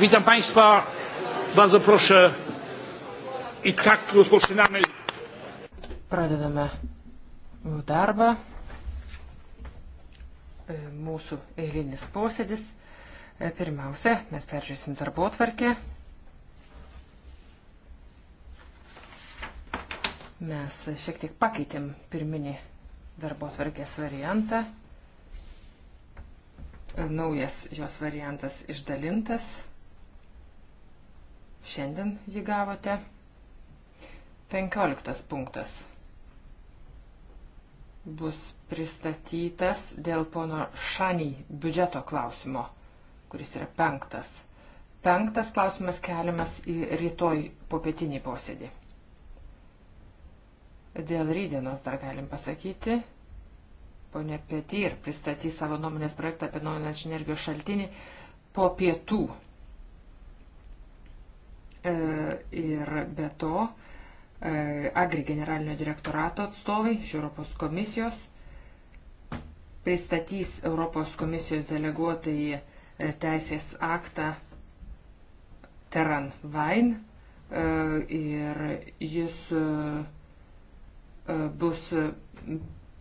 Witam Państwa. Bardzo proszę. I tak rozpoczynamy. Pradedame darbą. E, mūsų eilinis posėdis. E, pirmiausia, mes peržiūrėsim darbo tvarkę. Mes šiek tiek pakeitėm pirminį darbo tvarkės variantą e, naujas jos variantas išdalintas. Šiandien jį gavote. 15 punktas bus pristatytas dėl pono Šanį biudžeto klausimo, kuris yra penktas. Penktas klausimas keliamas į rytoj popietinį posėdį. Dėl rydienos dar galim pasakyti. Pone Petir pristatys savo nuomonės projektą apie naujas energijos šaltinį po pietų E, ir be to e, Agri generalinio direktorato atstovai iš Europos komisijos pristatys Europos komisijos deleguotai e, teisės aktą Teran Vain ir jis bus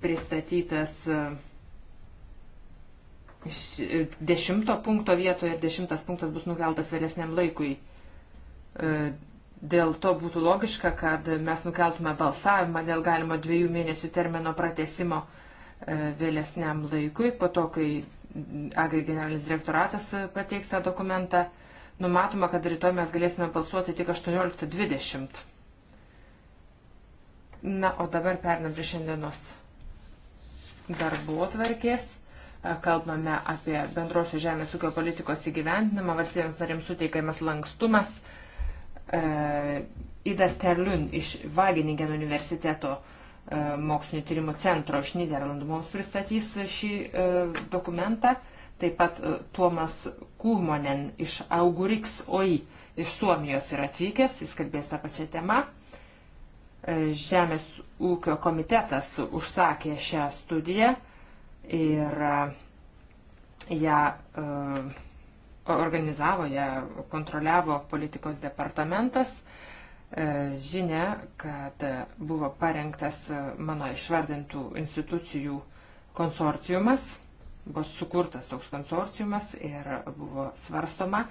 pristatytas dešimto punkto vietoje ir dešimtas punktas bus nukeltas vėlesniam laikui. E, dėl to būtų logiška, kad mes nukeltume balsavimą dėl galimo dviejų mėnesių termino pratesimo e, vėlesniam laikui, po to, kai Agri generalinis direktoratas pateiks tą dokumentą. Numatoma, kad rytoj mes galėsime balsuoti tik 18.20. Na, o dabar pernam prie šiandienos darbo tvarkės e, kalbame apie bendrosios žemės ūkio politikos įgyvendinimą, valstybėms narėms suteikiamas lankstumas E, Ida Terlun iš Vageningen universiteto e, mokslinio tyrimų centro iš Niderlandų mums pristatys šį e, dokumentą. Taip pat Tuomas Kulmonen iš Auguriks OI iš Suomijos yra atvykęs, jis kalbės tą pačią temą. Žemės ūkio komitetas užsakė šią studiją ir ją uh, organizavo ją, kontroliavo politikos departamentas. E, žinia, kad buvo parengtas mano išvardintų institucijų konsorciumas, buvo sukurtas toks konsorciumas ir buvo svarstoma,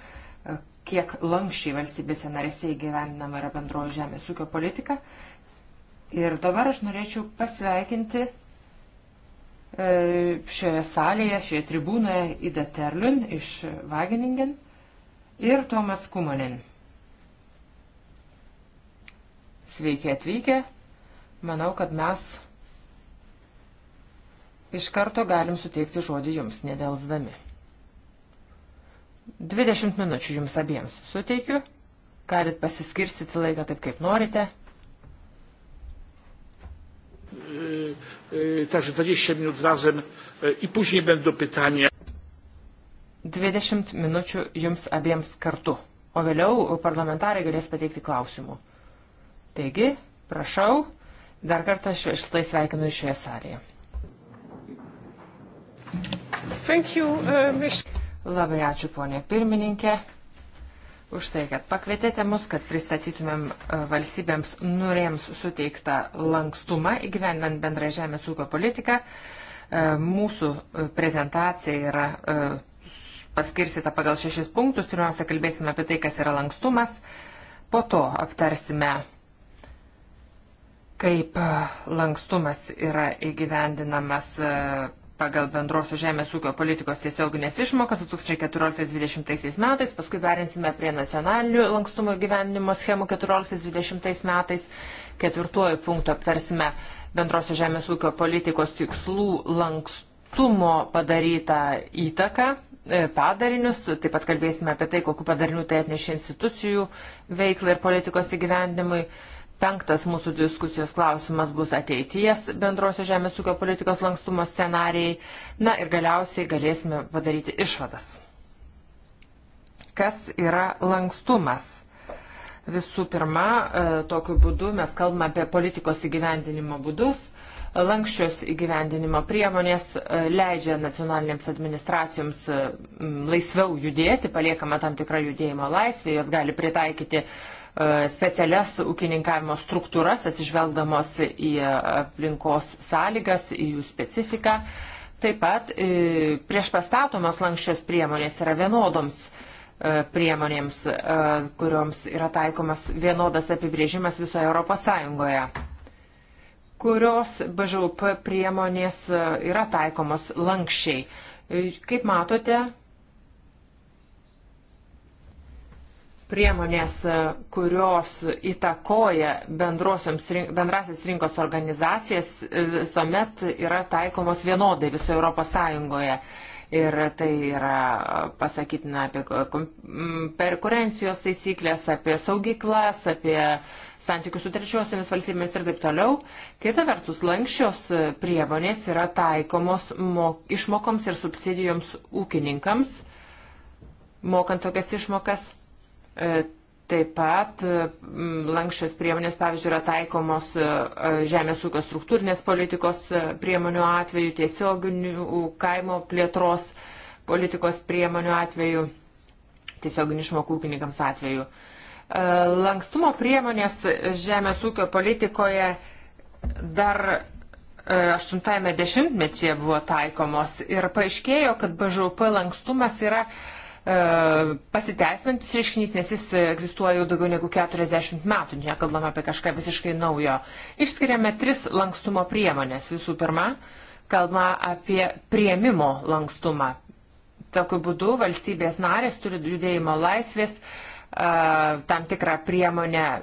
e, kiek lankščiai valstybėse narėse įgyvendinama yra bendroji žemės ūkio politika. Ir dabar aš norėčiau pasveikinti E, šioje salėje, šioje tribūnoje Ida Terlin iš Vageningen ir Tomas Kumonin. Sveiki atvykę. Manau, kad mes iš karto galim suteikti žodį jums, nedelsdami. 20 minučių jums abiems suteikiu. Galit pasiskirstyti laiką taip, kaip norite także 20 minut razem i później będą pytania. 20 minučių jums abiems kartu, o vėliau parlamentarai galės pateikti klausimų. Taigi, prašau, dar kartą šiltai sveikinu šioje salėje. Thank you, uh, Labai ačiū, ponė pirmininkė už tai, kad pakvietėte mus, kad pristatytumėm e, valstybėms norėms suteiktą lankstumą įgyvendant bendrą žemės ūkio politiką. E, mūsų e, prezentacija yra paskirstyta pagal šešis punktus. Pirmiausia, kalbėsime apie tai, kas yra lankstumas. Po to aptarsime, kaip lankstumas yra įgyvendinamas pagal bendrosios žemės ūkio politikos tiesioginės išmokas 2014-2020 metais, paskui perinsime prie nacionalinių lankstumo gyvenimo schemų 2014-2020 metais, ketvirtuoju punktu aptarsime bendrosios žemės ūkio politikos tikslų lankstumo padarytą įtaką e, padarinius, taip pat kalbėsime apie tai, kokiu padariniu tai atnešė institucijų veiklai ir politikos įgyvendimui. Penktas mūsų diskusijos klausimas bus ateities bendrosios žemės ūkio politikos lankstumo scenarijai. Na ir galiausiai galėsime padaryti išvadas. Kas yra lankstumas? Visų pirma, e, tokiu būdu mes kalbame apie politikos įgyvendinimo būdus. Lankščios įgyvendinimo priemonės e, leidžia nacionalinėms administracijoms e, laisviau judėti, paliekama tam tikra judėjimo laisvė, jos gali pritaikyti uh, E, specialias ūkininkavimo struktūras, atsižvelgdamos į aplinkos sąlygas, į jų specifiką. Taip pat e, prieš pastatomos lankščios priemonės yra vienodoms e, priemonėms, kurioms yra taikomas vienodas apibrėžimas visoje Europos Sąjungoje. Kurios BŽUP priemonės yra taikomos lankščiai. Kaip matote, priemonės, e, kurios įtakoja rink, bendrasis rinkos organizacijas, e, visuomet yra taikomos vienodai visoje Europos Sąjungoje. Ir tai yra pasakytina apie perkurencijos taisyklės, apie saugiklas, apie santykius su trečiosiomis valstybėmis ir taip toliau. Kita vertus, lankščios priemonės yra taikomos mok, išmokoms ir subsidijoms ūkininkams, mokant tokias išmokas E, taip pat e, lankščios priemonės, pavyzdžiui, yra taikomos e, žemės ūkio struktūrinės politikos priemonių atveju, tiesioginių kaimo plėtros politikos priemonių atveju, tiesioginių išmokų ūkininkams atveju. Lankstumo priemonės žemės ūkio politikoje dar 80-metyje buvo taikomos ir paaiškėjo, kad BŽP lankstumas yra E, pasiteisinantis reiškinys, nes jis egzistuoja jau daugiau negu 40 metų, nekalbam apie kažką visiškai naujo. Išskiriame tris lankstumo priemonės. Visų pirma, kalbama apie prieimimo lankstumą. Tokiu būdu valstybės narės turi judėjimo laisvės uh, tam tikrą priemonę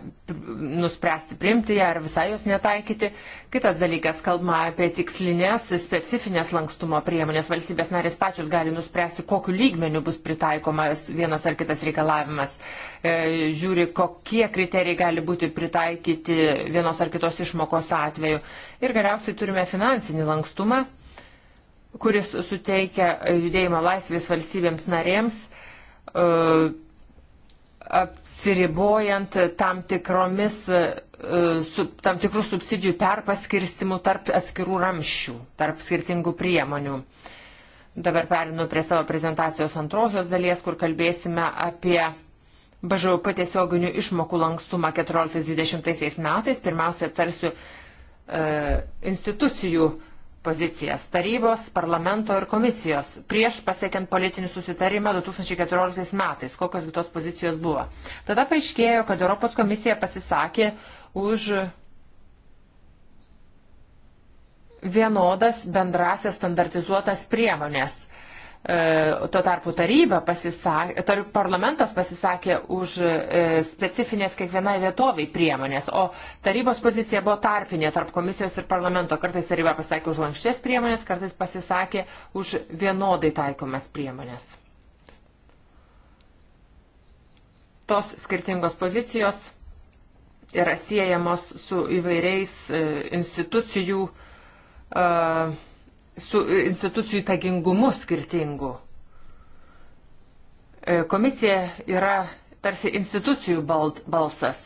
nuspręsti priimti ją ar visai jos netaikyti. Kitas dalykas, kalbama apie tikslinės, specifinės lankstumo priemonės. Valstybės narės pačios gali nuspręsti, kokiu lygmeniu bus pritaikomas vienas ar kitas reikalavimas. E, žiūri, kokie kriterijai gali būti pritaikyti vienos ar kitos išmokos atveju. Ir galiausiai turime finansinį lankstumą kuris suteikia judėjimo laisvės valstybėms narėms e, apsiribojant tam tikromis, e, tam tikrų subsidijų perpaskirstimų tarp atskirų ramščių, tarp skirtingų priemonių. Dabar perinu prie savo prezentacijos antrosios dalies, kur kalbėsime apie BŽUP tiesioginių išmokų lankstumą 14-20 metais. Pirmiausia, aptarsiu e, institucijų e, pozicijas tarybos, parlamento ir komisijos prieš pasiekiant politinį susitarimą 2014 metais, kokios kitos pozicijos buvo. Tada paaiškėjo, kad Europos komisija pasisakė už vienodas bendrasias standartizuotas priemonės E, tuo tarpu taryba pasisakė, tarp parlamentas pasisakė už e, specifinės kiekvienai vietoviai priemonės, o tarybos pozicija buvo tarpinė tarp komisijos ir parlamento. Kartais taryba pasisakė už lankščias priemonės, kartais pasisakė už vienodai taikomas priemonės. Tos skirtingos pozicijos yra siejamos su įvairiais e, institucijų uh, su e, institucijų įtakingumu skirtingu. E, komisija yra tarsi institucijų balsas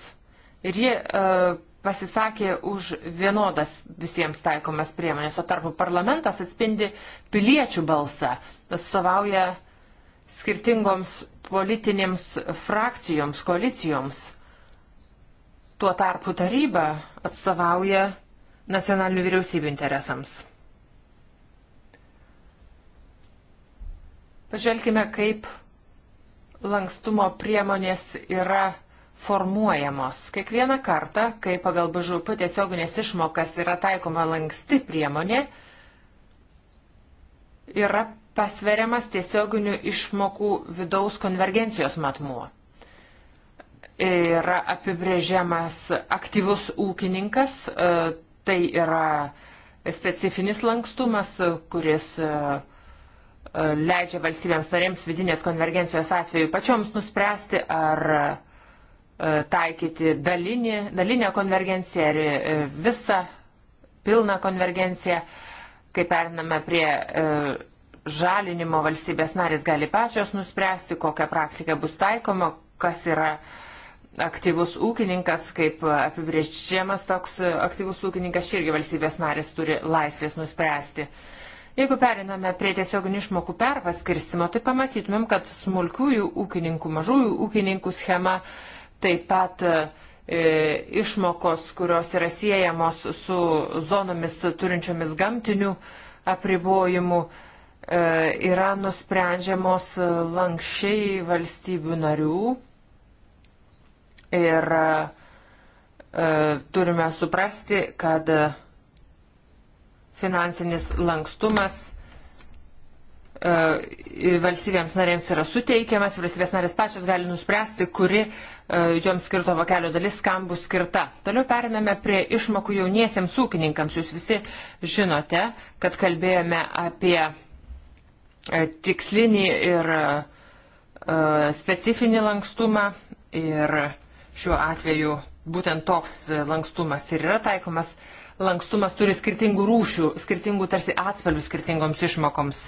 ir ji e, pasisakė už vienodas visiems taikomas priemonės, o tarpu parlamentas atspindi piliečių balsą, atstovauja skirtingoms politinėms frakcijoms, koalicijoms. Tuo tarpu taryba atstovauja nacionalinių vyriausybių interesams. Pažvelkime, kaip lankstumo priemonės yra formuojamos. Kiekvieną kartą, kai pagal BŽP tiesioginės išmokas yra taikoma lanksti priemonė, yra pasveriamas tiesioginių išmokų vidaus konvergencijos matmuo. Yra apibrėžiamas aktyvus ūkininkas, e, tai yra specifinis lankstumas, kuris uh, E, leidžia valstybėms narėms vidinės konvergencijos atveju pačioms nuspręsti, ar e, taikyti dalinį, dalinę konvergenciją ar e, visą pilną konvergenciją. Kai periname prie žalinimo, valstybės narės gali pačios nuspręsti, kokia praktika bus taikoma, kas yra aktyvus ūkininkas, kaip apibrėžiamas toks aktyvus ūkininkas, irgi valstybės narės turi laisvės nuspręsti. Uh, Jeigu periname prie tiesioginių išmokų perpaskirstimo, tai pamatytumėm, kad smulkiųjų ūkininkų, mažųjų ūkininkų schema taip pat e, išmokos, kurios yra siejamos su zonomis turinčiomis gamtinių apribojimų, e, yra nusprendžiamos lankščiai valstybių narių. Ir e, turime suprasti, kad e, finansinis lankstumas e, valstybėms narėms yra suteikiamas, valstybės narės pačios gali nuspręsti, kuri e, joms skirto vokelio dalis kam bus skirta. Toliau periname prie išmokų jauniesiems ūkininkams. Jūs visi žinote, kad kalbėjome apie e, tikslinį ir specifinį lankstumą ir šiuo atveju būtent toks lankstumas ir yra taikomas lankstumas turi skirtingų rūšių, skirtingų tarsi atspalvių skirtingoms išmokoms.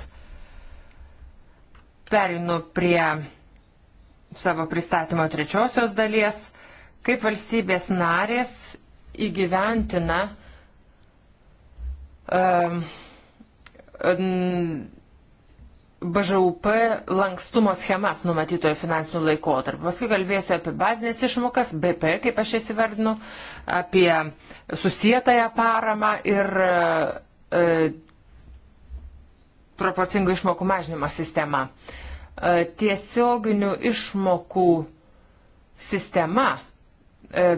Perinu prie savo pristatymo trečiosios dalies, kaip valstybės narės įgyventina um, BŽUP lankstumo schemas numatytojo finansinių laikotarpį. Paskui kalbėsiu apie bazinės išmokas, BP, kaip aš jas įvardinu, apie susietąją paramą ir e, proporcingų išmokų mažinimo sistemą. E, tiesioginių išmokų sistema e,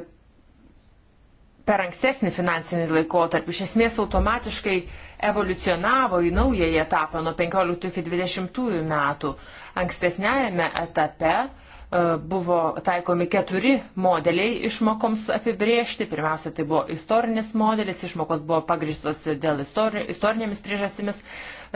per ankstesnį finansinį laikotarpį iš esmės automatiškai e, evoliucionavo į naująjį etapą nuo 15 iki 20 metų. Ankstesnėjame etape E, buvo taikomi keturi modeliai išmokoms apibriežti. Pirmiausia, tai buvo istorinis modelis, išmokos buvo pagrįstos dėl istori istorinėmis priežastimis.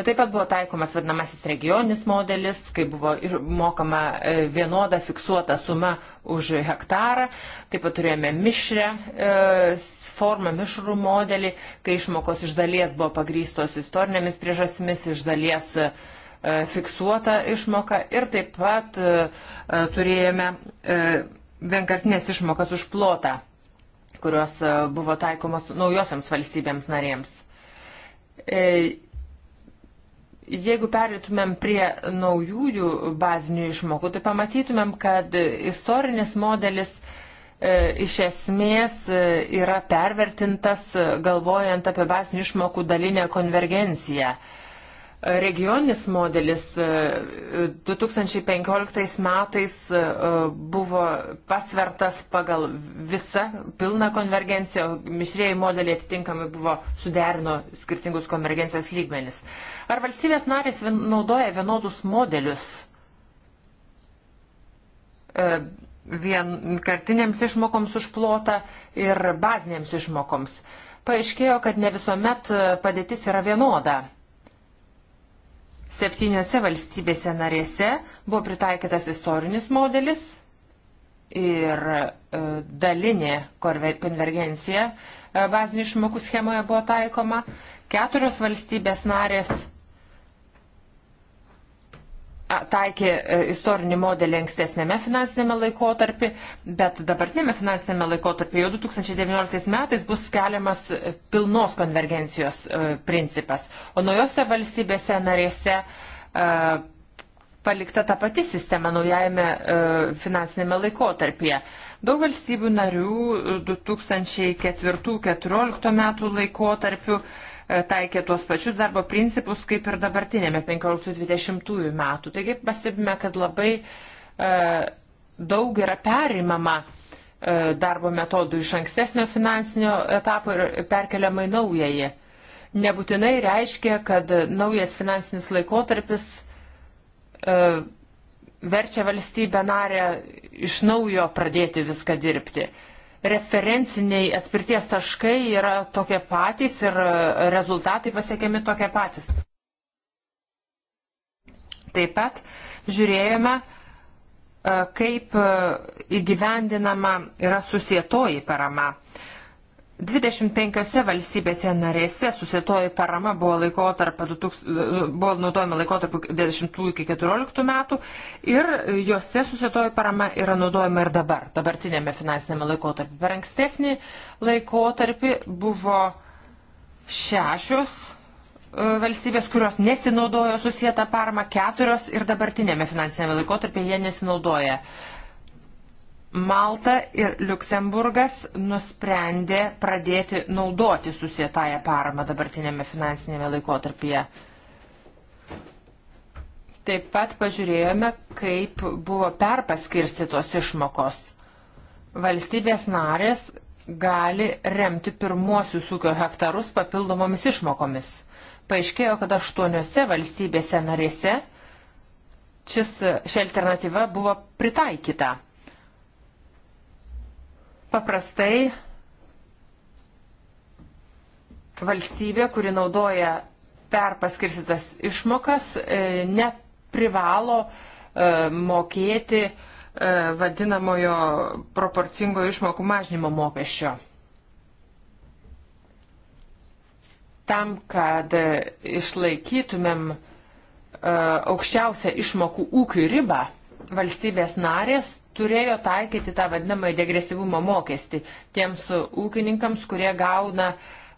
Taip pat buvo taikomas vadinamasis regioninis modelis, kai buvo mokama e, vienoda fiksuota suma už hektarą. Taip pat turėjome mišrę e, formą, mišrų modelį, kai išmokos iš dalies buvo pagrįstos istorinėmis priežastimis, iš dalies E, fiksuotą išmoką ir taip pat e, e, turėjome vienkartinės išmokas už plotą, kurios buvo taikomos naujosiams valstybėms narėms. Jeigu perėtumėm prie naujųjų bazinių išmokų, tai pamatytumėm, kad istorinis modelis iš esmės yra pervertintas galvojant apie bazinių išmokų dalinę konvergenciją. E, Regioninis modelis 2015 e, metais e, buvo pasvertas pagal visą pilną konvergenciją, mišrėjai modeliai atitinkamai buvo suderino skirtingus konvergencijos lygmenis. Ar valstybės narės naudoja vienodus modelius e, vienkartinėms išmokoms užplota ir bazinėms išmokoms? Paaiškėjo, kad ne visuomet padėtis yra vienoda Septyniose valstybėse narėse buvo pritaikytas istorinis modelis ir e, dalinė konvergencija e, bazinių išmokų schemoje buvo taikoma. Keturios valstybės narės taikė e, istorinį modelį ankstesnėme finansinėme laikotarpį, bet dabartinėme finansinėme laikotarpį jau 2019 metais bus keliamas e, pilnos konvergencijos e, principas, o naujose valstybėse narėse palikta ta pati sistema naujajame finansinėme laikotarpyje. Daug valstybių narių 2004-2014 metų laikotarpiu taikė tuos pačius darbo principus kaip ir dabartinėme 15-20 metų. Taigi pasibime, kad labai e, daug yra perimama e, darbo metodų iš ankstesnio finansinio etapo ir perkeliama į naująjį. Nebūtinai reiškia, kad naujas finansinis laikotarpis e, verčia valstybę narę iš naujo pradėti viską dirbti referenciniai atspirties taškai yra tokie patys ir rezultatai pasiekiami tokie patys. Taip pat žiūrėjome, e, kaip e, įgyvendinama yra susietoji parama. 25 valstybėse narėse susitoji parama buvo, buvo naudojama laikotarpiu 10 iki 14 metų ir juose susitoji parama yra naudojama ir dabar, dabartinėme finansinėme laikotarpiu. Per ankstesnį laikotarpį buvo šešios e, valstybės, kurios nesinaudojo susijęta parama, keturios ir dabartinėme finansinėme laikotarpyje jie nesinaudoja. Malta ir Luksemburgas nusprendė pradėti naudoti susietąją paramą dabartinėme finansinėme laikotarpyje. Taip pat pažiūrėjome, kaip buvo perpaskirstytos išmokos. Valstybės narės gali remti pirmuosius ūkio hektarus papildomomis išmokomis. Paaiškėjo, kad aštuoniuose valstybėse narėse šis, ši alternatyva buvo pritaikyta Paprastai valstybė, kuri naudoja perpaskirstytas išmokas, e, neprivalo e, mokėti e, vadinamojo proporcingo išmokų mažnymo mokesčio. Tam, kad išlaikytumėm aukščiausią išmokų ūkių ribą, valstybės narės turėjo taikyti tą vadinamąjį degresyvumo mokestį tiems ūkininkams, kurie gauna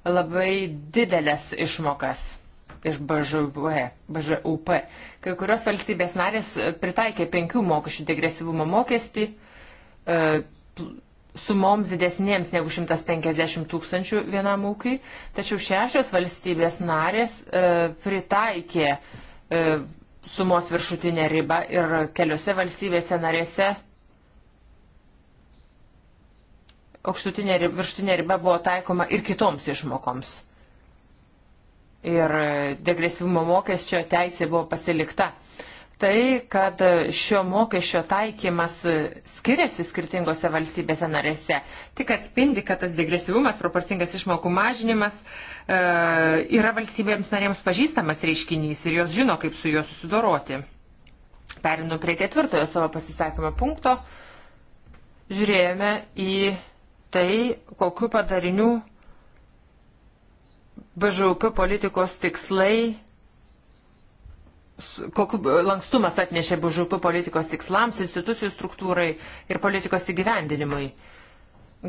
labai didelės išmokas iš BŽUP. Kai kurios valstybės narės pritaikė penkių mokesčių degresyvumo mokestį e, sumoms didesnėms negu 150 tūkstančių vienam ūkiui, tačiau šešios valstybės narės e, pritaikė e, sumos viršutinę ribą ir keliose valstybėse narėse aukštutinė ir viršutinė riba buvo taikoma ir kitoms išmokoms. Ir e, degresyvumo mokesčio teisė buvo pasilikta. Tai, kad šio mokesčio taikymas e, skiriasi skirtingose valstybėse narėse, tik atspindi, kad tas degresyvumas, proporcingas išmokų mažinimas e, yra valstybėms narėms pažįstamas reiškinys ir jos žino, kaip su juo susidoroti. Perinu prie ketvirtojo savo pasisakymo punkto žiūrėjome į tai, kokiu padariniu BŽUP politikos tikslai, kokiu lankstumas atnešė BŽUP politikos tikslams, institucijų struktūrai ir politikos įgyvendinimui.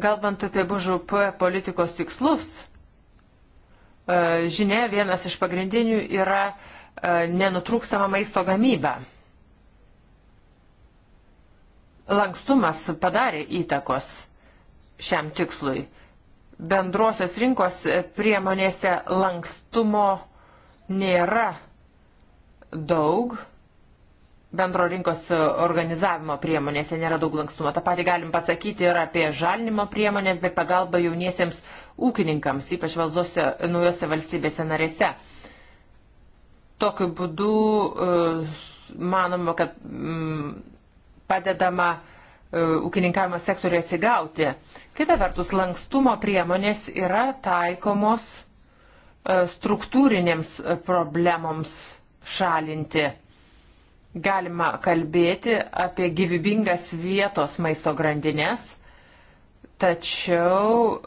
Galbant apie BŽUP politikos tikslus, e, žinia, vienas iš pagrindinių yra e, nenutrūksama maisto gamyba. Lankstumas padarė įtakos šiam tikslui. Bendrosios rinkos priemonėse lankstumo nėra daug. Bendro rinkos organizavimo priemonėse nėra daug lankstumo. Ta pati galim pasakyti ir apie žalinimo priemonės bei pagalbą jauniesiems ūkininkams, ypač valdose naujose valstybėse narėse. Tokiu būdu e, manoma, kad padedama E, ūkininkavimo sektoriui atsigauti. Kita vertus, lankstumo priemonės yra taikomos e, struktūrinėms e, problemoms šalinti. Galima kalbėti apie gyvybingas vietos maisto grandinės, tačiau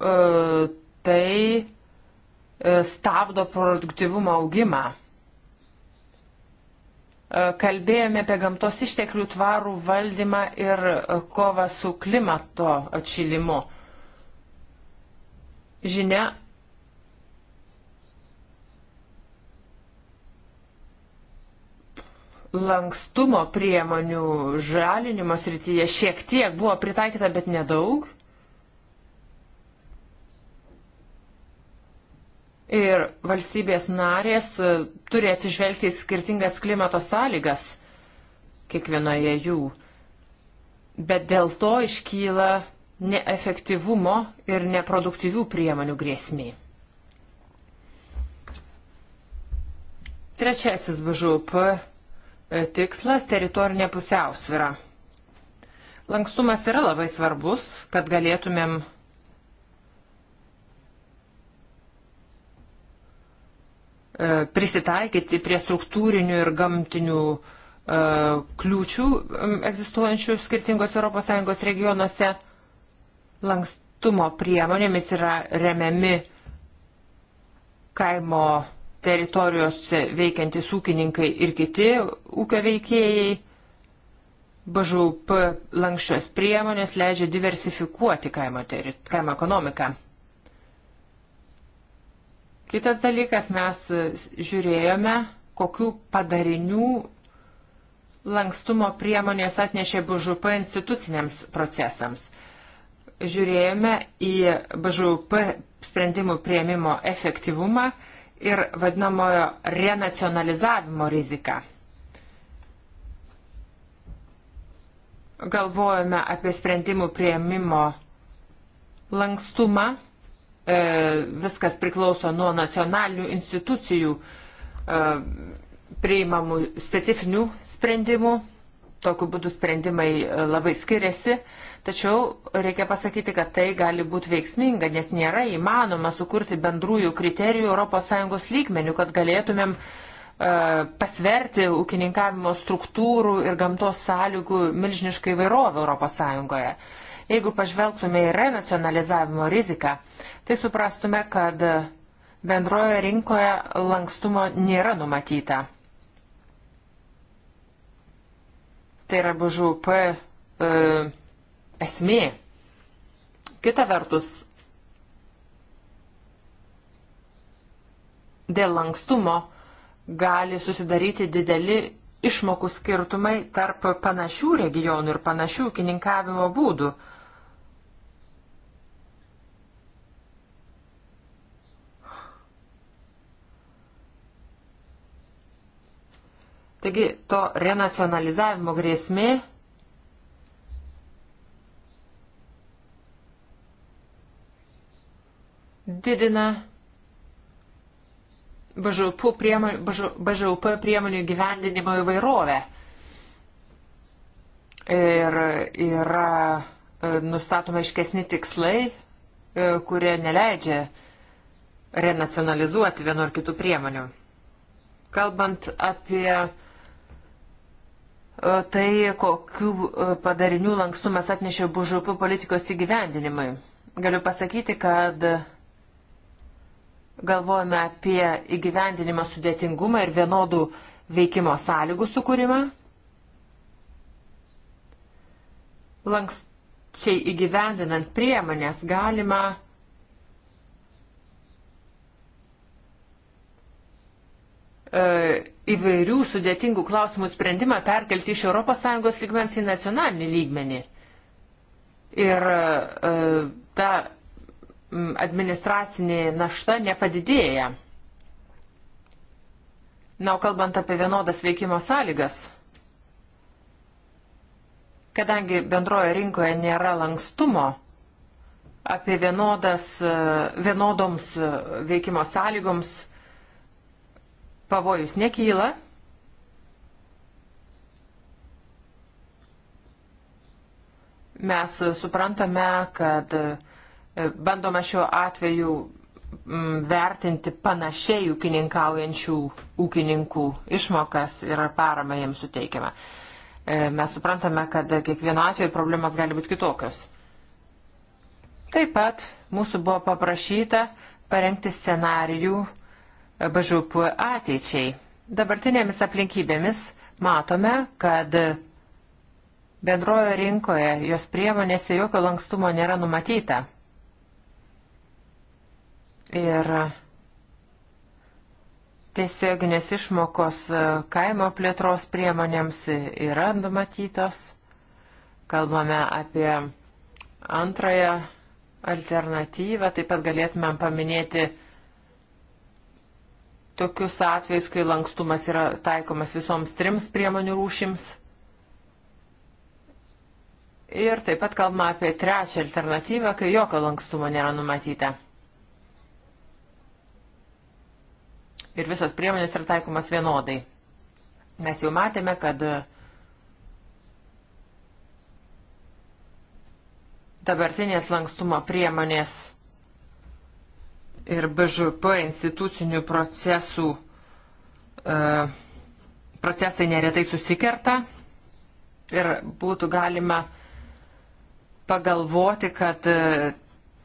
tai stabdo produktivumo augimą. E, kalbėjome apie gamtos išteklių tvarų valdymą ir e, kovą su klimato atšilimu. Žinia, lankstumo priemonių žalinimo srityje šiek tiek buvo pritaikyta, bet nedaug. Ir valstybės narės e, turi atsižvelgti į skirtingas klimato sąlygas kiekvienoje jų. Bet dėl to iškyla neefektyvumo ir neproduktyvių priemonių grėsmė. Trečiasis BŽUP e, tikslas - teritorinė pusiausvyra. Lankstumas yra labai svarbus, kad galėtumėm E, prisitaikyti prie struktūrinių ir gamtinių e, kliūčių egzistuojančių skirtingos ES regionuose. Lankstumo priemonėmis yra remiami kaimo teritorijose veikiantys ūkininkai ir kiti ūkio veikėjai. BŽUP lankščios priemonės leidžia diversifikuoti kaimo, teri, kaimo ekonomiką. Kitas dalykas, mes žiūrėjome, kokių padarinių lankstumo priemonės atnešė BŽP instituciniams procesams. Žiūrėjome į BŽP sprendimų prieimimo efektyvumą ir vadinamojo renacionalizavimo riziką. Galvojame apie sprendimų prieimimo lankstumą E, viskas priklauso nuo nacionalinių institucijų e, priimamų specifinių sprendimų. Tokiu būdu sprendimai e, labai skiriasi, tačiau reikia pasakyti, kad tai gali būti veiksminga, nes nėra įmanoma sukurti bendrųjų kriterijų ES lygmenių, kad galėtumėm pasverti ūkininkavimo struktūrų ir gamtos sąlygų milžiniškai vairovę ES. Jeigu pažvelgtume į renacionalizavimo riziką, tai suprastume, kad bendroje rinkoje lankstumo nėra numatyta. Tai yra BŽUP e, esmė. Kita vertus, dėl lankstumo gali susidaryti dideli išmokų skirtumai tarp panašių regionų ir panašių ūkininkavimo būdų. E, Taigi to renacionalizavimo grėsmė didina BŽP priemonių, BŽP priemonių gyvendinimo įvairovę. Ir yra e, nustatoma iškesni tikslai, e, kurie neleidžia renacionalizuoti vienu ar kitų priemonių. Kalbant apie E, tai, kokių e, padarinių lankstumas atnešė bužupių politikos įgyvendinimui. Galiu pasakyti, kad galvojame apie įgyvendinimo sudėtingumą ir vienodų veikimo sąlygų sukūrimą. Lankščiai įgyvendinant priemonės galima E, įvairių sudėtingų klausimų sprendimą perkelti iš ES lygmens į nacionalinį lygmenį. Ir e, ta administracinė našta nepadidėja. Na, o kalbant apie vienodas veikimo sąlygas, kadangi bendroje rinkoje nėra lankstumo, apie vienodas, e, vienodoms veikimo sąlygoms, pavojus nekyla. Mes suprantame, kad e, bandoma šiuo atveju mm, vertinti panašiai ūkininkaujančių ūkininkų išmokas ir paramą jiems suteikiamą. E, mes suprantame, kad kiekvieno atveju problemas gali būti kitokios. Taip pat mūsų buvo paprašyta parengti scenarijų, BŽP ateičiai. Dabartinėmis aplinkybėmis matome, kad bendrojo rinkoje jos priemonėse jokio lankstumo nėra numatyta. Ir tiesioginės išmokos kaimo plėtros priemonėms yra numatytos. Kalbame apie antrąją alternatyvą, taip pat galėtumėm paminėti tokius atvejus, kai lankstumas yra taikomas visoms trims priemonių rūšims. Ir taip pat kalbama apie trečią alternatyvą, kai jokio lankstumo nėra numatyta. Ir visos priemonės yra taikomas vienodai. Mes jau matėme, kad dabartinės lankstumo priemonės ir BŽP institucinių procesų e, procesai neretai susikerta ir būtų galima pagalvoti, kad e,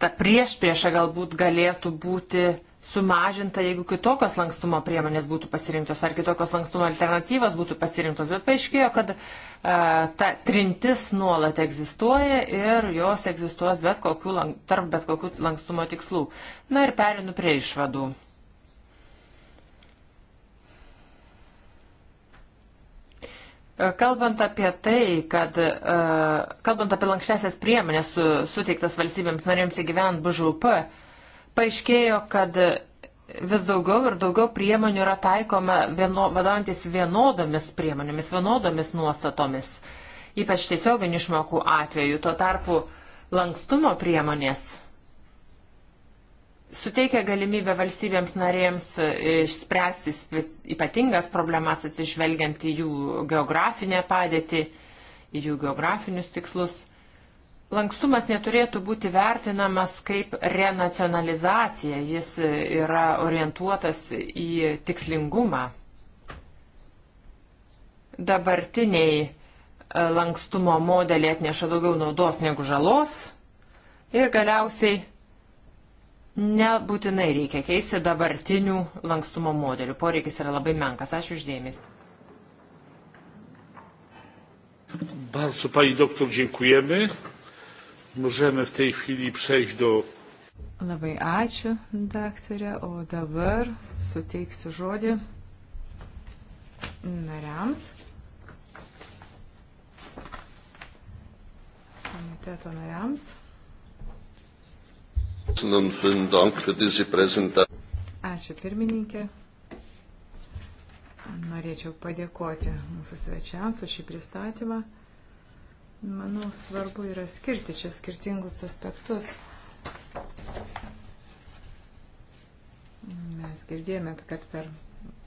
ta prieš priešą galbūt galėtų būti sumažinta, jeigu kitokios lankstumo priemonės būtų pasirinktos ar kitokios lankstumo alternatyvos būtų pasirinktos, bet paaiškėjo, kad e, ta trintis nuolat egzistuoja ir jos egzistuos bet kokių, tarp bet kokių lankstumo tikslų. Na ir perinu prie išvadų. E, kalbant apie tai, kad, e, kalbant apie lankščiasias priemonės suteiktas valstybėms narėms įgyvent BŽUP, paaiškėjo, kad vis daugiau ir daugiau priemonių yra taikoma vieno, vadovantis vienodomis priemonėmis, vienodomis nuostatomis, ypač tiesioginių išmokų atveju. Tuo tarpu lankstumo priemonės suteikia galimybę valstybėms narėms išspręsti ypatingas problemas atsižvelgiant į jų geografinę padėtį, į jų geografinius tikslus. Lankstumas neturėtų būti vertinamas kaip renacionalizacija, jis yra orientuotas į tikslingumą. Dabartiniai e, lankstumo modeliai atneša daugiau naudos negu žalos ir galiausiai nebūtinai reikia keisti dabartinių lankstumo modelių. Poreikis yra labai menkas. Ačiū uždėmesi. Bardzo pani doktor dziękujemy. Możemy w tej chwili przejść do. Labai ačiū, daktarė, o dabar suteiksiu žodį nariams. Komiteto nariams. Ačiū pirmininkė. Norėčiau padėkoti mūsų svečiams už šį pristatymą. Manau, svarbu yra skirti čia skirtingus aspektus. Mes girdėjome, kad per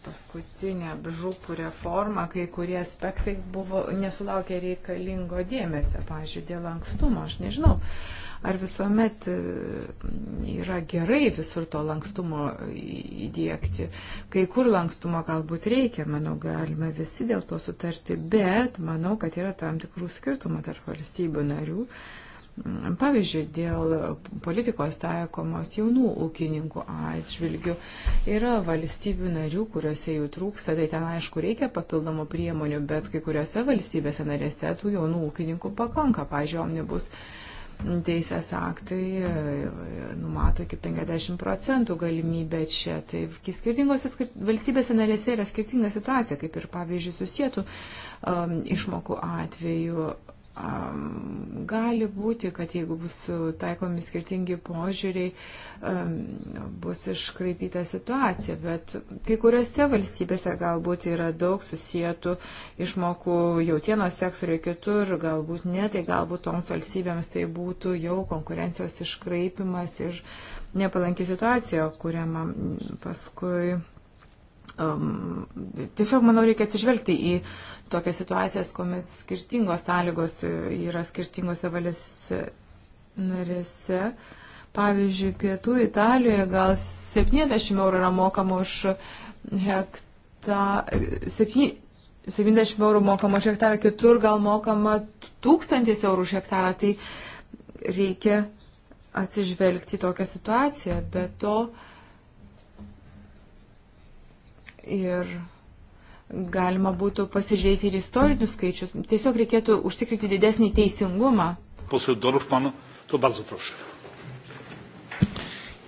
paskutinę bžūpų reformą kai kurie aspektai buvo nesulaukė reikalingo dėmesio, pažiūrėjau, dėl ankstumo, aš nežinau Ar visuomet e, yra gerai visur to lankstumo įdėkti? Kai kur lankstumo galbūt reikia, manau, galime visi dėl to sutarti, bet manau, kad yra tam tikrų skirtumų tarp valstybių narių. Mm, pavyzdžiui, dėl politikos taikomos jaunų ūkininkų atžvilgių yra valstybių narių, kuriuose jų trūksta, tai ten aišku reikia papildomų priemonių, bet kai kuriuose valstybėse narėse tų jaunų ūkininkų pakanka, pažiūrėjau, omnibus teisės aktai e, numato iki 50 procentų galimybę čia. Tai skirtingose valstybėse narėse yra skirtinga situacija, kaip ir pavyzdžiui susijėtų um, išmokų atveju. Gali būti, kad jeigu bus taikomi skirtingi požiūriai, bus iškraipyta situacija, bet kai kuriuose valstybėse galbūt yra daug susijętų išmokų jautienos sektoriui kitur, galbūt ne, tai galbūt toms valstybėms tai būtų jau konkurencijos iškraipimas ir nepalanki situacija, kuriama paskui um, tiesiog, manau, reikia atsižvelgti į tokias situacijas, kuomet skirtingos sąlygos e, yra skirtingose valėse narėse. Pavyzdžiui, pietų Italijoje gal 70 eurų yra mokama už hektarą, 70 e, eurų mokama už hektarą, kitur gal mokama 1000 eurų už hektarą. Tai reikia atsižvelgti į tokią situaciją. Be to, uh, Ir galima būtų pasižiūrėti ir istorinius skaičius. Tiesiog reikėtų užtikrinti didesnį teisingumą. Posel Dorfman, to bardzo proszę.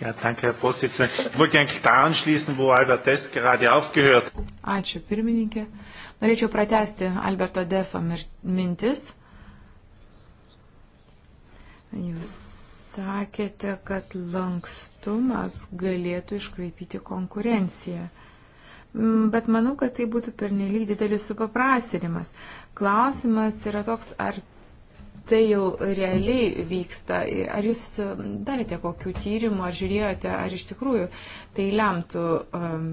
Ja, danke, Herr Vorsitzender. Ich wollte eigentlich da anschließen, wo Albert Dess gerade aufgehört. Ačiū, pirmininkė. Norėčiau pratesti Alberto Deso mintis. Jūs sakėte, kad lankstumas galėtų iškraipyti konkurenciją. Mm, bet manau, kad tai būtų pernelyg didelis supaprasinimas. Klausimas yra toks, ar tai jau realiai vyksta, ar jūs darėte kokių tyrimų, ar žiūrėjote, ar iš tikrųjų tai lemtų um,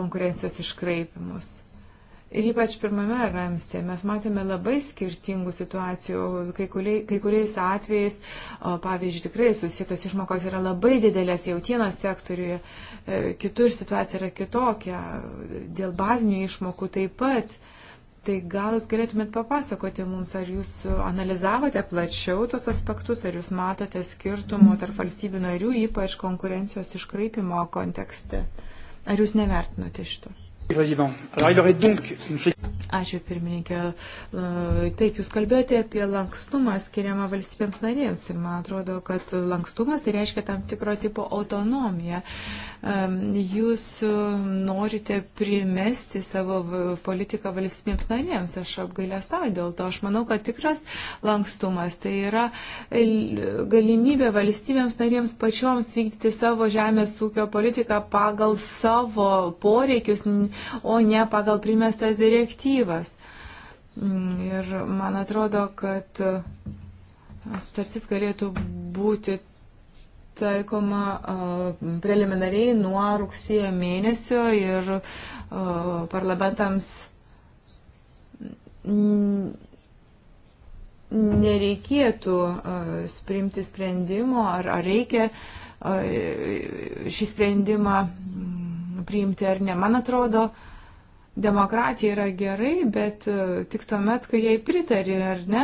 konkurencijos iškraipimus. Ir ypač pirmame ramstėje mes matėme labai skirtingų situacijų. Kai, kuriai, kai kuriais atvejais, pavyzdžiui, tikrai susietos išmokos yra labai didelės jautienos sektoriuje, e, kitur situacija yra kitokia, dėl bazinių išmokų taip pat. Tai gal jūs galėtumėt papasakoti mums, ar jūs analizavote plačiau tos aspektus, ar jūs matote skirtumų tarp valstybių narių, ypač konkurencijos iškraipimo kontekste. Ar jūs nevertinote šito? Ačiū pirmininkė. E, taip, jūs kalbėjote apie lankstumą skiriamą valstybėms narėms ir man atrodo, kad lankstumas tai reiškia tam tikro tipo autonomiją. E, jūs e, norite primesti savo politiką valstybėms narėms. Aš apgailestauju dėl to. Aš manau, kad tikras lankstumas tai yra galimybė valstybėms narėms pačioms vykdyti savo žemės ūkio politiką pagal savo poreikius o ne pagal primestas direktyvas. Mm, ir man atrodo, kad uh, sutartis galėtų būti taikoma uh, preliminariai nuo rugsėjo mėnesio ir uh, parlamentams nereikėtų sprimti sprendimo, ar, ar reikia šį sprendimą priimti ar ne. Man atrodo, demokratija yra gerai, bet e, tik tuomet, kai jai pritari ar ne,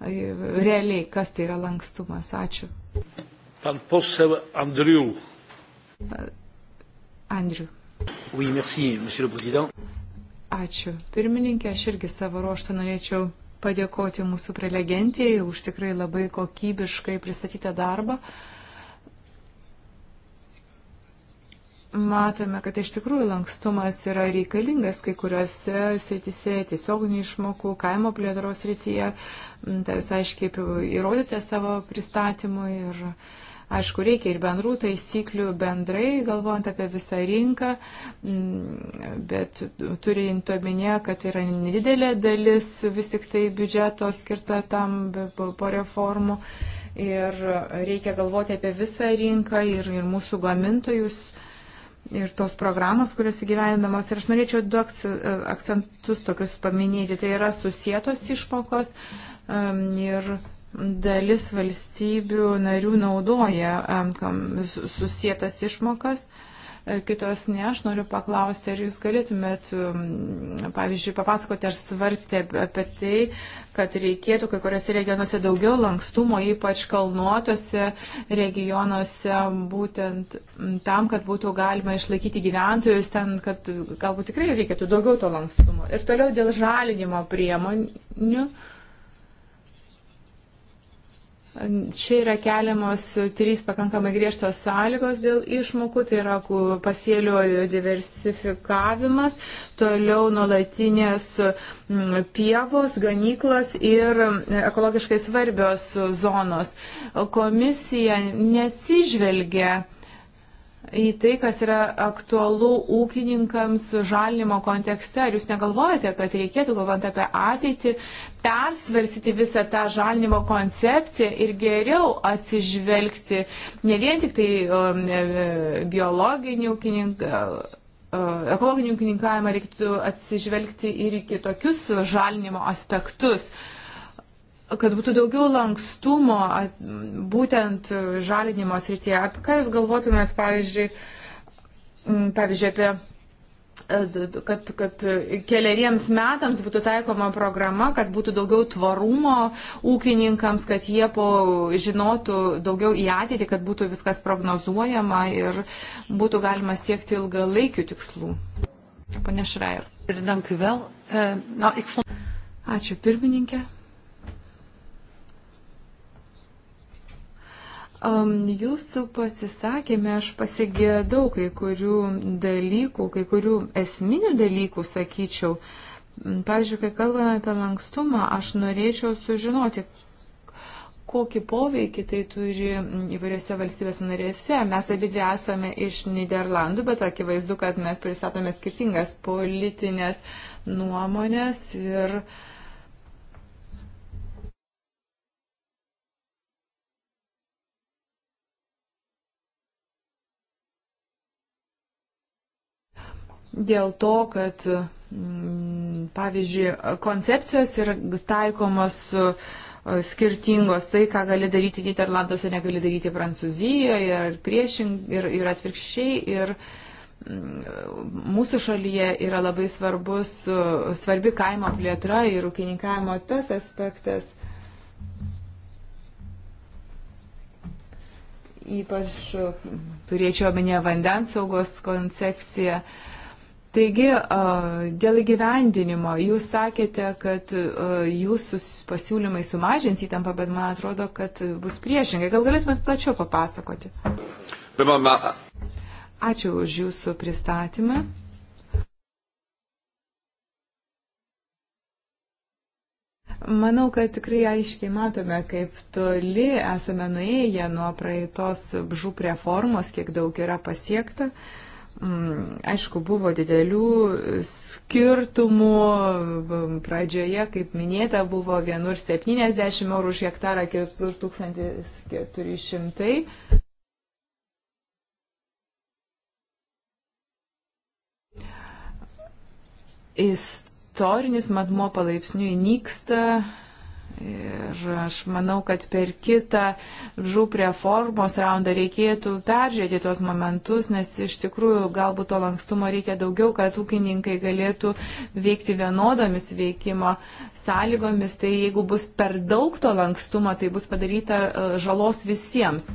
e, realiai kas tai yra lankstumas. Ačiū. Pan posel Andriu. E, Andriu. Oui, merci, monsieur le président. Ačiū. Pirmininkė, aš irgi savo ruoštą norėčiau padėkoti mūsų prelegentijai už tikrai labai kokybiškai pristatytą darbą. Uh, Matome, kad iš tikrųjų lankstumas yra reikalingas kai kuriuose srityse, tiesioginių išmokų, kaimo plėtros srityje. Mm, tai jūs aiškiai įrodėte savo pristatymu ir aišku, reikia ir bendrų taisyklių bendrai, galvojant apie visą rinką, mm, bet turint omenyje, kad yra nedidelė dalis vis tik tai biudžeto skirta tam po reformų. Ir reikia galvoti apie visą rinką ir, ir mūsų gamintojus. Uh, ir tos programos, kurios įgyvendamos. Ir aš norėčiau du e, akcentus tokius paminėti. Tai yra susietos išmokos ir dalis valstybių narių naudoja susietas išmokas. E, kitos ne. Aš noriu paklausti, ar jūs galėtumėt, um, pavyzdžiui, papasakoti, ar svarstė apie tai, kad reikėtų kai kuriuose regionuose daugiau lankstumo, ypač kalnuotose regionuose, būtent tam, kad būtų galima išlaikyti gyventojus ten, kad galbūt tikrai reikėtų daugiau to lankstumo. Ir toliau dėl žalinimo priemonių. Čia yra keliamos trys pakankamai griežtos sąlygos dėl išmokų, tai yra pasėlio diversifikavimas, toliau nuolatinės mm, pievos, ganyklos ir mm, ekologiškai svarbios zonos. Komisija nesižvelgia į tai, kas yra aktualu ūkininkams žalinimo kontekste. Ar jūs negalvojate, kad reikėtų, galvant apie ateitį, persvarsyti visą tą žalinimo koncepciją ir geriau atsižvelgti ne vien tik tai um, e, e, biologinį ūkininką. Uh, e, ekologinį ūkininkavimą reiktų atsižvelgti ir į kitokius žalinimo aspektus. Uh, kad būtų daugiau lankstumo būtent žalinimo srityje. Apie ką Jūs galvotumėt, pavyzdžiui, pavyzdžiui apie e, kad, kad keliariems metams būtų taikoma programa, kad būtų daugiau tvarumo ūkininkams, kad jie po žinotų daugiau į ateitį, kad būtų viskas prognozuojama ir būtų galima siekti ilgalaikių tikslų. Pane Šrair. Eh, Ačiū pirmininkė. Um, jūsų pasisakėme, aš pasigėdau kai kurių dalykų, kai kurių esminių dalykų, sakyčiau. Pavyzdžiui, kai kalbame apie lankstumą, aš norėčiau sužinoti, kokį poveikį tai turi įvairiose valstybės narėse. Mes abi dvi esame iš Niderlandų, bet akivaizdu, kad mes pristatome skirtingas politinės nuomonės ir uh, dėl to, kad, mm, pavyzdžiui, koncepcijos yra taikomos e, skirtingos, tai, ką gali daryti Niderlanduose, negali daryti Prancūzijoje ir priešing ir, ir atvirkščiai. Ir mm, mūsų šalyje yra labai svarbus, e, svarbi kaimo plėtra ir ūkininkavimo tas aspektas. Ypač mm, turėčiau omenyje vandens saugos koncepciją. Uh, Taigi, dėl įgyvendinimo, jūs sakėte, kad jūsų pasiūlymai sumažins įtampą, bet man atrodo, kad bus priešingai. Gal galėtumėt plačiau papasakoti? Ačiū už jūsų pristatymą. Manau, kad tikrai aiškiai matome, kaip toli esame nuėję nuo praeitos žūp reformos, kiek daug yra pasiekta. Uh, Mm, aišku, buvo didelių skirtumų. Pradžioje, kaip minėta, buvo vienur 70 eurų už hektarą, kitur 1400. Istorinis matmo palaipsniui nyksta Ir aš manau, kad per kitą žūp reformos raundą reikėtų peržiūrėti tuos momentus, nes iš tikrųjų galbūt to lankstumo reikia daugiau, kad ūkininkai galėtų veikti vienodomis veikimo sąlygomis. Tai jeigu bus per daug to lankstumo, tai bus padaryta e, žalos visiems.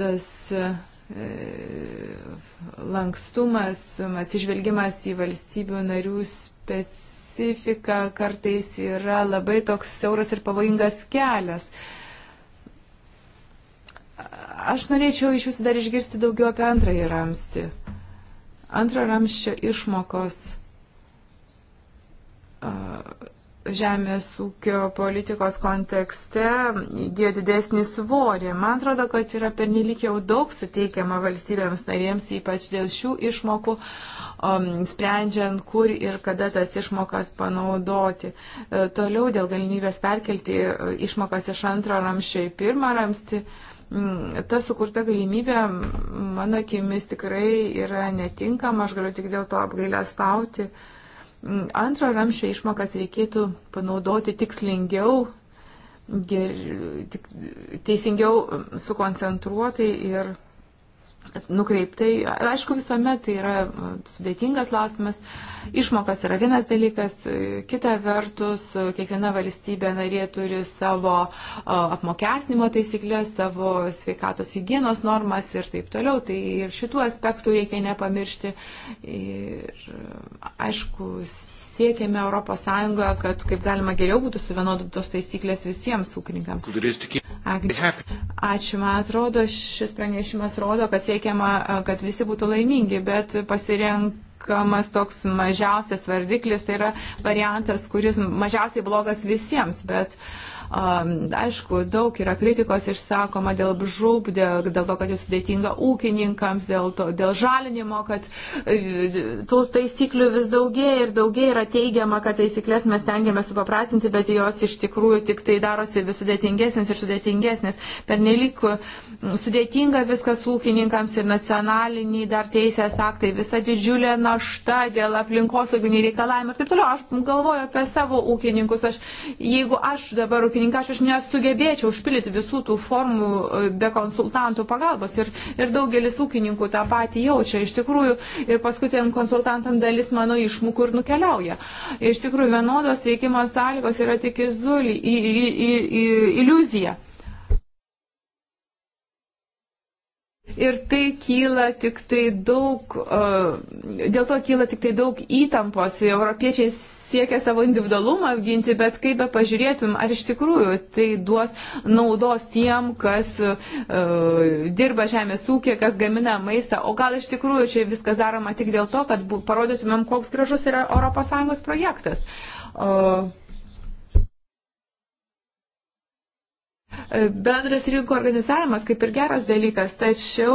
Tas e, lankstumas, atsižvelgimas į valstybių narių specifiką specifika kartais yra labai toks siauras ir pavojingas kelias. Aš norėčiau iš jūsų dar išgirsti daugiau apie antrąjį ramstį. Antro ramščio išmokos žemės ūkio politikos kontekste įdėjo didesnį svorį. Man atrodo, kad yra pernelyg jau daug suteikiama valstybėms narėms, ypač dėl šių išmokų, Um, sprendžiant, kur ir kada tas išmokas panaudoti. E, toliau dėl galimybės perkelti e, išmokas iš antro ramščio į pirmą ramstį mm, ta sukurta galimybė, mano akimis, tikrai yra netinkama, aš galiu tik dėl to apgailę stauti. Mm, antro ramščio išmokas reikėtų panaudoti tikslingiau, ger, tik, teisingiau sukoncentruotai ir nukreiptai. Aišku, visuomet tai yra e, sudėtingas klausimas. Išmokas yra vienas dalykas, e, kita vertus, e, kiekviena valstybė narė turi savo apmokesnimo taisyklės, savo sveikatos hygienos normas ir taip toliau. Tai ir šitų aspektų reikia nepamiršti. Ir aišku, siekiame ES, kad kaip galima geriau būtų suvienodintos taisyklės visiems ūkininkams. Ačiū, man atrodo, šis pranešimas rodo, kad siekiama, e, kad visi būtų laimingi, bet pasirenk tinkamas toks mažiausias vardiklis, tai yra variantas, kuris mažiausiai blogas visiems, bet uh, Aišku, daug yra kritikos išsakoma dėl žūb, dėl, dėl to, kad jis sudėtinga ūkininkams, dėl, to, dėl žalinimo, kad e, tų taisyklių vis daugėja ir daugėja yra teigiama, kad taisyklės mes tengiame supaprastinti, bet jos iš tikrųjų tik tai darosi vis sudėtingesnės ir sudėtingesnės. Per nelik sudėtinga viskas ūkininkams ir nacionaliniai dar teisės aktai, visa didžiulė našta dėl aplinkosauginių reikalavimų ir taip toliau. Aš galvoju apie savo ūkininkus. Aš, jeigu aš dabar ūkininkas, pirmininką, aš, aš nesugebėčiau užpildyti visų tų formų e, be konsultantų pagalbos. Ir, ir daugelis ūkininkų tą patį jaučia. Iš tikrųjų, ir paskutiniam konsultantam dalis mano išmokų ir nukeliauja. Iš tikrųjų, vienodos veikimo sąlygos yra tik izulį, i, i, i, i, iliuzija. Ir tai kyla tik tai daug, e, dėl to kyla tik tai daug įtampos. Europiečiai siekia savo individualumą apginti, bet kaip be pažiūrėtum, ar iš tikrųjų tai duos naudos tiem, kas uh, dirba žemės ūkė, kas gamina maistą, o gal iš tikrųjų čia viskas daroma tik dėl to, kad parodytumėm, koks gražus yra ES projektas. Uh, Bendras rinkų organizavimas kaip ir geras dalykas, tačiau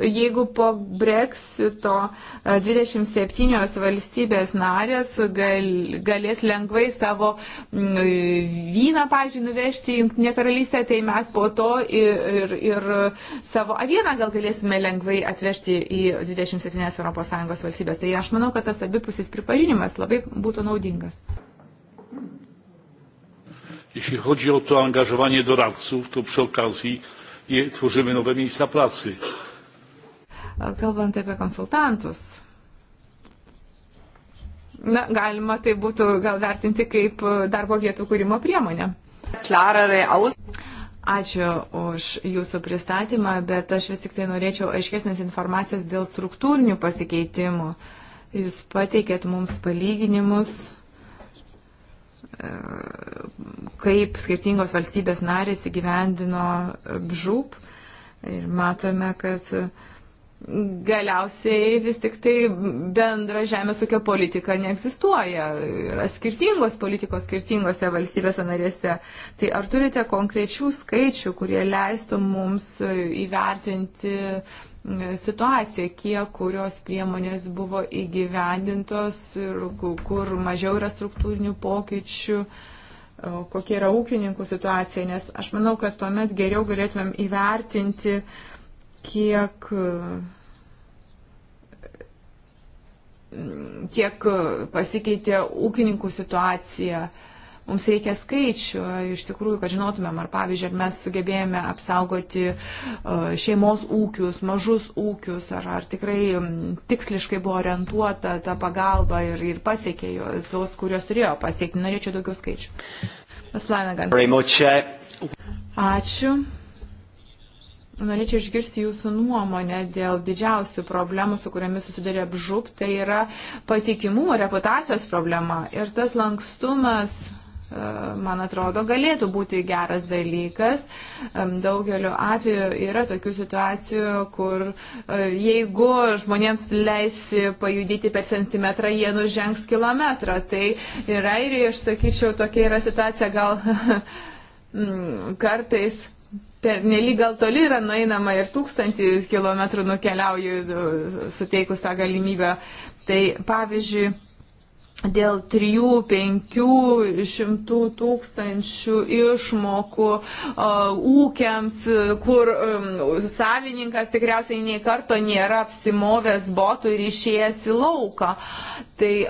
jeigu po breksito 27 e, valstybės narės gal, galės lengvai savo vyną, pažiūrėjau, nuvežti į Junktinę karalystę, tai mes po to ir, ir, ir savo avieną gal galėsime lengvai atvežti į 27 ES valstybės. Tai aš manau, kad tas abipusis pripažinimas labai būtų naudingas. Jeśli chodzi o to angażowanie doradców, to przy okazji je, tworzymy nowe miejsca pracy Kalbant apie konsultantus, na, galima tai būtų gal vertinti kaip darbo vietų kūrimo priemonę. Klarare aus. Ačiū už jūsų pristatymą, bet aš vis tik tai norėčiau aiškesnės informacijos dėl struktūrinių pasikeitimų. Jūs pateikėt mums palyginimus, e, kaip skirtingos valstybės narės įgyvendino BŽUP ir matome, kad uh, galiausiai vis tik tai bendra žemės ūkio politika neegzistuoja. Yra skirtingos politikos skirtingose valstybėse narėse. Tai ar turite konkrečių skaičių, kurie leistų mums įvertinti e, situaciją, kiek kurios priemonės buvo įgyvendintos ir kur mažiau yra struktūrinių pokyčių? E, kokia yra ūkininkų situacija, nes aš manau, kad tuomet geriau galėtumėm įvertinti uh, kiek kiek pasikeitė ūkininkų situacija. Mums reikia skaičių, iš tikrųjų, kad žinotumėm, ar pavyzdžiui, ar mes sugebėjome apsaugoti e, šeimos ūkius, mažus ūkius, ar, ar tikrai tiksliškai buvo orientuota ta pagalba ir, ir pasiekė tos, kurios turėjo pasiekti. Norėčiau daugiau skaičių. Uh, Ačiū. Norėčiau išgirsti jūsų nuomonę dėl didžiausių problemų, su kuriamis susiduria BŽUP, tai yra patikimumo, reputacijos problema. Ir tas lankstumas, e, man atrodo, galėtų būti geras dalykas. E, daugeliu atveju yra tokių situacijų, kur e, jeigu žmonėms leisi pajudyti per centimetrą, jie nužengs kilometrą. Tai yra ir, aš sakyčiau, tokia yra situacija gal mm, kartais per nelyg gal toli yra nueinama ir tūkstantis kilometrų nukeliauju suteikus tą galimybę. Tai pavyzdžiui, dėl 3-500 tūkstančių išmokų uh, ūkiams, kur um, savininkas tikriausiai nei karto nėra apsimovęs botų ir išėjęs į lauką. Tai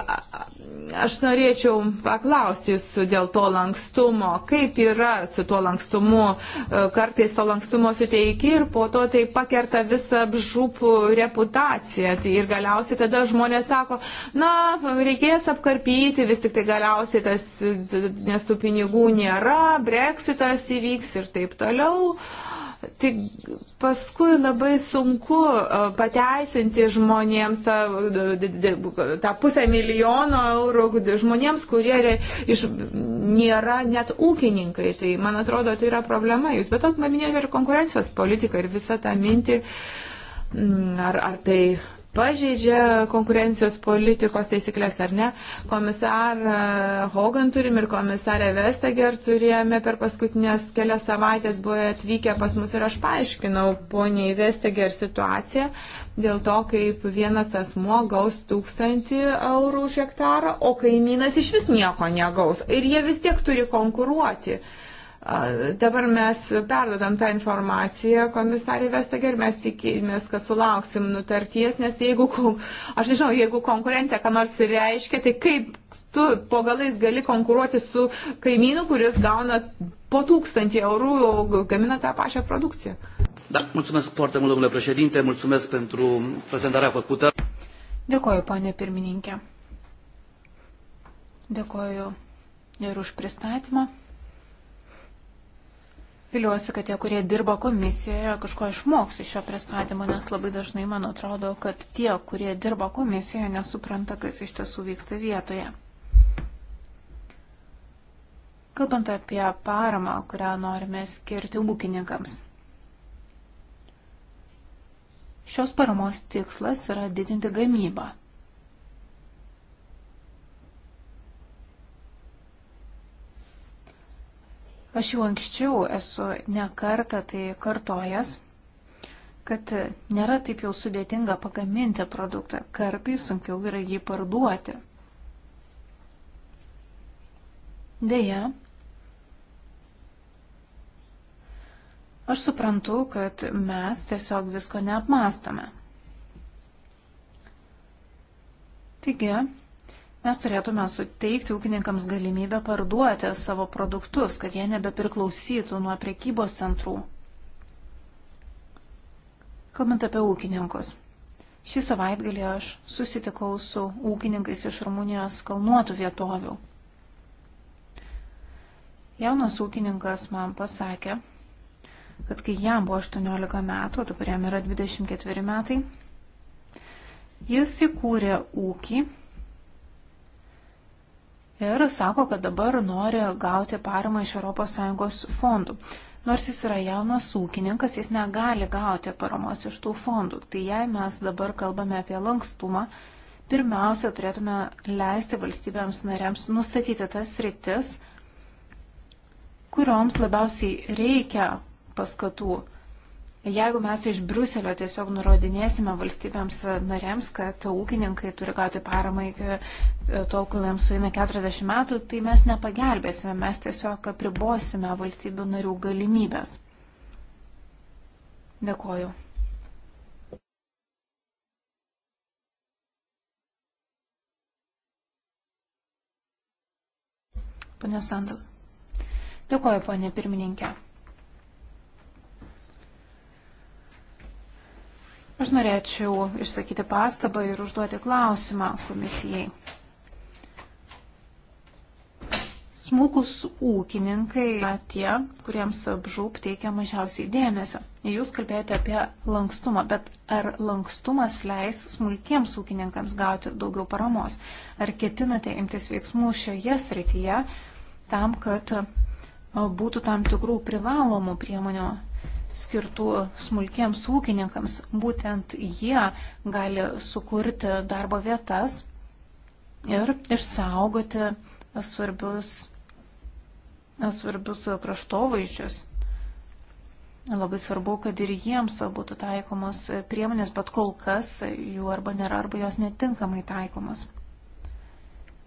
aš norėčiau paklausti jūsų dėl to lankstumo, kaip yra su tuo lankstumu, e, kartais to lankstumo suteiki ir po to tai pakerta visą žūpų reputaciją. Tai ir galiausiai tada žmonės sako, na, reikės apkarpyti, vis tik tai galiausiai tas, nes tų pinigų nėra, breksitas įvyks ir taip toliau. Uh, Tik paskui labai sunku e, pateisinti žmonėms tą, tą pusę milijono eurų žmonėms, kurie iš, nėra net ūkininkai. Tai man atrodo, tai yra problema. Jūs bet to paminėjote ir konkurencijos politiką ir visą tą mintį. Mm, ar, ar tai pažeidžia konkurencijos politikos teisiklės ar ne. Komisarą e, Hogan turim ir komisarę Vestager turėjome per paskutinės kelias savaitės, buvo atvykę pas mus ir aš paaiškinau poniai Vestager situaciją dėl to, kaip vienas asmuo gaus tūkstantį eurų už hektarą, o kaimynas iš vis nieko negaus. Ir jie vis tiek turi konkuruoti. Uh, Dabar mes perdodam tą informaciją komisarį Vestager, mes tikimės, kad sulauksim nutarties, nes jeigu, aš nežinau, jeigu konkurentė ką nors reiškia, tai kaip tu po galais gali konkuruoti su kaimynu, kuris gauna po tūkstantį eurų, o gamina tą pačią produkciją. Da, mulțumesc foarte mult, domnule președinte, mulțumesc pentru prezentarea făcută. Dėkoju, ponė pirmininkė. Dėkoju ir už pristatymą. Viliuosi, kad tie, kurie dirba komisijoje, kažko išmoks iš šio pristatymo, nes labai dažnai man atrodo, kad tie, kurie dirba komisijoje, nesupranta, kas iš tiesų vyksta vietoje. Kalbant apie paramą, kurią norime skirti ūkininkams. Šios paramos tikslas yra didinti gamybą. Aš jau anksčiau esu nekartą tai kartojas, kad nėra taip jau sudėtinga pagaminti produktą, kartai sunkiau yra jį parduoti. Deja, aš suprantu, kad mes tiesiog visko neapmastome. Taigi, Mes turėtume suteikti ūkininkams galimybę parduoti savo produktus, kad jie nebepriklausytų nuo prekybos centrų. Kalbant apie ūkininkus. Šį savaitgalį aš susitikau su ūkininkais iš Rumunijos kalnuotų vietovių. Jaunas ūkininkas man pasakė, kad kai jam buvo 18 metų, dabar jam yra 24 metai, jis įkūrė ūkį ir sako, kad dabar nori gauti paramą iš ES fondų. Nors jis yra jaunas ūkininkas, jis negali gauti paramos iš tų fondų. Tai jei mes dabar kalbame apie lankstumą, pirmiausia, turėtume leisti valstybėms nariams nustatyti tas rytis, kurioms labiausiai reikia paskatų. Jeigu mes iš Briuselio tiesiog nurodinėsime valstybėms narėms, kad ūkininkai turi gauti paramą iki e, tol, kol jiems suina 40 metų, tai mes nepagelbėsime, mes tiesiog apribosime valstybių narių galimybės. Dėkoju. Pane Sandal. Dėkoju, ponė pirmininkė. Aš norėčiau išsakyti pastabą ir užduoti klausimą komisijai. Smulkus ūkininkai yra tie, kuriems apžūp teikia mažiausiai dėmesio. Jūs kalbėjote apie lankstumą, bet ar lankstumas leis smulkiems ūkininkams gauti daugiau paramos? Ar ketinate imtis veiksmų šioje srityje tam, kad būtų tam tikrų privalomų priemonių skirtų smulkiems ūkininkams. Būtent jie gali sukurti darbo vietas ir išsaugoti svarbius, svarbius kraštovaizdžius. Labai svarbu, kad ir jiems būtų taikomos priemonės, bet kol kas jų arba nėra, arba jos netinkamai taikomos.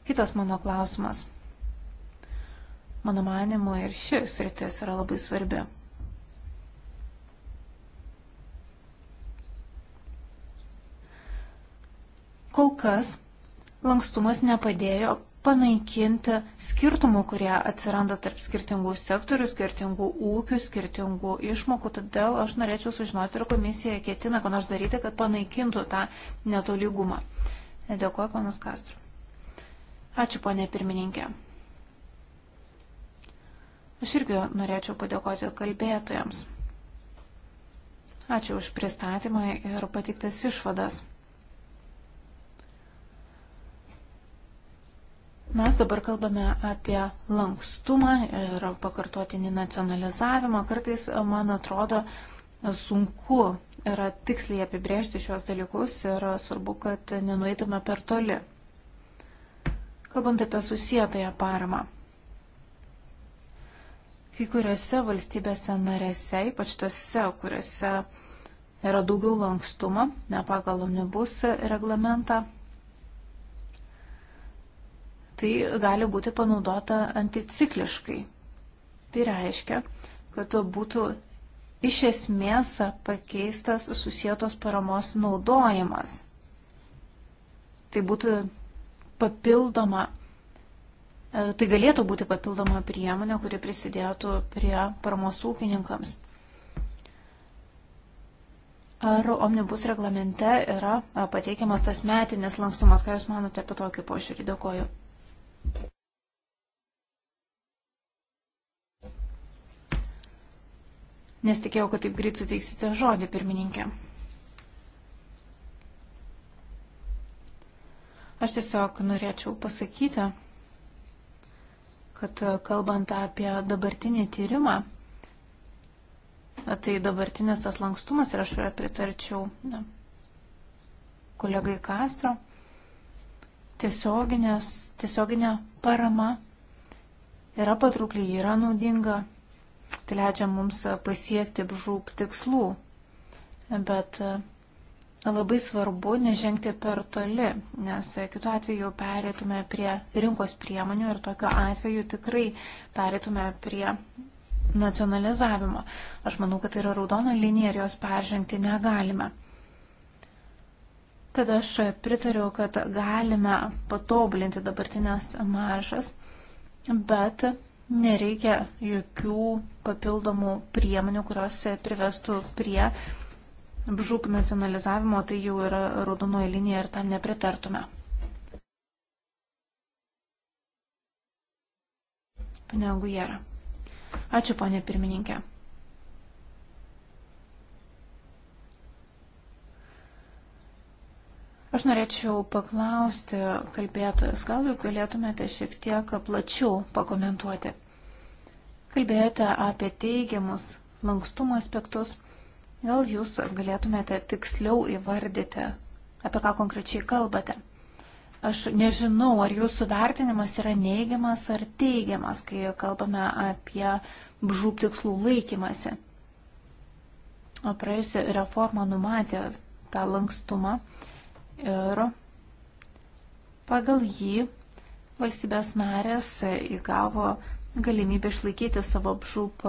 Kitas mano klausimas. Mano manimo ir šis rytis yra labai svarbi. Kol kas lankstumas nepadėjo panaikinti skirtumų, kurie atsiranda tarp skirtingų sektorių, skirtingų ūkių, skirtingų išmokų. Todėl aš norėčiau sužinoti, ar komisija ketina ką nors daryti, kad panaikintų tą netolygumą. Dėkuoju, panas Kastru. Ačiū, ponė pirmininkė. Aš irgi norėčiau padėkoti kalbėtojams. Ačiū už pristatymą ir patiktas išvadas. Mes dabar kalbame apie lankstumą ir pakartotinį nacionalizavimą. Kartais, man atrodo, sunku yra tiksliai apibrėžti šios dalykus ir svarbu, kad nenueitume per toli. Kalbant apie susietąją paramą. Kai kuriuose valstybėse narėse, ypač tose, kuriuose yra daugiau lankstumo, ne pagal omnibus reglamentą, tai gali būti panaudota anticikliškai. Tai reiškia, kad būtų iš esmės pakeistas susijėtos paramos naudojimas. Tai būtų papildoma, e, tai galėtų būti papildoma priemonė, kuri prisidėtų prie paramos ūkininkams. Ar omnibus reglamente yra e, pateikiamas tas metinis lankstumas? Ką Jūs manote apie tokį požiūrį? Dėkoju. Nesitikėjau, kad taip greit suteiksite žodį, pirmininkė. Aš tiesiog norėčiau pasakyti, kad kalbant apie dabartinį tyrimą, tai dabartinis tas lankstumas ir aš pritarčiau ne, kolegai Kastro tiesioginės, tiesioginė parama yra patraukli, yra naudinga. Tai leidžia mums pasiekti bžūp tikslų. Bet e, labai svarbu nežengti per toli, nes kitu atveju perėtume prie rinkos priemonių ir tokiu atveju tikrai perėtume prie nacionalizavimo. Aš manau, kad tai yra raudona linija ir jos peržengti negalime. Tad aš pritariu, kad galime patobulinti dabartinės maržas, bet nereikia jokių papildomų priemonių, kurios privestų prie bžūp nacionalizavimo, tai jau yra raudonoji linija ir tam nepritartume. Pane Agujera. Ačiū, ponė pirmininkė. Aš norėčiau paklausti kalbėtojas, gal jūs galėtumėte šiek tiek plačiau pakomentuoti. Kalbėjote apie teigiamus lankstumo aspektus. Gal jūs galėtumėte tiksliau įvardyti, apie ką konkrečiai kalbate? Aš nežinau, ar jūsų vertinimas yra neigiamas ar teigiamas, kai kalbame apie bžūp tikslų laikymasi. Praėjusi reforma numatė tą lankstumą ir pagal jį valstybės narės įgavo galimybę išlaikyti savo apžūp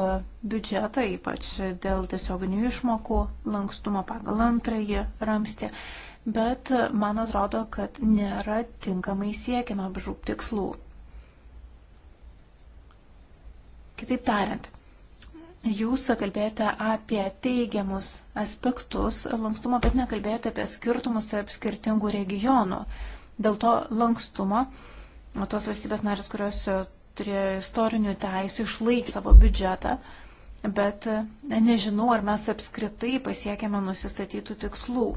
biudžetą, ypač dėl tiesioginių išmokų, lankstumo pagal antrąjį ramstį, bet man atrodo, kad nėra tinkamai siekiama apžūp tikslų. Kitaip tariant, Jūs kalbėjote apie teigiamus aspektus lankstumo, bet nekalbėjote apie skirtumus tarp skirtingų regionų. Dėl to lankstumo tos valstybės narės, kurios turėjo istorinių teisų, išlaikė savo biudžetą, bet nežinau, ar mes apskritai pasiekėme nusistatytų tikslų.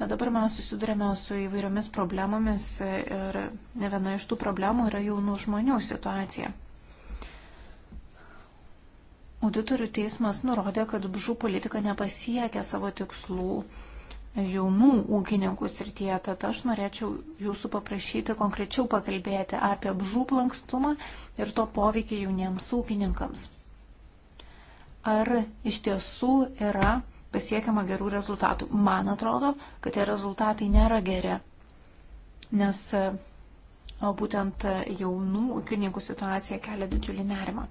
Na, dabar mes susidurėme su įvairiomis problemomis ir ne viena iš tų problemų yra jaunų žmonių situacija. Auditorių teismas nurodė, kad bžų politika nepasiekia savo tikslų jaunų ūkininkų srityje, tad aš norėčiau jūsų paprašyti konkrečiau pakalbėti apie bžų lankstumą ir to poveikį jauniems ūkininkams. Ar iš tiesų yra pasiekiama gerų rezultatų? Man atrodo, kad tie rezultatai nėra geri, nes būtent jaunų ūkininkų situacija kelia didžiulį nerimą.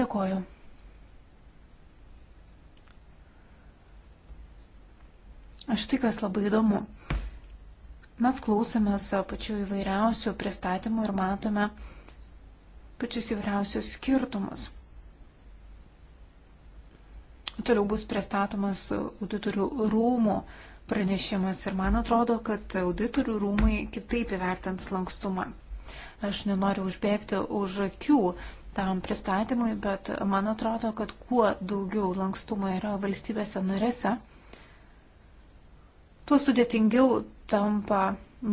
Dėkoju. Aš tai, kas labai įdomu. Mes klausomės pačių įvairiausių pristatymų ir matome pačius įvairiausius skirtumus. Toliau bus pristatomas auditorių rūmų pranešimas ir man atrodo, kad auditorių rūmai kitaip įvertins lankstumą. Aš nenoriu užbėgti už akių tam pristatymui, bet man atrodo, kad kuo daugiau lankstumo yra valstybėse narėse, tuo sudėtingiau tampa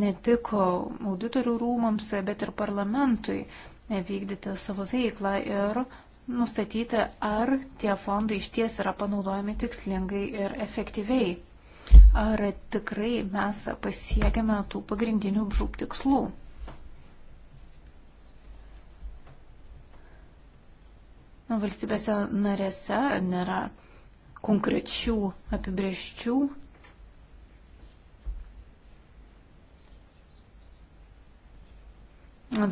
ne tik auditorių rūmams, bet ir parlamentui vykdyti savo veiklą ir nustatyti, ar tie fondai iš ties yra panaudojami tikslingai ir efektyviai. Ar tikrai mes pasiekėme tų pagrindinių bžūp tikslų. valstybėse narėse nėra konkrečių apibrieščių.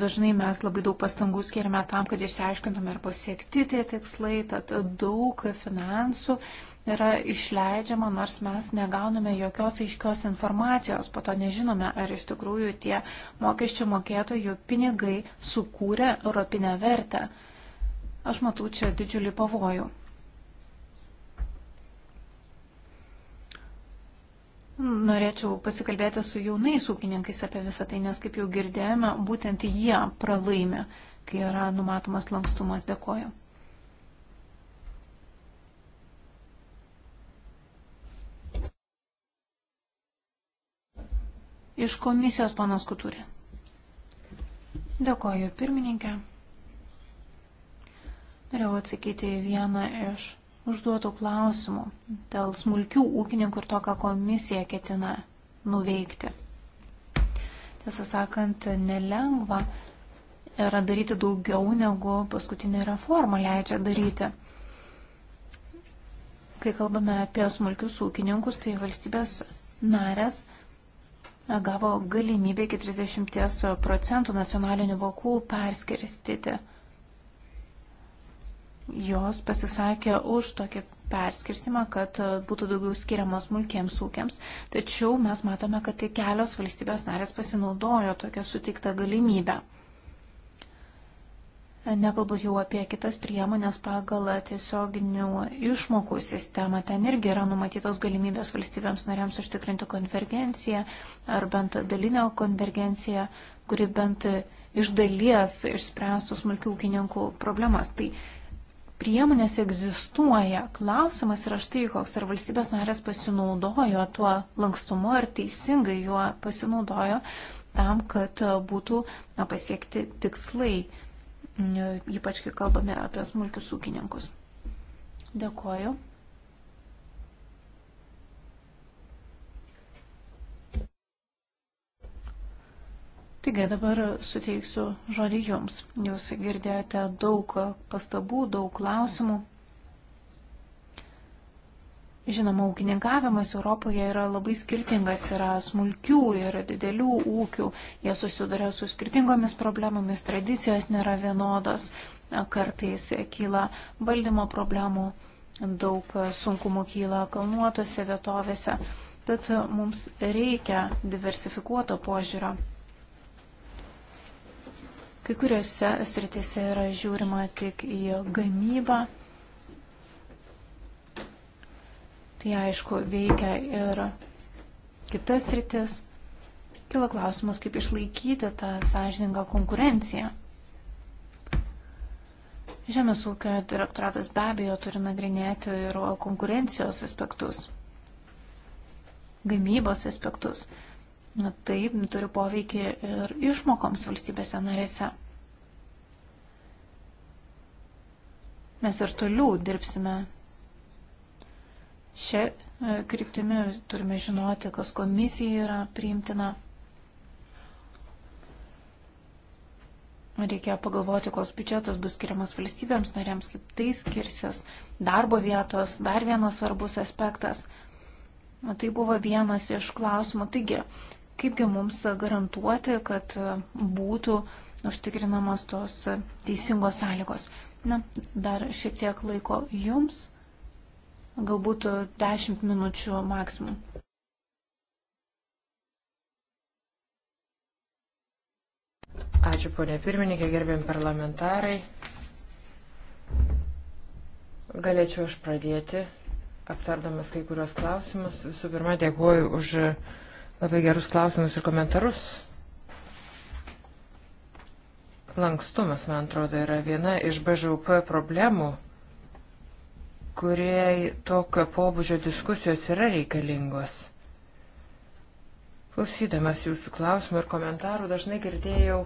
Dažnai mes labai daug pastangų skiriame tam, kad išsiaiškintume ir pasiekti tie tikslai, tad daug finansų yra išleidžiama, nors mes negauname jokios aiškios informacijos, po to nežinome, ar iš tikrųjų tie mokesčių mokėtojų pinigai sukūrė europinę vertę. Aš matau čia didžiulį pavojų. Norėčiau pasikalbėti su jaunais ūkininkais apie visą tai, nes kaip jau girdėjome, būtent jie pralaimė, kai yra numatomas lankstumas. Dėkoju. Iš komisijos panas Kuturi. Dėkoju, pirmininkė. Norėjau atsakyti į vieną iš užduotų klausimų dėl smulkių ūkininkų ir to, ką komisija ketina nuveikti. Tiesą sakant, nelengva yra daryti daugiau, negu paskutinė reforma leidžia daryti. Kai kalbame apie smulkius ūkininkus, tai valstybės narės gavo galimybę iki 30 procentų nacionalinių vokų perskirstyti jos pasisakė už tokį perskirstimą, kad e, būtų daugiau skiriamos smulkiems ūkiams. Tačiau mes matome, kad tai kelios valstybės narės pasinaudojo tokią suteiktą galimybę. Nekalbu jau apie kitas priemonės pagal tiesioginių išmokų sistemą. Ten irgi yra numatytos galimybės valstybėms nariams užtikrinti konvergenciją ar bent dalinio konvergenciją, kuri bent iš dalies išspręstų smulkių ūkininkų problemas. Tai priemonės egzistuoja. Klausimas yra štai koks, ar valstybės narės pasinaudojo tuo lankstumu, ar teisingai juo pasinaudojo tam, kad būtų na, pasiekti tikslai, ypač kai kalbame apie smulkius ūkininkus. Dėkoju. Taigi dabar suteiksiu žodį Jums. Jūs girdėjote daug pastabų, daug klausimų. Žinoma, ūkininkavimas Europoje yra labai skirtingas, yra smulkių ir didelių ūkių, jie susiduria su skirtingomis problemomis, tradicijos nėra vienodos, kartais kyla valdymo problemų, daug sunkumų kyla kalnuotose vietovėse, tad mums reikia diversifikuoto požiūrio. Kai kuriuose sritise yra žiūrima tik į gamybą. Tai aišku, veikia ir kitas sritis. Kila klausimas, kaip išlaikyti tą sąžiningą konkurenciją. Žemės ūkio direktoratas be abejo turi nagrinėti ir konkurencijos aspektus, gamybos aspektus tai turi poveikį ir išmokoms valstybėse narėse. Mes ir toliau dirbsime šią e, kryptimį, turime žinoti, kas komisija yra priimtina. Reikia pagalvoti, koks biudžetas bus skiriamas valstybėms norėms, kaip tai skirsis. Darbo vietos, dar vienas svarbus aspektas. Tai buvo vienas iš klausimų. Taigi, Kaipgi mums garantuoti, kad būtų užtikrinamos tos teisingos sąlygos? Na, dar šiek tiek laiko jums, galbūt 10 minučių maksimum. Ačiū, ponė pirmininkė, gerbėm parlamentarai. Galėčiau aš pradėti, aptardamas kai kurios klausimus. Visų pirma, dėkuoju už labai gerus klausimus ir komentarus. Lankstumas, man atrodo, yra viena iš BŽUP problemų, kuriai tokio pobūdžio diskusijos yra reikalingos. Klausydamas jūsų klausimų ir komentarų dažnai girdėjau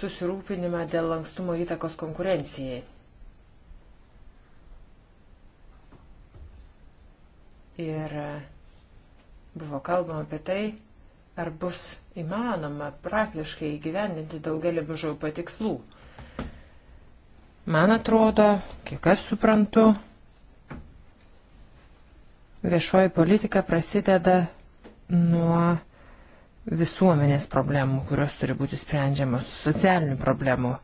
susirūpinimą dėl lankstumo įtakos konkurencijai. Ir Buvo kalbama apie tai, ar bus įmanoma praktiškai įgyvendinti daugelį bižau patikslų. Man atrodo, kiek aš suprantu, viešoji politika prasideda nuo visuomenės problemų, kurios turi būti sprendžiamos, socialinių problemų.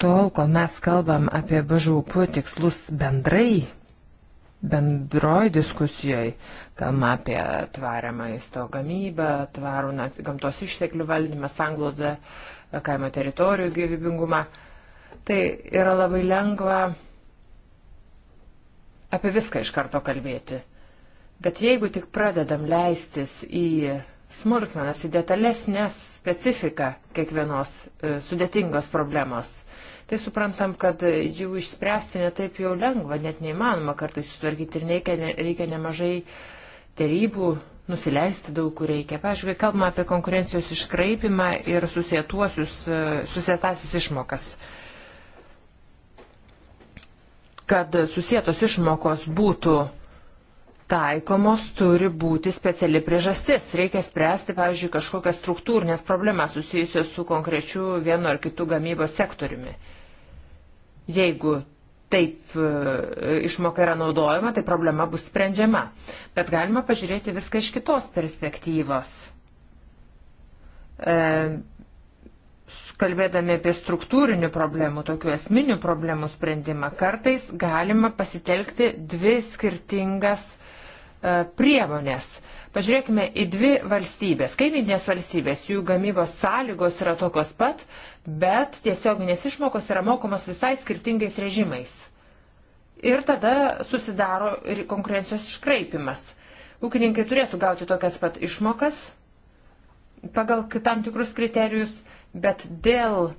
Tol, kol mes kalbam apie BŽUP tikslus bendrai, bendroj diskusijoj, kam apie tvarią maisto gamybą, tvarų gamtos išteklių valdymą, sanglodą, kaimo teritorijų gyvybingumą. Tai yra labai lengva apie viską iš karto kalbėti. Bet jeigu tik pradedam leistis į smulkmenas, į detalesnės specifiką kiekvienos e, sudėtingos problemos, tai suprantam, kad jų išspręsti netaip jau lengva, net neįmanoma kartais sutvarkyti ir reikia, reikia nemažai uh, dėrybų nusileisti daug kur reikia. Pavyzdžiui, kalbama apie konkurencijos iškraipimą ir e, susietasis išmokas. Kad susietos išmokos būtų taikomos, turi būti speciali priežastis. Reikia spręsti, pavyzdžiui, kažkokias struktūrinės problemas susijusios su konkrečiu vienu ar kitu gamybos sektoriumi. Jeigu taip e, išmoka yra naudojama, tai problema bus sprendžiama. Bet galima pažiūrėti viską iš kitos perspektyvos. E, kalbėdami apie struktūrinių problemų, tokių esminių problemų sprendimą, kartais galima pasitelkti dvi skirtingas e, priemonės Pažiūrėkime į dvi valstybės, kaiminės valstybės, jų gamybos sąlygos yra tokios pat, bet tiesioginės išmokos yra mokamos visai skirtingais režimais. Ir tada susidaro ir konkurencijos iškraipimas. Ūkininkai turėtų gauti tokias pat išmokas pagal tam tikrus kriterijus, bet dėl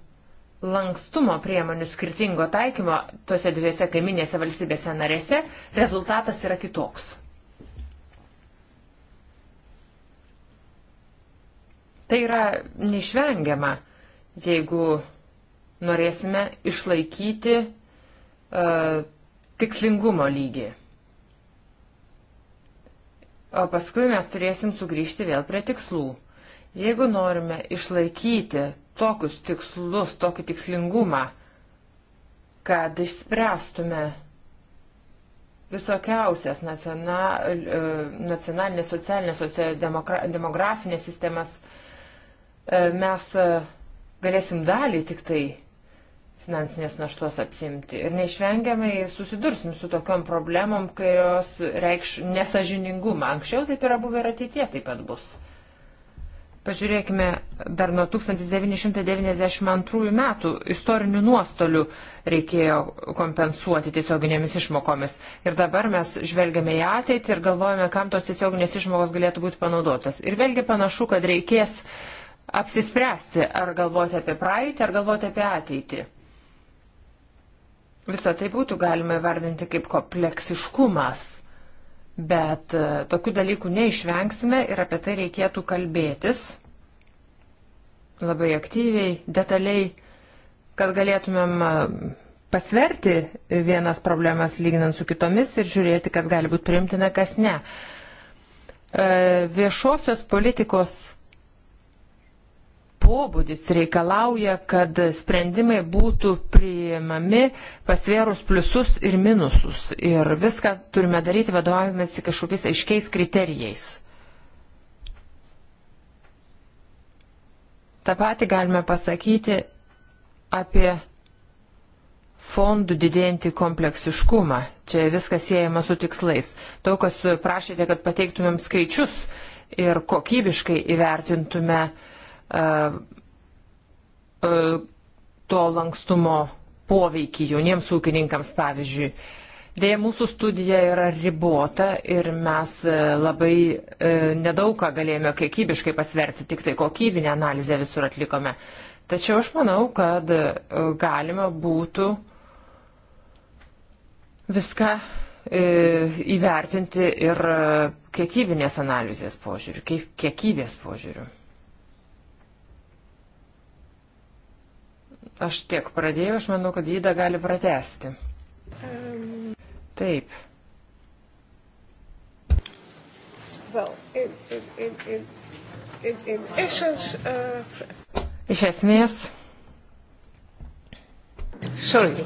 lankstumo priemonių skirtingo taikymo tose dviejose kaiminėse valstybėse narėse rezultatas yra kitoks. Tai yra neišvengiama, jeigu norėsime išlaikyti uh, tikslingumo lygį. O paskui mes turėsim sugrįžti vėl prie tikslų. Jeigu norime išlaikyti tokius tikslus, tokį tikslingumą, kad išspręstume visokiausias nacional, e, nacionalinės, socialinės, demogra, demografinės sistemas, uh, E, mes e, galėsim dalį tik tai finansinės naštos apsimti. Ir neišvengiamai susidursim su tokiom problemom, kurios reikš nesažiningumą. Anksčiau taip yra buvę ir ateitie taip pat bus. Pažiūrėkime dar nuo 1992 metų istorinių nuostolių reikėjo kompensuoti tiesioginėmis išmokomis. Ir dabar mes žvelgiame į ateitį ir galvojame, kam tos tiesioginės išmokos galėtų būti panaudotas. Ir vėlgi panašu, kad reikės uh, apsispręsti, ar galvoti apie praeitį, ar galvoti apie ateitį. Visą tai būtų galima vardinti kaip kompleksiškumas, bet e, tokių dalykų neišvengsime ir apie tai reikėtų kalbėtis labai aktyviai, detaliai, kad galėtumėm e, pasverti vienas problemas lyginant su kitomis ir žiūrėti, kas gali būti priimtina, kas ne. E, viešosios politikos pobūdis reikalauja, kad sprendimai būtų priimami pasvėrus pliusus ir minusus. Ir viską turime daryti vadovaujamėsi kažkokiais aiškiais kriterijais. Ta pati galime pasakyti apie fondų didėjantį kompleksiškumą. Čia viskas siejama su tikslais. Daug kas prašėte, kad pateiktumėm skaičius ir kokybiškai įvertintume uh, E, e, to lankstumo poveikį jauniems ūkininkams, pavyzdžiui. Dėja, mūsų studija yra ribota ir mes e, labai e, nedaug ką galėjome kiekybiškai pasverti, tik tai kokybinę analizę visur atlikome. Tačiau aš manau, kad galima būtų viską e, įvertinti ir kiekybinės analizės požiūrių, kiekybės požiūrių. Aš tiek pradėjau, aš manau, kad įdą gali pratesti. Taip. Well, in, in, in, in, in essence, uh... Iš esmės. Sorry.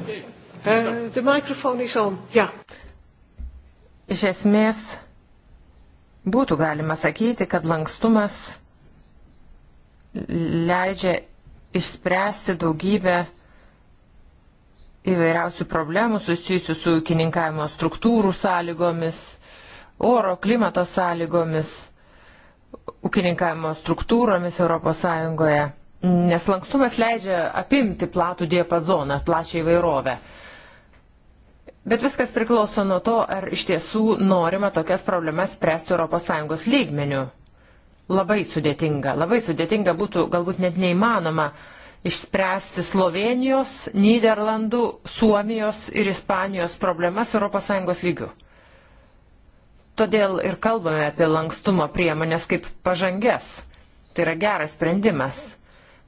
Uh, the microphone is on. Yeah. Iš esmės, būtų galima sakyti, kad lankstumas leidžia išspręsti daugybę įvairiausių problemų susijusių su ūkininkavimo struktūrų sąlygomis, oro klimato sąlygomis, ūkininkavimo struktūromis ES, nes lankstumas leidžia apimti platų diapazoną, plačią įvairovę. Bet viskas priklauso nuo to, ar iš tiesų norima tokias problemas spręsti ES lygmenių labai sudėtinga. Labai sudėtinga būtų galbūt net neįmanoma išspręsti Slovenijos, Niderlandų, Suomijos ir Ispanijos problemas ES lygių. Todėl ir kalbame apie lankstumo priemonės kaip pažangės. Tai yra geras sprendimas.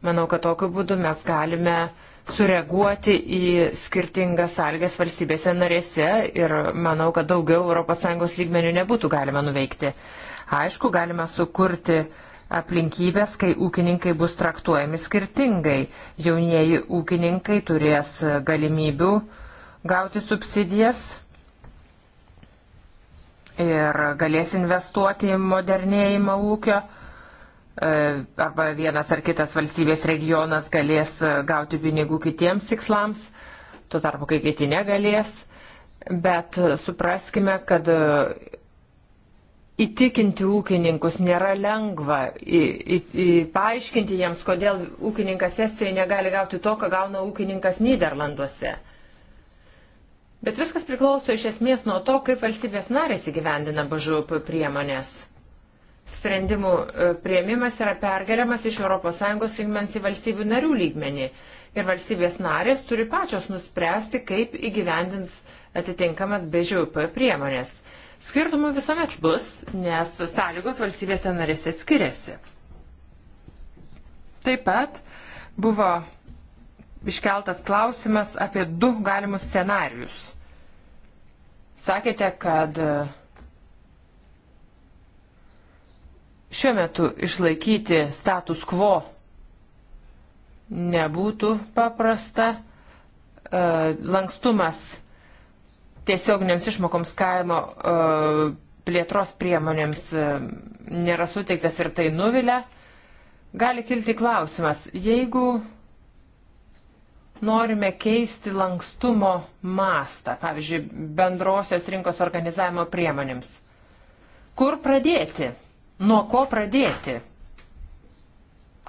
Manau, kad tokiu būdu mes galime sureaguoti į skirtingas sąlygas valstybėse narėse ir manau, kad daugiau ES lygmenių nebūtų galima nuveikti. Aišku, galime sukurti aplinkybės, kai ūkininkai bus traktuojami skirtingai. Jaunieji ūkininkai turės galimybių gauti subsidijas ir galės investuoti į modernėjimą ūkio e, arba vienas ar kitas valstybės regionas galės gauti pinigų kitiems tikslams, tuo tarpu kai kiti negalės. Bet supraskime, kad įtikinti ūkininkus nėra lengva, į, į, į, paaiškinti jiems, kodėl ūkininkas Estijoje negali gauti to, ką gauna ūkininkas Niderlanduose. Bet viskas priklauso iš esmės nuo to, kaip valstybės narės įgyvendina BŽUP priemonės. Sprendimų e, prieimimas yra pergeriamas iš ES lygmens į valstybių narių lygmenį ir valstybės narės turi pačios nuspręsti, kaip įgyvendins atitinkamas BŽUP priemonės Skirtumų visuomet bus, nes sąlygos valstybėse narėse skiriasi. Taip pat buvo iškeltas klausimas apie du galimus scenarius. Sakėte, kad e, šiuo metu išlaikyti status quo nebūtų paprasta. E, lankstumas tiesioginiams išmokoms kaimo e, plėtros priemonėms e, nėra suteiktas ir tai nuvilia, gali kilti klausimas, jeigu norime keisti lankstumo mastą, pavyzdžiui, bendrosios rinkos organizavimo priemonėms, kur pradėti, nuo ko pradėti,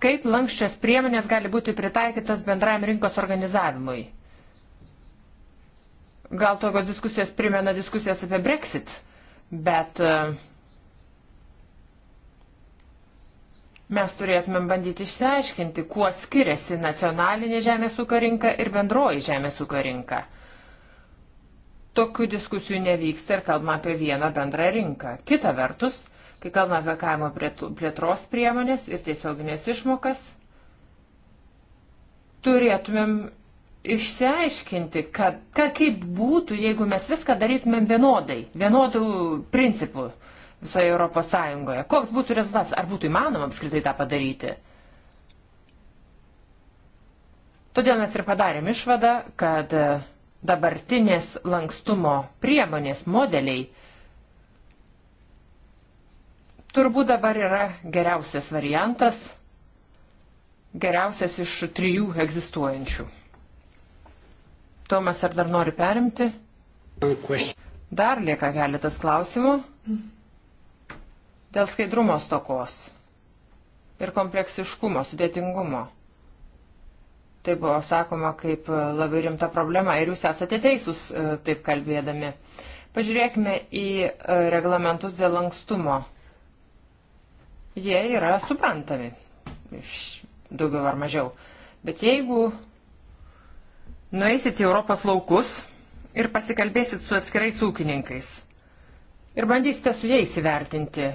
kaip lankščias priemonės gali būti pritaikytas bendram rinkos organizavimui. Gal tokios diskusijos primena diskusijas apie Brexit, bet e, mes turėtumėm bandyti išsiaiškinti, kuo skiriasi nacionalinė žemės ūkio rinka ir bendroji žemės ūkio rinka. Tokių diskusijų nevyksta ir kalbama apie vieną bendrą rinką. Kita vertus, kai kalbame apie kaimo plėtros priemonės ir tiesioginės išmokas, turėtumėm išsiaiškinti, kad, kad kaip būtų, jeigu mes viską darytumėm vienodai, vienodų principų visoje Europos Sąjungoje. Koks būtų rezultatas? Ar būtų įmanoma apskritai tą padaryti? Todėl mes ir padarėm išvadą, kad e, dabartinės lankstumo priemonės modeliai turbūt dabar yra geriausias variantas, geriausias iš trijų egzistuojančių. Tomas, ar dar nori perimti? Dar lieka keletas klausimų dėl skaidrumo stokos ir kompleksiškumo, sudėtingumo. Tai buvo sakoma kaip e, labai rimta problema ir jūs esate teisūs e, taip kalbėdami. Pažiūrėkime į e, reglamentus dėl lankstumo. Jie yra suprantami, daugiau ar mažiau. Bet jeigu Nueisit į Europos laukus ir pasikalbėsit su atskirais ūkininkais. Ir bandysite su jais įvertinti,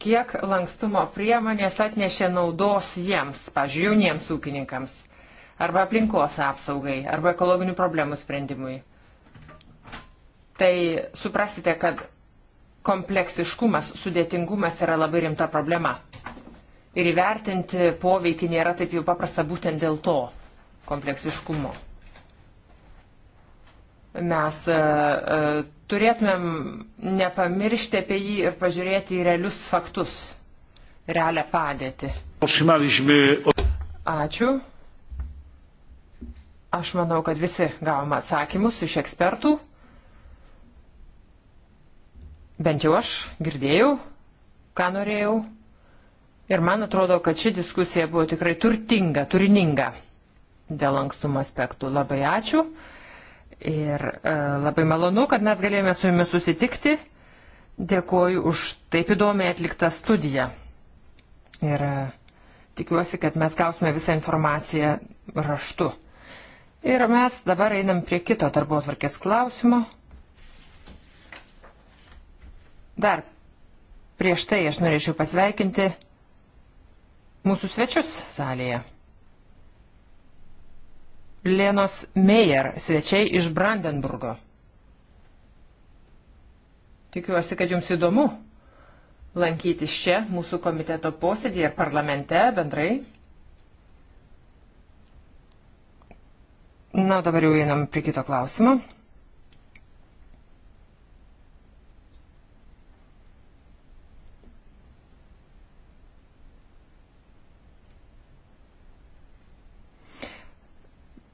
kiek lankstumo priemonės atnešė naudos jiems, pažiūrėjau, jauniems ūkininkams, arba aplinkos apsaugai, arba ekologinių problemų sprendimui. Tai suprasite, kad kompleksiškumas, sudėtingumas yra labai rimta problema. Ir įvertinti poveikį nėra taip jau paprasta būtent dėl to kompleksiškumo. Mes e, e, turėtumėm nepamiršti apie jį ir pažiūrėti į realius faktus, realią padėtį. Ačiū. Aš manau, kad visi gavome atsakymus iš ekspertų. Bent jau aš girdėjau, ką norėjau. Ir man atrodo, kad ši diskusija buvo tikrai turtinga, turininga dėl ankstumo aspektų. Labai ačiū. Ir e, labai malonu, kad mes galėjome su jumis susitikti. Dėkoju už taip įdomiai atliktą studiją. Ir e, tikiuosi, kad mes gausime visą informaciją raštu. Ir mes dabar einam prie kito darbos varkės klausimo. Dar prieš tai aš norėčiau pasveikinti mūsų svečius salėje. Lenos Meyer, svečiai iš Brandenburgo. Tikiuosi, kad jums įdomu lankytis čia mūsų komiteto posėdėje ir parlamente bendrai. Na, dabar jau einam prie kito klausimo.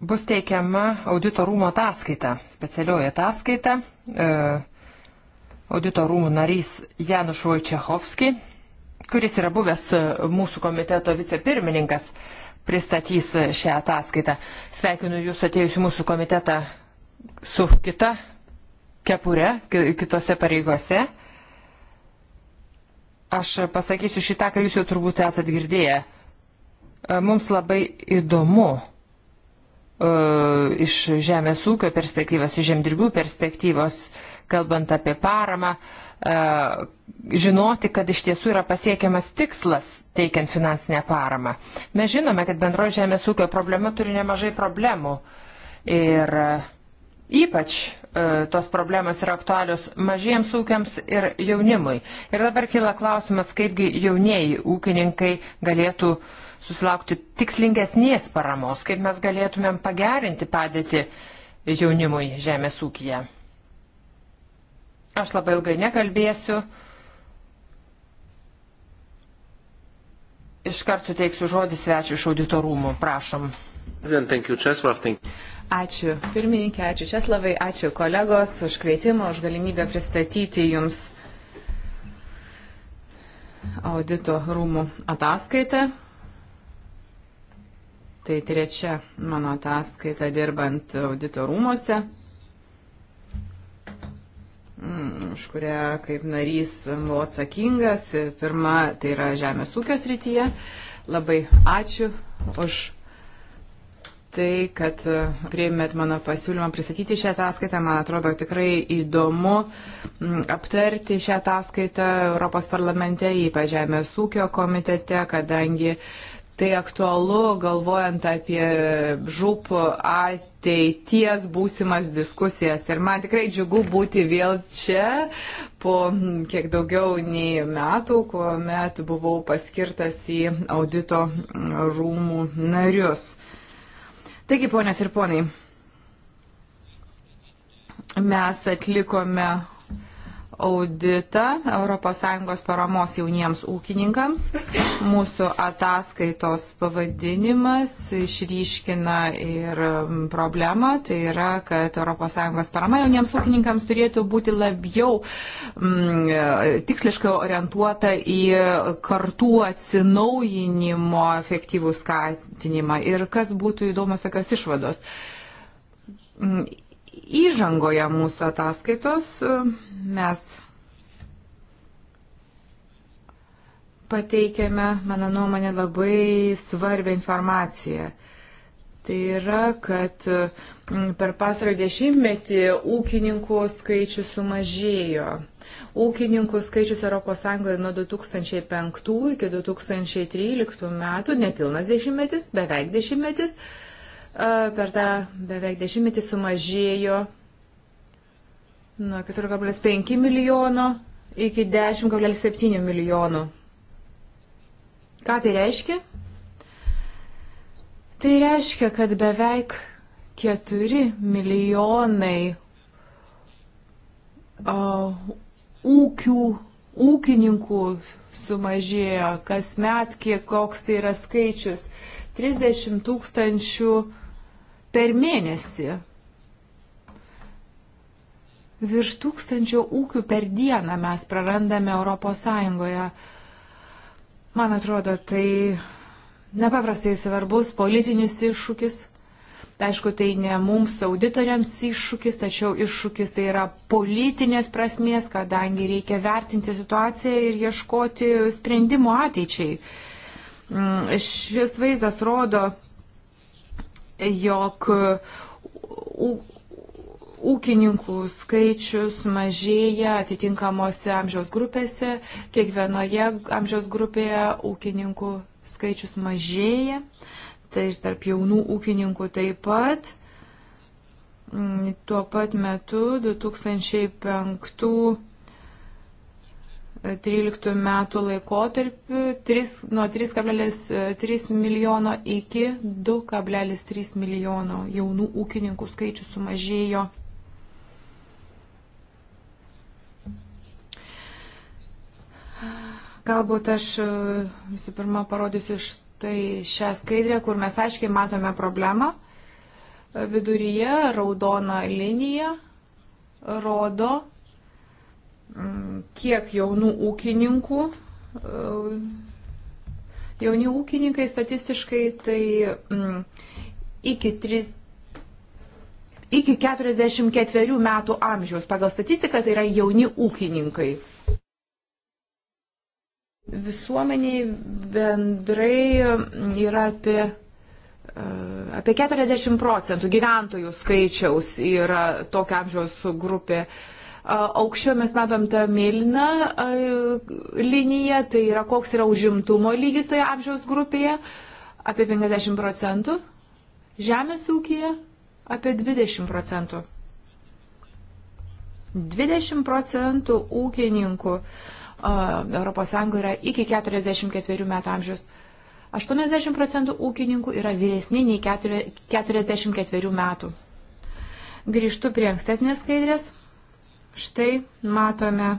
bus teikiama audito rūmo ataskaita, specialioji ataskaita. E, audito rūmų narys Januš Vojčiachovski, kuris yra buvęs e, mūsų komiteto vicepirmininkas, pristatys e, šią ataskaitą. Sveikinu Jūs atėjus į mūsų komitetą su kita kepure, kitose pareigose. Aš pasakysiu šitą, ką Jūs jau turbūt esat girdėję. Mums labai įdomu E, iš žemės ūkio perspektyvos, iš žemdirbių perspektyvos, kalbant apie paramą, e, žinoti, kad iš tiesų yra pasiekiamas tikslas teikiant finansinę paramą. Mes žinome, kad bendroji žemės ūkio problema turi nemažai problemų. Ir e, ypač tos problemos yra aktualios mažiems ūkiams ir jaunimui. Ir dabar kyla klausimas, kaipgi jaunieji ūkininkai galėtų uh, susilaukti tikslingesnės paramos, kaip mes galėtumėm pagerinti padėtį jaunimui žemės ūkija. Aš labai ilgai nekalbėsiu. Iškart suteiksiu žodį svečiu iš auditorumų. Prašom. Ačiū pirmininkė, ačiū Česlavai, ačiū kolegos už kvietimą, už galimybę pristatyti jums audito rūmų ataskaitą Tai trečia mano ataskaita dirbant auditorumuose, mm, už kurią kaip narys buvau atsakingas. Pirma, tai yra žemės ūkio srityje. Labai ačiū už tai, kad prieimėt mano pasiūlymą pristatyti šią ataskaitą. Man atrodo tikrai įdomu mm, aptarti šią ataskaitą Europos parlamente, ypač Žemės ūkio komitete, kadangi uh, Tai aktualu, galvojant apie žūp ateities būsimas diskusijas. Ir man tikrai džiugu būti vėl čia po kiek daugiau nei metų, kuomet buvau paskirtas į audito rūmų narius. Taigi, ponios ir ponai, mes atlikome auditą ES paramos jauniems ūkininkams. Mūsų ataskaitos pavadinimas išryškina ir problemą, tai yra, kad ES parama jauniems ūkininkams turėtų būti labiau m, tiksliškai orientuota į kartų atsinaujinimo efektyvų skatinimą. Ir kas būtų įdomus tokios išvados įžangoje mūsų ataskaitos mes pateikėme, mano nuomonė, labai svarbią informaciją. Tai yra, kad mm, per pasarą dešimtmetį ūkininkų skaičius sumažėjo. Ūkininkų skaičius ES nuo 2005 iki 2013 metų, nepilnas dešimtmetis, beveik dešimtmetis, uh, per tą beveik dešimtmetį sumažėjo nuo 4,5 milijono iki 10,7 milijonų. Ką tai reiškia? Tai reiškia, kad beveik 4 milijonai uh, ūkių ūkininkų sumažėjo kasmet, kiek koks tai yra skaičius. 30 tūkstančių 000 per mėnesį. Virš tūkstančio ūkių per dieną mes prarandame ES. Man atrodo, tai nepaprastai svarbus politinis iššūkis. Aišku, tai ne mums auditoriams iššūkis, tačiau iššūkis tai yra politinės prasmės, kadangi reikia vertinti situaciją ir ieškoti sprendimų ateičiai. Mm, šis vaizdas rodo, jog ūkininkų skaičius mažėja atitinkamosi amžiaus grupėse, kiekvienoje amžiaus grupėje ūkininkų skaičius mažėja, tai ir tarp jaunų ūkininkų taip pat. Mm, tuo pat metu 2005 13 metų laikotarpiu 3, nuo 3,3 e, milijono iki 2,3 milijono jaunų ūkininkų skaičius sumažėjo. Galbūt aš e, visų pirma parodysiu iš tai šią skaidrę, kur mes aiškiai matome problemą. Viduryje raudona linija rodo Mm, kiek jaunų ūkininkų, e, jauni ūkininkai statistiškai tai mm, iki 3. Iki 44 metų amžiaus pagal statistiką tai yra jauni ūkininkai visuomeniai bendrai mm, yra apie, e, apie 40 procentų gyventojų skaičiaus yra tokia amžiaus grupė aukščio mes matom tą mėlyną liniją, tai yra koks yra užimtumo lygis toje amžiaus grupėje, apie 50 procentų, žemės ūkija apie 20 procentų. 20 procentų ūkininkų uh, ES yra iki 44 metų amžiaus. 80 procentų ūkininkų yra vyresni nei 44 metų. Grįžtu prie ankstesnės skaidrės. Štai matome e,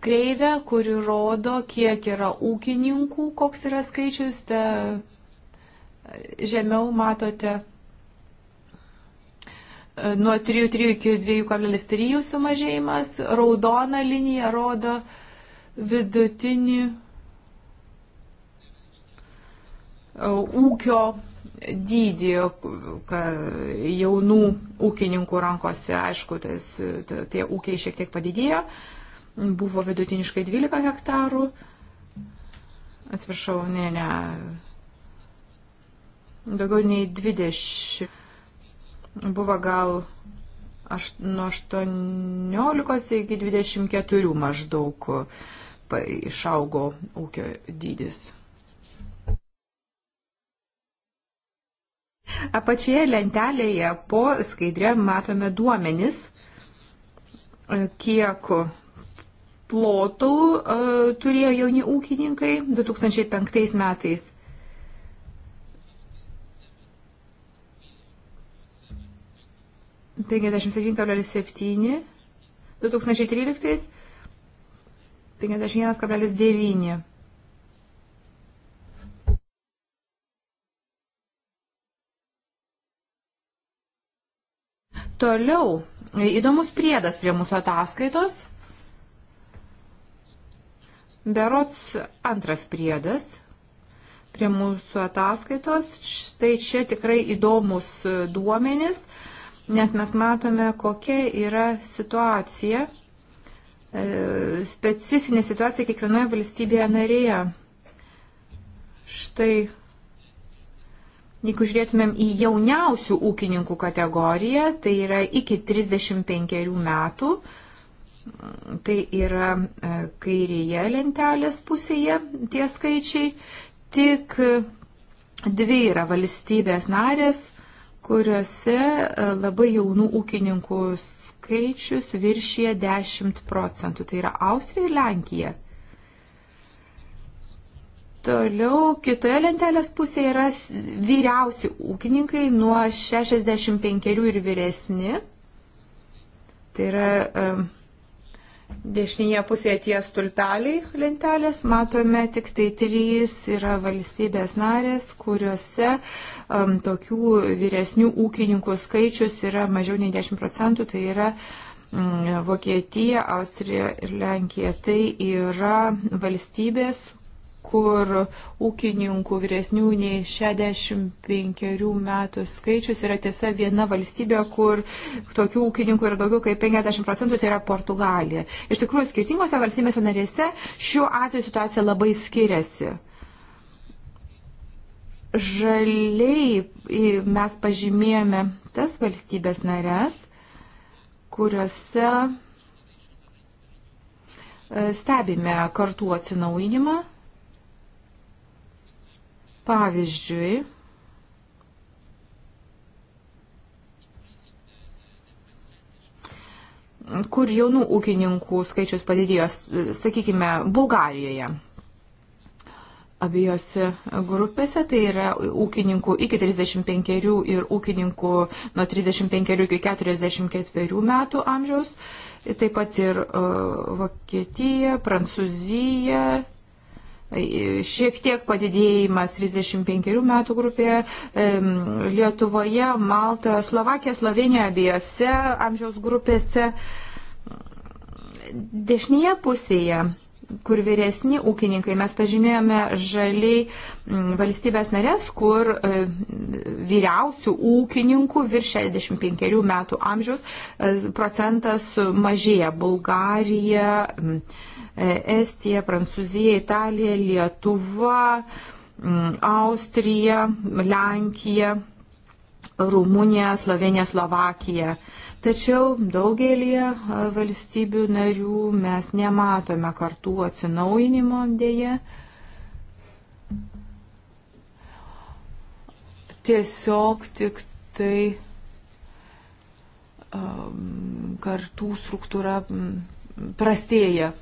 kreivę, kuri rodo, kiek yra ūkininkų, koks yra skaičius. Te žemiau matote e, nuo 3,3 iki 2,3 sumažėjimas. Raudona linija rodo vidutinį e, ūkio dydį ka, jaunų ūkininkų rankose, aišku, tas, tie ūkiai šiek tiek padidėjo, buvo vidutiniškai 12 hektarų, atsiprašau, ne, ne, daugiau nei 20, buvo gal aš, nuo 18 iki 24 maždaug išaugo ūkio dydis. Apačioje lentelėje po skaidrė matome duomenis, e, kiek plotų e, turėjo jauni ūkininkai 2005 metais. Penkiasdešimt septyni kablelis septyni, du tūkstančiai tryliktais penkiasdešimt vienas kablelis devyni. Toliau, įdomus priedas prie mūsų ataskaitos. Berots antras priedas prie mūsų ataskaitos. Štai čia tikrai įdomus duomenis, nes mes matome, kokia yra situacija, e, specifinė situacija kiekvienoje valstybėje narėje. Štai Jeigu žiūrėtumėm į jauniausių ūkininkų kategoriją, tai yra iki 35 metų, tai yra e, kairėje lentelės pusėje tie skaičiai, tik dvi yra valstybės narės, kuriuose e, labai jaunų ūkininkų skaičius viršyje 10 procentų, tai yra Austrija ir Lenkija. Toliau kitoje lentelės pusėje yra vyriausi ūkininkai nuo 65 ir vyresni. Tai yra dešinėje pusėje tie stulpeliai lentelės. Matome tik tai trys yra valstybės narės, kuriuose um, tokių vyresnių ūkininkų skaičius yra mažiau nei 10 procentų. Tai yra um, Vokietija, Austrija ir Lenkija. Tai yra valstybės, kur ūkininkų vyresnių nei 65 metų skaičius yra tiesa viena valstybė, kur tokių ūkininkų yra daugiau kaip 50 procentų, tai yra Portugalija. Iš tikrųjų, skirtingose valstybėse narėse šiuo atveju situacija labai skiriasi. Žaliai mes pažymėjome tas valstybės narės, kuriuose e, stebime kartų atsinaujinimą Pavyzdžiui, kur jaunų ūkininkų skaičius padidėjo, sakykime, Bulgarijoje. Abiejose grupėse tai yra ūkininkų iki 35 ir ūkininkų nuo 35 iki 44 metų amžiaus, taip pat ir Vokietija, Prancūzija, šiek tiek padidėjimas 35 metų grupėje Lietuvoje, Maltoje, Slovakijoje, Slovenijoje, abiejose amžiaus grupėse. Dešinėje pusėje kur vyresni ūkininkai, mes pažymėjome žaliai valstybės narės, kur e, vyriausių ūkininkų virš 65 metų amžiaus e, procentas mažėja. Bulgarija, Estija, Prancūzija, Italija, Lietuva, mm, Austrija, Lenkija, Rumunija, Slovenija, Slovakija. Tačiau daugelį e, valstybių narių mes nematome kartų atsinaujinimo dėje. Tiesiog tik tai um, kartų struktūra prastėja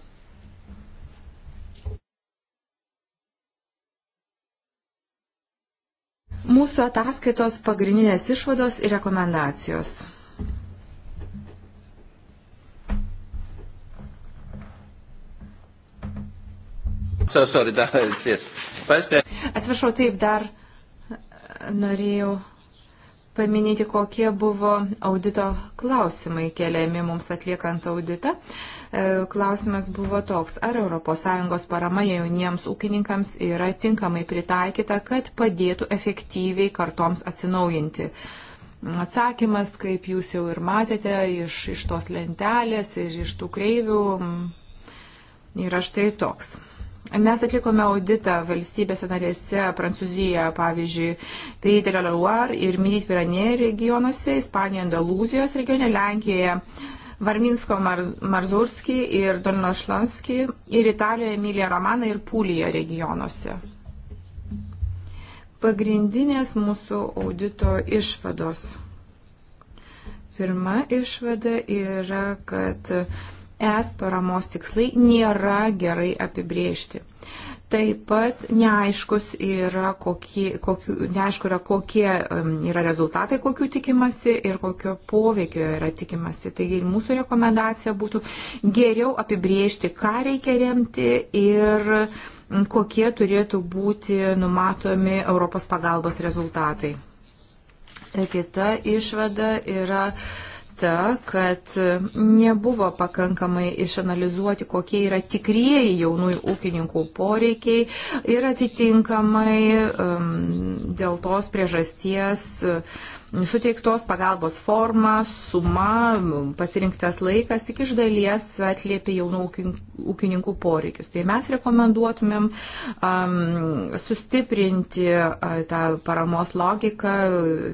Mūsų ataskaitos pagrindinės išvados ir rekomendacijos. So sorry, that is, yes. First, uh... Atsiprašau, taip dar uh, norėjau paminėti, kokie buvo audito klausimai keliami mums atliekant auditą. Uh, E, klausimas buvo toks, ar ES parama jauniems ūkininkams yra tinkamai pritaikyta, kad padėtų efektyviai kartoms atsinaujinti. Atsakymas, kaip jūs jau ir matėte, iš, iš tos lentelės ir iš tų kreivių mm, yra štai toks. Mes atlikome auditą valstybėse narėse, Prancūzijoje, pavyzdžiui, Pays de la Loire ir Midi Piranė regionuose, Ispanijoje, Andalūzijos regione, Lenkijoje, Varminsko Marzurski ir Donino Šlanski ir Italijoje Emilija Romana ir Pūlyje regionuose. Pagrindinės mūsų audito išvados. Pirma išvada yra, kad es paramos tikslai nėra gerai apibriežti. Taip pat neaiškus yra kokie, kokiu, neaišku yra, kokie yra rezultatai, kokių tikimasi ir kokio poveikio yra tikimasi. Taigi mūsų rekomendacija būtų geriau apibriežti, ką reikia remti ir kokie turėtų būti numatomi Europos pagalbos rezultatai. Kita išvada yra ta, kad nebuvo pakankamai išanalizuoti, kokie yra tikrieji jaunųjų ūkininkų poreikiai ir atitinkamai um, dėl tos priežasties uh, suteiktos pagalbos forma, suma, pasirinktas laikas tik iš dalies atliepia jaunų ūkininkų poreikius. Tai mes rekomenduotumėm um, sustiprinti uh, tą paramos logiką,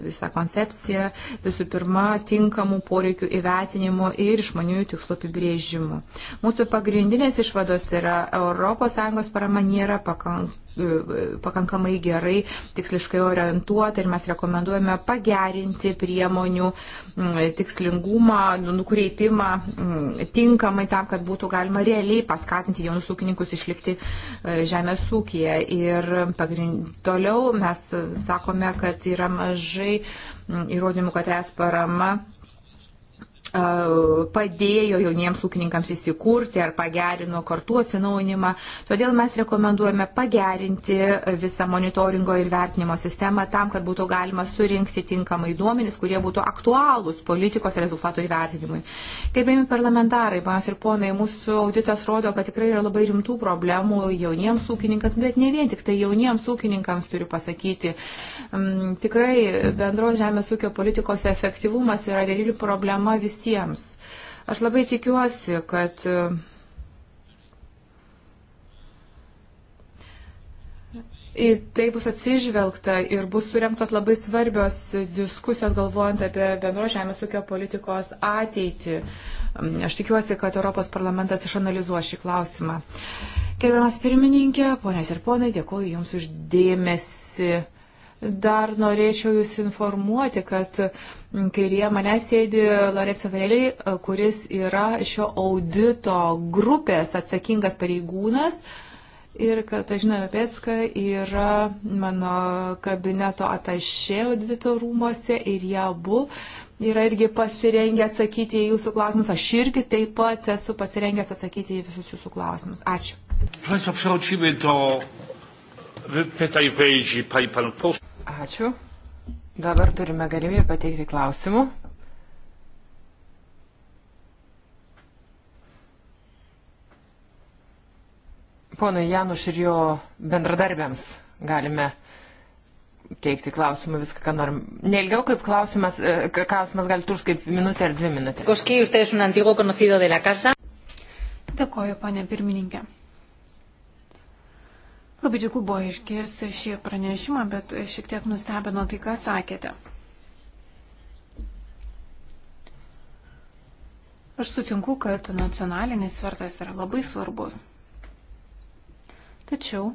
visą koncepciją, visų pirma, tinkamų poreikių įvertinimo ir išmaniųjų tikslų apibrėžimų. Mūsų pagrindinės išvados yra ES parama nėra pakankamai pakankamai gerai, tiksliškai orientuota ir mes rekomenduojame pagerinti priemonių mm, tikslingumą, nu, nukreipimą mm, tinkamai tam, kad būtų galima realiai paskatinti jaunus ūkininkus išlikti e, žemės ūkiją. Ir pagrind... toliau mes sakome, kad yra mažai mm, įrodymų, kad es parama padėjo jauniems ūkininkams įsikurti ar pagerino kartų atsinaujinimą. Todėl mes rekomenduojame pagerinti visą monitoringo ir vertinimo sistemą tam, kad būtų galima surinkti tinkamai duomenys, kurie būtų aktualūs politikos rezultatų įvertinimui. Gerbėjami parlamentarai, panas ir ponai, mūsų auditas rodo, kad tikrai yra labai rimtų problemų jauniems ūkininkams, bet ne vien tik tai jauniems ūkininkams turiu pasakyti. Mm, tikrai bendros žemės ūkio politikos efektyvumas yra reali problema visi visiems. Aš labai tikiuosi, kad Į tai bus atsižvelgta ir bus surinktos labai svarbios diskusijos galvojant apie bendros žemės ūkio politikos ateitį. Aš tikiuosi, kad Europos parlamentas išanalizuos šį klausimą. Gerbiamas pirmininkė, ponės ir ponai, dėkuoju Jums uždėmesi. Dar norėčiau Jūs informuoti, kad kairėje mane sėdi Lorenzo Ferelį, kuris yra šio audito grupės atsakingas pareigūnas. Ir Katažina Rapetska yra mano kabineto atašė audito rūmose ir jie abu yra irgi pasirengę atsakyti į jūsų klausimus. Aš irgi taip pat esu pasirengęs atsakyti į visus jūsų klausimus. Ačiū. Ačiū. Dabar turime galimybę pateikti klausimų. Ponai Januš ir jo bendradarbiams galime teikti klausimą viską, ką norim. Nelgiau kaip klausimas, e, klausimas gali tuš kaip minutė ar dvi minutės. Koski, jūs esate un antiguo conocido de la casa. Dėkoju, ponė pirmininkė. Labai džiugu buvo išgirsti šį pranešimą, bet šiek tiek nustebino tai, ką sakėte. Aš sutinku, kad nacionalinis svertas yra labai svarbus. Tačiau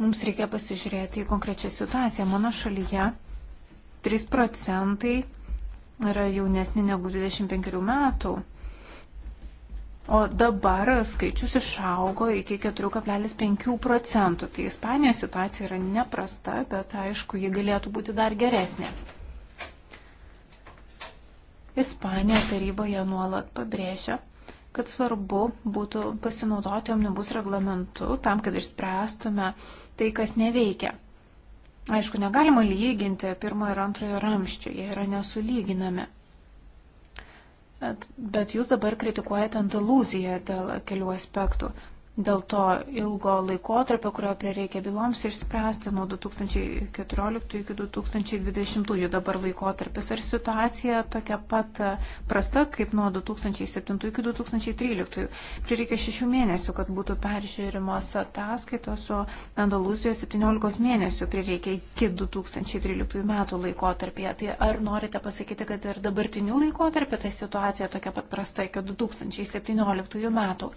mums reikia pasižiūrėti į konkrečią situaciją. Mano šalyje 3 procentai yra jaunesni negu 25 metų. O dabar skaičius išaugo iki 4,5 procentų. Tai Ispanijos situacija yra neprasta, bet aišku, ji galėtų būti dar geresnė. Ispanija taryboje nuolat pabrėžia, kad svarbu būtų pasinaudoti omnibus reglamentu tam, kad išspręstume tai, kas neveikia. Aišku, negalima lyginti pirmojo ir antrojo ramščio, jie yra nesulyginami. Bet jūs dabar kritikuojate Andalūziją dėl kelių aspektų. Dėl to ilgo laikotarpio, kurio prireikia byloms išspręsti nuo 2014 iki 2020, dabar laikotarpis ar situacija tokia pat prasta kaip nuo 2007 iki 2013. Prireikia šešių mėnesių, kad būtų peržiūrimos ataskaitos, o Andalūzijoje 17 mėnesių prireikia iki 2013 metų laikotarpėje. Tai ar norite pasakyti, kad ir dabartiniu laikotarpiu ta situacija tokia pat prasta iki 2017 metų?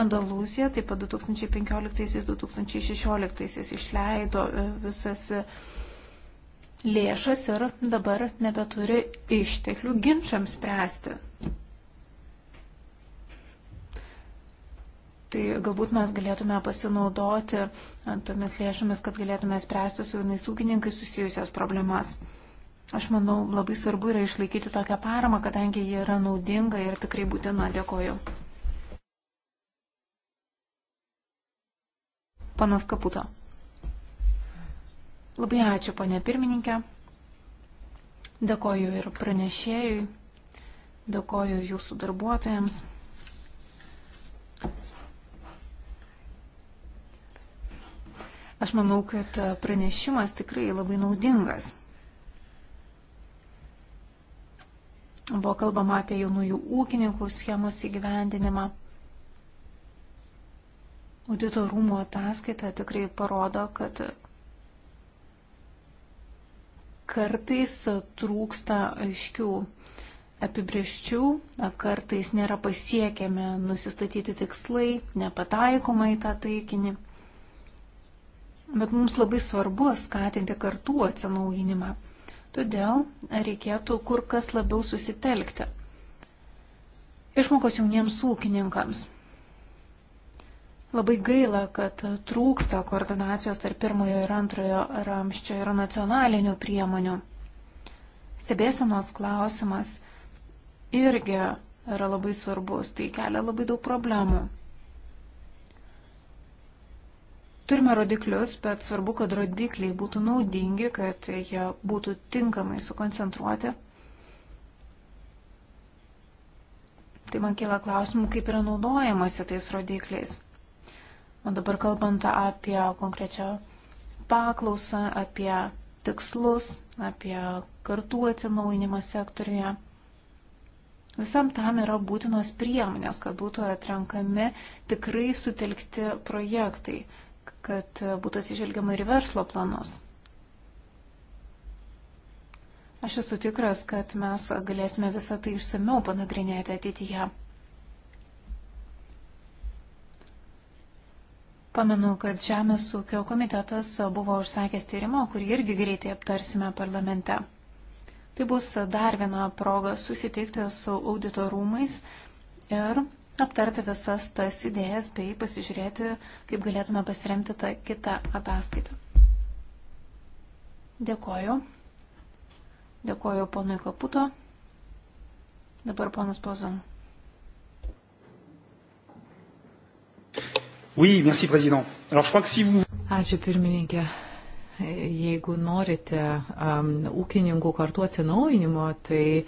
Andalūzija taip pat 2015-2016 išleido e, visas e, lėšas ir dabar nebeturi išteklių ginčiams spręsti. Tai galbūt mes galėtume pasinaudoti e, tomis lėšomis, kad galėtume spręsti su jaunais ūkininkais susijusias problemas. Aš manau, labai svarbu yra išlaikyti tokią paramą, kadangi ji yra naudinga ir tikrai būtina. Dėkoju. Panas Kaputo. Labai ačiū, ponė pirmininkė. Dėkoju ir pranešėjui. Dėkoju jūsų darbuotojams. Aš manau, kad pranešimas tikrai labai naudingas. Buvo kalbama apie jaunųjų ūkininkų schemos įgyvendinimą. Audito rūmo ataskaita tikrai parodo, kad kartais trūksta aiškių apibrieščių, kartais nėra pasiekiami nusistatyti tikslai, nepataikoma į tą taikinį. Bet mums labai svarbu skatinti kartų atsinaujinimą. Todėl reikėtų kur kas labiau susitelkti. Išmokos jauniems ūkininkams. Labai gaila, kad trūksta koordinacijos tarp pirmojo ir antrojo ramščio ir nacionalinių priemonių. Stebėsenos klausimas irgi yra labai svarbus, tai kelia labai daug problemų. Turime rodiklius, bet svarbu, kad rodikliai būtų naudingi, kad jie būtų tinkamai sukoncentruoti. Tai man kyla klausimų, kaip yra naudojamasi tais rodikliais. O dabar kalbant apie konkrečią paklausą, apie tikslus, apie kartų atsinaujinimą sektoriuje. Visam tam yra būtinos priemonės, kad būtų atrenkami tikrai sutelkti projektai, kad būtų atsižvelgiama ir verslo planus. Aš esu tikras, kad mes galėsime visą tai išsameu panagrinėti ateityje. Pamenu, kad Žemės ūkio komitetas buvo užsakęs tyrimą, kurį irgi greitai aptarsime parlamente. Tai bus dar viena proga susitikti su audito rūmais ir aptarti visas tas idėjas bei pasižiūrėti, kaip galėtume pasiremti tą kitą ataskaitą. Dėkoju. Dėkoju ponui Kaputo. Dabar ponas Pozon. Oui, merci, président. Alors, je crois que si vous... Ačiū pirmininkė. Jeigu norite um, ūkininkų kartu atsinaujinimo, tai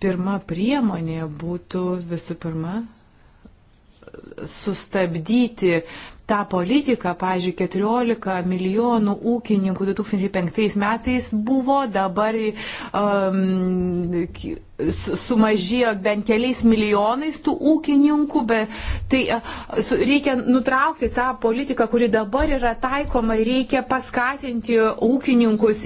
pirma priemonė būtų visų pirma sustabdyti tą politiką, pažiūrėjau, 14 milijonų ūkininkų 2005 metais buvo, dabar um, sumažėjo bent keliais milijonais tų ūkininkų, bet tai reikia nutraukti tą politiką, kuri dabar yra taikoma ir reikia paskatinti ūkininkus,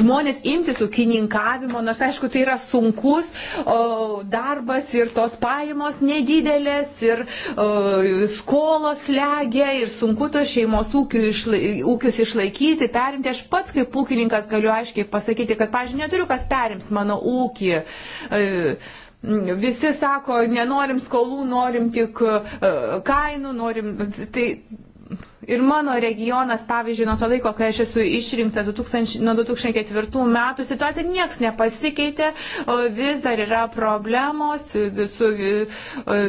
žmonės imtis ūkininkavimo, nors aišku, tai yra sunkus o, darbas ir tos pajamos nedidelės ir o, skolos legia ir sunku tos šeimos ūkių išla, ūkius išlaikyti, perimti. Aš pats kaip ūkininkas galiu aiškiai pasakyti, kad, pažiūrėjau, neturiu kas perims mano ūkį. Uh, Visi sako, nenorim skolų, norim tik e, kainų, norim. Tai Ir mano regionas, pavyzdžiui, nuo to laiko, kai aš esu išrinktas 2000, nuo 2004 metų, situacija nieks nepasikeitė, vis dar yra problemos su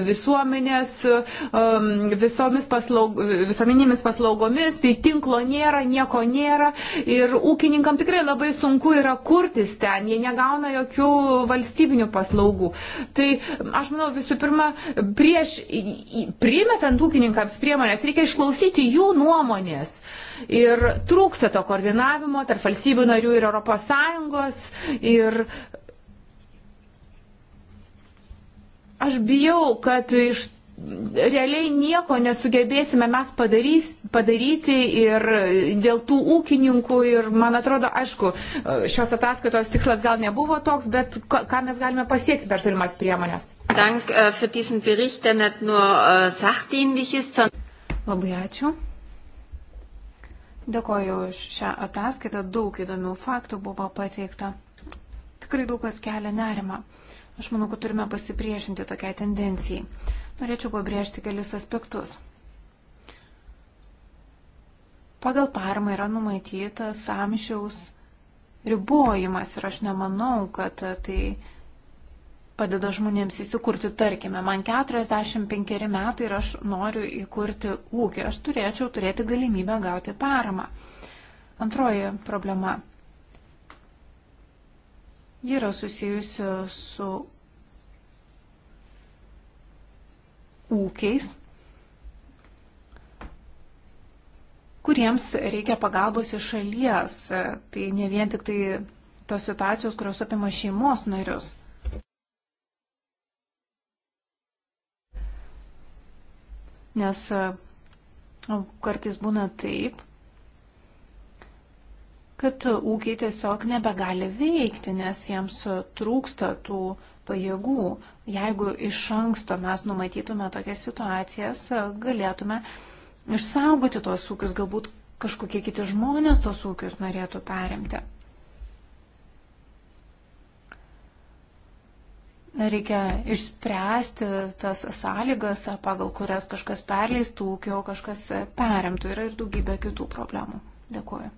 visuomenės, um, visomis paslaug, visuomenėmis paslaugomis, tai tinklo nėra, nieko nėra. Ir ūkininkam tikrai labai sunku yra kurtis ten, jie negauna jokių valstybinių paslaugų. Tai aš manau, visų pirma, prieš primetant ūkininkams priemonės, reikia išklausyti jų jų nuomonės. Ir trūksta to koordinavimo tarp valstybių narių ir ES. Ir aš bijau, kad iš realiai nieko nesugebėsime mes padarys, padaryti ir dėl tų ūkininkų ir man atrodo, aišku, šios ataskaitos tikslas gal nebuvo toks, bet ką mes galime pasiekti per turimas priemonės. Dank äh, für diesen Bericht, der nicht nur äh, sachdienlich ist, sondern. Labai ačiū. Dėkoju už šią ataskaitą, daug įdomių faktų buvo pateikta. Tikrai daug kas kelia nerimą. Aš manau, kad turime pasipriešinti tokiai tendencijai. Norėčiau pabrėžti kelis aspektus. Pagal paramą yra numatytas amžiaus ribojimas ir aš nemanau, kad tai padeda žmonėms įsikurti. Tarkime, man 45 metai ir aš noriu įkurti ūkį. Aš turėčiau turėti galimybę gauti paramą. Antroji problema. Ji yra susijusi su ūkiais, kuriems reikia pagalbos iš šalies. Tai ne vien tik tai tos situacijos, kurios apima šeimos narius. nes e, kartais būna taip, kad ūkiai tiesiog nebegali veikti, nes jiems trūksta tų pajėgų. Jeigu iš anksto mes numatytume tokias situacijas, e, galėtume išsaugoti tos ūkius, galbūt kažkokie kiti žmonės tos ūkius norėtų perimti. Reikia išspręsti tas sąlygas, pagal kurias kažkas perleistų ūkio, kažkas perimtų. Yra ir daugybė kitų problemų. Dėkuoju.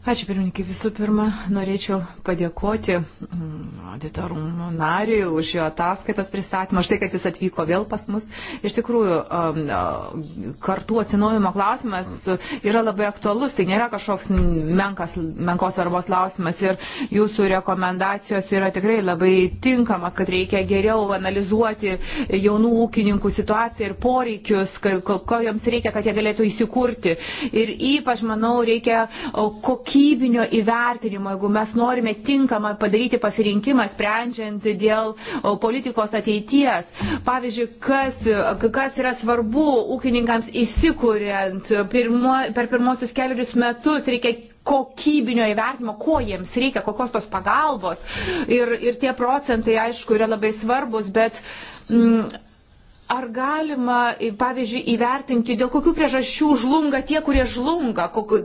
Ačiū pirmininkai. Visų pirma, norėčiau padėkoti mm, auditorumų nariui už jo ataskaitos pristatymą, štai kad jis atvyko vėl pas mus. Iš tikrųjų, um, uh, kartų atsinaujimo klausimas yra labai aktualus, tai nėra kažkoks menkas, menkos svarbos klausimas ir jūsų rekomendacijos yra tikrai labai tinkamas, kad reikia geriau analizuoti jaunų ūkininkų situaciją ir poreikius, ko joms reikia, kad jie galėtų įsikurti. Ir ypač, manau, reikia kokį kokybinio įvertinimo, jeigu mes norime tinkamą padaryti pasirinkimą, sprendžiant dėl politikos ateities. Pavyzdžiui, kas, kas yra svarbu ūkininkams įsikūrent pirmo, per pirmosius kelius metus reikia kokybinio įvertimo, ko jiems reikia, kokios tos pagalbos. Ir, ir tie procentai, aišku, yra labai svarbus, bet. Mm, Ar galima, pavyzdžiui, įvertinti, dėl kokių priežasčių žlunga tie, kurie žlunga? Kokiu,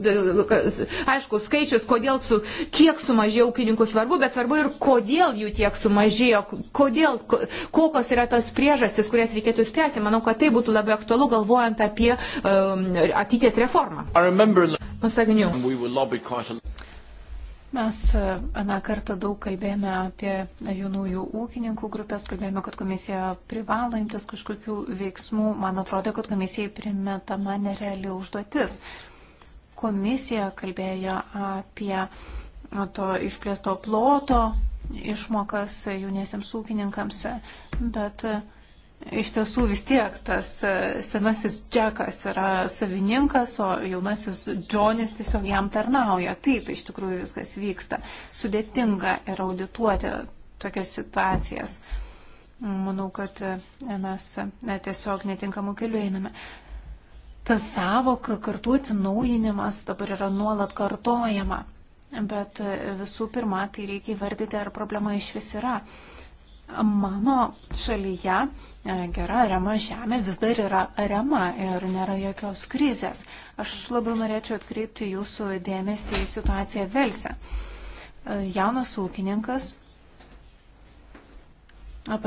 aišku, skaičius, kodėl su, kiek sumažėjo ūkininkų svarbu, bet svarbu ir kodėl jų tiek sumažėjo, kodėl, kokios yra tos priežastys, kurias reikėtų spręsti. Manau, kad tai būtų labai aktualu galvojant apie um, ateities reformą. Pasagniu. Mes e, aną kartą daug kalbėjome apie jaunųjų ūkininkų grupės, kalbėjome, kad komisija privalo imtis kažkokių veiksmų. Man atrodo, kad komisijai primetama nereali užduotis. Komisija kalbėjo apie to išplėsto ploto išmokas jauniesiems ūkininkams, bet Iš tiesų vis tiek tas e, senasis Džekas yra savininkas, o jaunasis Džonis tiesiog jam tarnauja. Taip, iš tikrųjų viskas vyksta. Sudėtinga yra audituoti tokias situacijas. Manau, kad e, mes e, tiesiog netinkamų kelių einame. Ta savoka kartu atsinaujinimas dabar yra nuolat kartojama. Bet visų pirma, tai reikia įvardyti, ar problema iš vis yra. Mano šalyje e, gera rema žemė vis dar yra rema ir nėra jokios krizės. Aš labai norėčiau atkreipti jūsų dėmesį į situaciją Velse. E, jaunas ūkininkas e,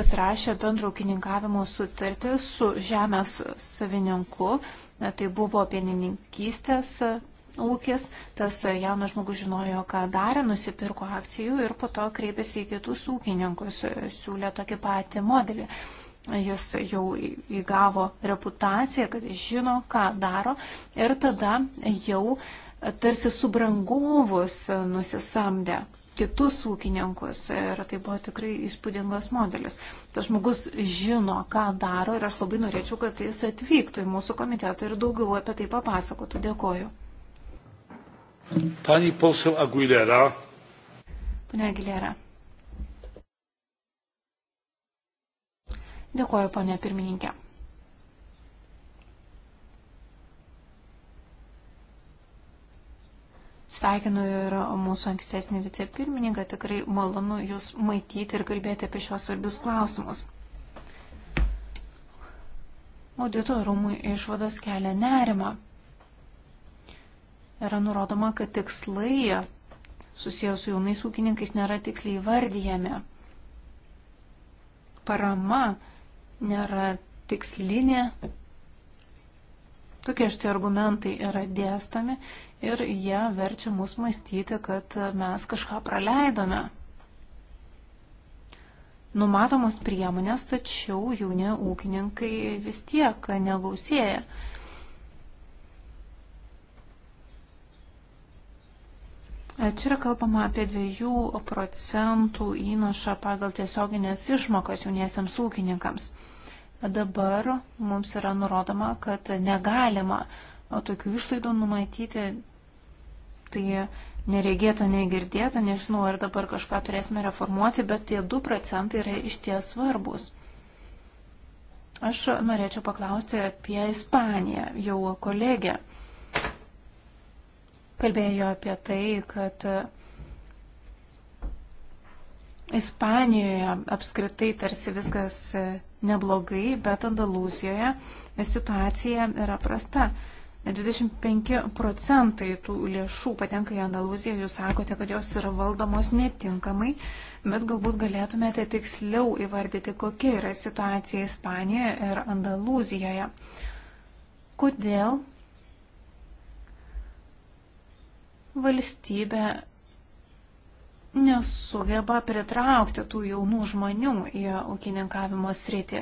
pasirašė bendro ūkininkavimo sutartį su žemės savininku. Tai buvo pienininkystės ūkis, tas jaunas žmogus žinojo, ką darė, nusipirko akcijų ir po to kreipėsi į kitus ūkininkus, siūlė tokį patį modelį jis jau įgavo reputaciją, kad žino, ką daro ir tada jau tarsi subrangovus nusisamdė kitus ūkininkus ir tai buvo tikrai įspūdingas modelis. Tas žmogus žino, ką daro ir aš labai norėčiau, kad jis atvyktų į mūsų komitetą ir daugiau apie tai papasakotų. Dėkoju. Pani posel Aguilera. Pane Aguilera. Dėkuoju, ponė pirmininkė. Sveikinu ir mūsų ankstesnį vicepirmininką, tikrai malonu Jūs matyti ir kalbėti apie šios svarbius klausimus. Audito rūmų išvados kelia nerimą yra nurodoma, kad tikslai susijęs su jaunais ūkininkais nėra tiksliai vardyjami. Parama nėra tikslinė. Tokie štai argumentai yra dėstomi ir jie verčia mus mąstyti, kad mes kažką praleidome. Numatomos priemonės, tačiau jauni ūkininkai vis tiek negausėja. Čia yra kalbama apie 2 procentų įnašą pagal tiesioginės išmokas jauniesiams ūkininkams. Dabar mums yra nurodoma, kad negalima tokių išlaidų numatyti. Tai neregėta, negirdėta, nežinau, ar dabar kažką turėsime reformuoti, bet tie 2 procentai yra išties svarbus. Aš norėčiau paklausti apie Ispaniją, jau kolegę kalbėjo apie tai, kad Ispanijoje apskritai tarsi viskas neblogai, bet Andalūzijoje situacija yra prasta. 25 procentai tų lėšų patenka į Andaluziją, jūs sakote, kad jos yra valdomos netinkamai, bet galbūt galėtumėte tiksliau įvardyti, kokia yra situacija Ispanijoje ir Andaluzijoje. Kodėl valstybė nesugeba pritraukti tų jaunų žmonių į ūkininkavimo sritį.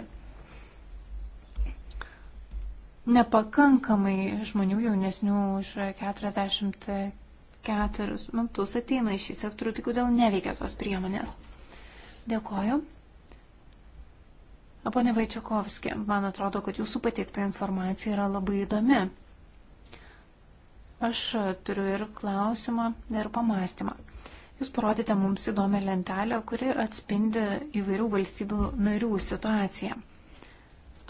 Nepakankamai žmonių jaunesnių už 44 metus ateina į šį sektorių, tai kodėl neveikia tos priemonės. Dėkoju. Pone Vaičiakovski, man atrodo, kad jūsų pateikta informacija yra labai įdomi. Aš e, turiu ir klausimą, ir pamastymą. Jūs parodėte mums įdomią lentelę, kuri atspindi įvairių valstybių narių situaciją.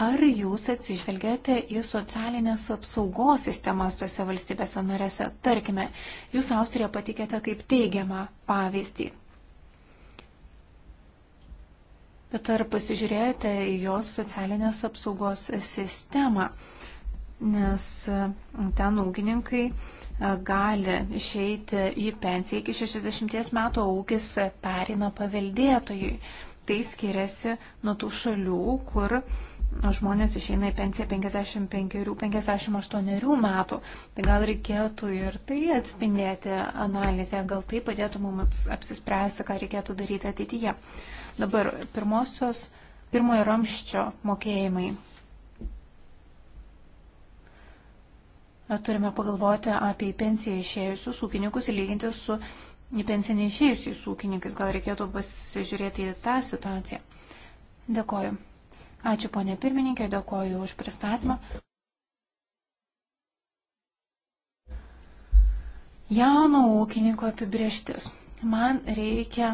Ar jūs atsižvelgėte į socialinės apsaugos sistemas tose valstybėse narėse? Tarkime, jūs Austriją patikėte kaip teigiamą pavyzdį. Bet ar pasižiūrėjote į jos socialinės apsaugos sistemą? Uh, nes e, ten ūkininkai e, gali išeiti į pensiją iki 60 metų, o ūkis perina paveldėtojui. Tai skiriasi nuo tų šalių, kur žmonės išeina į pensiją 55-58 metų. Tai gal reikėtų ir tai atspindėti analizę, gal tai padėtų mums apsispręsti, ką reikėtų daryti ateityje. Dabar pirmosios, pirmojo ramščio mokėjimai. turime pagalvoti apie pensiją išėjusius ūkininkus ir lyginti su į pensinį išėjusiais ūkininkais. Gal reikėtų pasižiūrėti į tą situaciją. Dėkoju. Ačiū ponė pirmininkė, dėkoju už pristatymą. Jauno ūkininko apibrieštis. Man reikia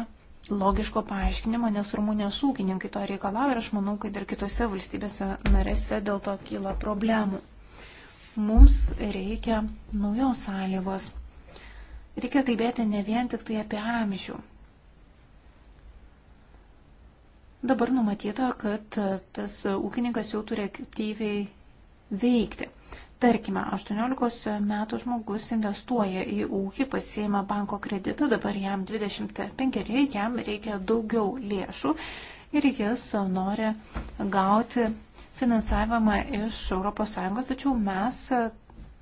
logiško paaiškinimo, nes Rumunijos ūkininkai to reikalavo ir aš manau, kad ir kitose valstybėse narėse dėl to kyla problemų mums reikia naujos sąlygos. Reikia kalbėti ne vien tik tai apie amžių. Dabar numatyta, kad tas ūkininkas jau turi aktyviai veikti. Tarkime, 18 metų žmogus investuoja į ūkį, pasiima banko kreditą, dabar jam 25, jam reikia daugiau lėšų ir jis nori gauti finansavimą iš ES, tačiau mes e,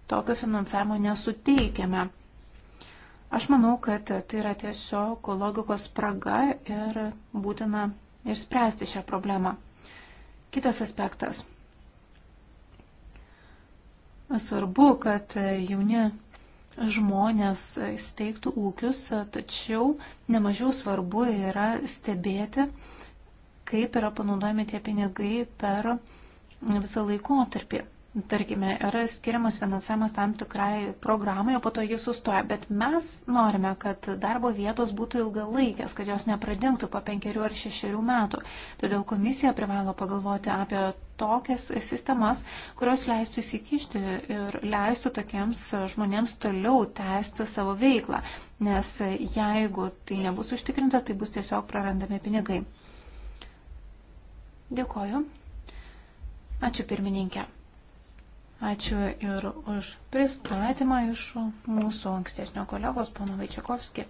tokio finansavimo nesuteikiame. Aš manau, kad tai yra tiesiog logikos spraga ir būtina išspręsti šią problemą. Kitas aspektas. Svarbu, kad jauni žmonės steigtų ūkius, tačiau nemažiau svarbu yra stebėti, kaip yra panaudojami tie pinigai per visą laikotarpį. Tarkime, yra skiriamas finansavimas tam tikrai programai, o po to jis sustoja. Bet mes norime, kad darbo vietos būtų ilgalaikės, kad jos nepradingtų po penkerių ar šešerių metų. Todėl komisija privalo pagalvoti apie tokias sistemas, kurios leistų įsikišti ir leistų tokiems žmonėms toliau tęsti savo veiklą. Nes jeigu tai nebus užtikrinta, tai bus tiesiog prarandami pinigai. Dėkoju. Ačiū pirmininkė. Ačiū ir už pristatymą iš mūsų ankstesnio kolegos, pono Vaičiakovski.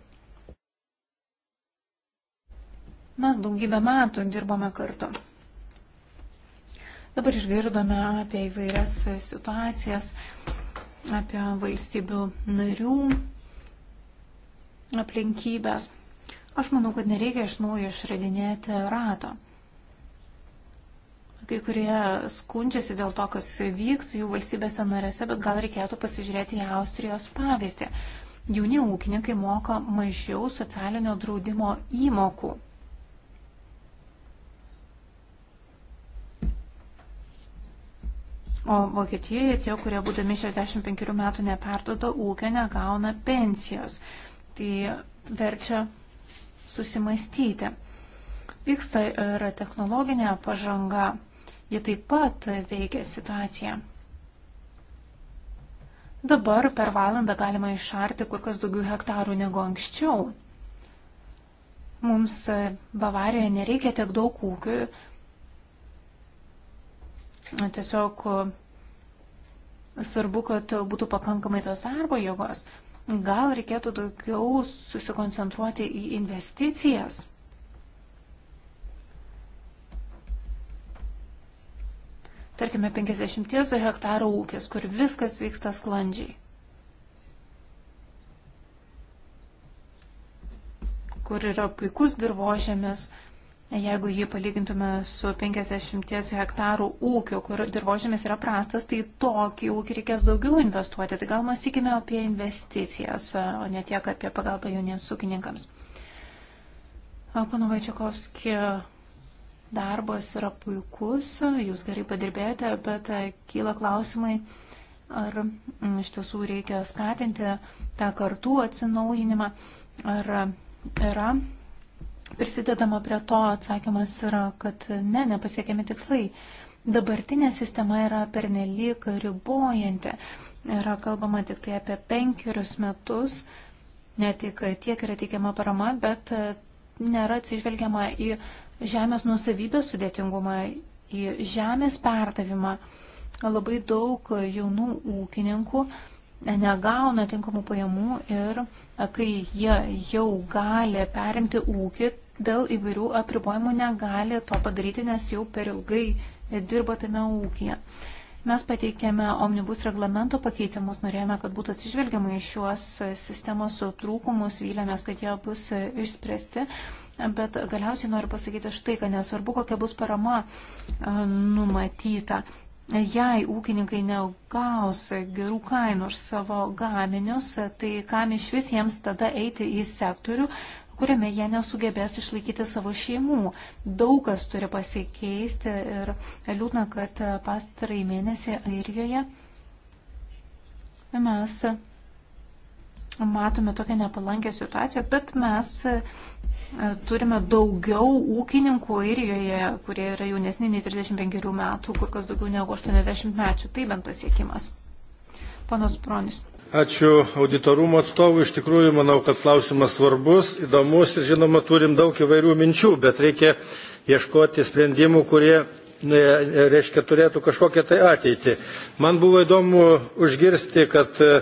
Mes daugybę metų dirbome kartu. Dabar išgirdome apie įvairias situacijas, apie valstybių narių aplinkybės. Aš manau, kad nereikia iš naujo išradinėti rato. Kai kurie skundžiasi dėl to, kas vyks jų valstybėse narėse, bet gal reikėtų pasižiūrėti į Austrijos pavyzdį. Jauni ūkininkai moka mažiau socialinio draudimo įmokų. O Vokietijoje tie, kurie būdami 65 metų neperduoda ūkio, negauna pensijos. Tai verčia susimastyti. Vyksta ir technologinė pažanga. Ji taip pat veikia situaciją. Dabar per valandą galima išarti kur kas daugiau hektarų negu anksčiau. Mums Bavarijoje nereikia tiek daug ūkių. Tiesiog svarbu, kad būtų pakankamai tos darbo jėgos. Gal reikėtų daugiau susikoncentruoti į investicijas. tarkime, 50 hektarų ūkis, kur viskas vyksta sklandžiai, kur yra puikus dirbožėmis, Jeigu jį palygintume su 50 hektarų ūkiu, kur dirbožėmis yra prastas, tai tokį ūkį reikės daugiau investuoti. Tai gal mąstykime apie investicijas, o ne tiek apie pagalbą jauniems ūkininkams. Pana Vaidžiakovski darbas yra puikus, jūs gerai padirbėjote, bet e, kyla klausimai, ar mm, iš tiesų reikia skatinti tą kartų atsinaujinimą, ar yra prisidedama prie to, atsakymas yra, kad ne, nepasiekiami tikslai. Dabartinė sistema yra pernelyg ribojanti. Yra kalbama tik tai apie penkerius metus, ne tik tiek yra teikiama parama, bet e, nėra atsižvelgiama į žemės nusavybės sudėtingumą, į žemės perdavimą. Labai daug jaunų ūkininkų negauna tinkamų pajamų ir kai jie jau gali perimti ūkį, dėl įvairių apribojimų negali to padaryti, nes jau per ilgai dirba tame ūkija. Mes pateikėme omnibus reglamento pakeitimus, norėjome, kad būtų atsižvelgiama į šiuos sistemos trūkumus, vylėmės, kad jie bus išspręsti bet galiausiai noriu pasakyti štai, kad nesvarbu, kokia bus parama e, numatyta. Jei ūkininkai negaus gerų kainų už savo gaminius, tai kam iš vis jiems tada eiti į sektorių, kuriame jie nesugebės išlaikyti savo šeimų. Daug kas turi pasikeisti ir liūdna, kad pastarai mėnesį Airijoje mes matome tokią nepalankę situaciją, bet mes e, turime daugiau ūkininkų Airijoje, kurie yra jaunesni nei 35 metų, kur kas daugiau negu 80 metų. Tai bent pasiekimas. Panas Bronis. Ačiū auditorumo atstovui. Iš tikrųjų, manau, kad klausimas svarbus, įdomus ir žinoma, turim daug įvairių minčių, bet reikia ieškoti sprendimų, kurie e, reiškia turėtų kažkokią tai ateitį. Man buvo įdomu užgirsti, kad e,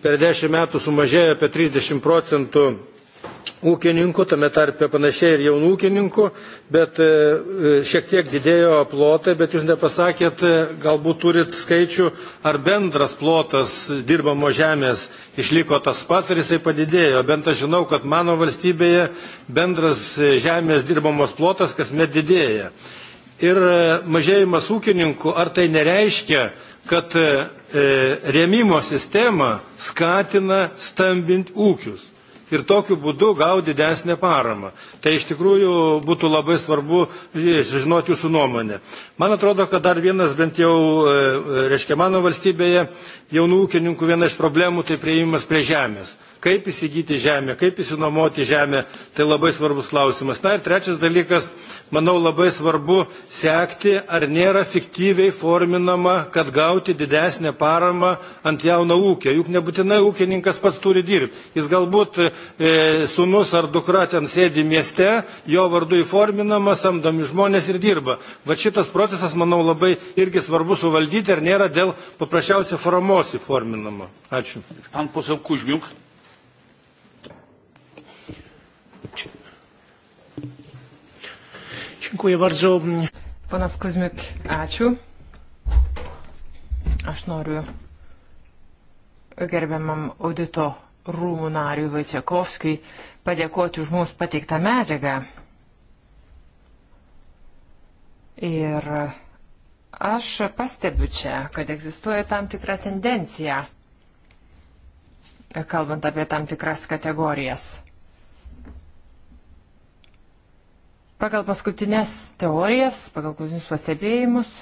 per dešimt metų sumažėjo apie trisdešimt procentų ūkininkų, tame tarpe panašiai ir jaunų ūkininkų, bet e, e, šiek tiek didėjo plotai, bet jūs nepasakėt, e, galbūt turit skaičių, ar bendras plotas dirbamo žemės išliko tas pats ar jisai padidėjo. Bent aš žinau, kad mano valstybėje bendras žemės dirbamos plotas kasmet didėja. Ir mažėjimas ūkininkų, ar tai nereiškia, kad E, rėmimo sistema skatina stambinti ūkius ir tokiu būdu gauti didesnę paramą. Tai iš tikrųjų būtų labai svarbu e, žinoti jūsų nuomonę. Man atrodo, kad dar vienas bent jau, e, reiškia, mano valstybėje jaunų ūkininkų viena iš problemų tai prieimas prie žemės kaip įsigyti žemę, kaip įsinuomoti žemę, tai labai svarbus klausimas. Na ir trečias dalykas, manau labai svarbu sekti, ar nėra fiktyviai forminama, kad gauti didesnę paramą ant jauno ūkio. Juk nebūtinai ūkininkas pats turi dirbti. Jis galbūt e, sunus ar dukra ten sėdi mieste, jo vardu įforminama, samdomi žmonės ir dirba. Va šitas procesas, manau, labai irgi svarbu suvaldyti, ar nėra dėl paprasčiausio formos įforminama. Ačiū. Pan posel Kužmiuk. Dziękuję bardzo. Panas Kuzmik, ačiū. Aš noriu gerbiamam audito rūmų nariui Vaitiekovskijui padėkoti už mums pateiktą medžiagą. Ir aš pastebiu čia, kad egzistuoja tam tikra tendencija, kalbant apie tam tikras kategorijas. Pagal paskutinės teorijas, pagal paskutinius pasibėjimus,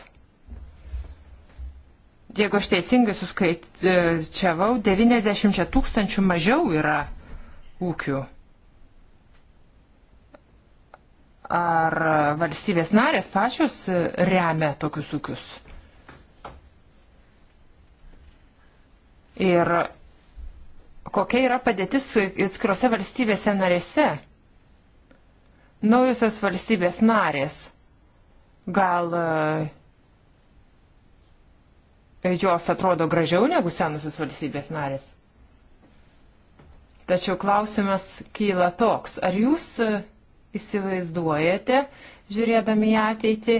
jeigu aš teisingai suskaičiavau, 90 tūkstančių mažiau yra ūkių. Ar valstybės narės pačios remia tokius ūkius? Ir kokia yra padėtis atskirose valstybėse narėse? Naujusios valstybės narės gal e, jos atrodo gražiau negu senusios valstybės narės. Tačiau klausimas kyla toks, ar jūs e, įsivaizduojate, žiūrėdami į ateitį,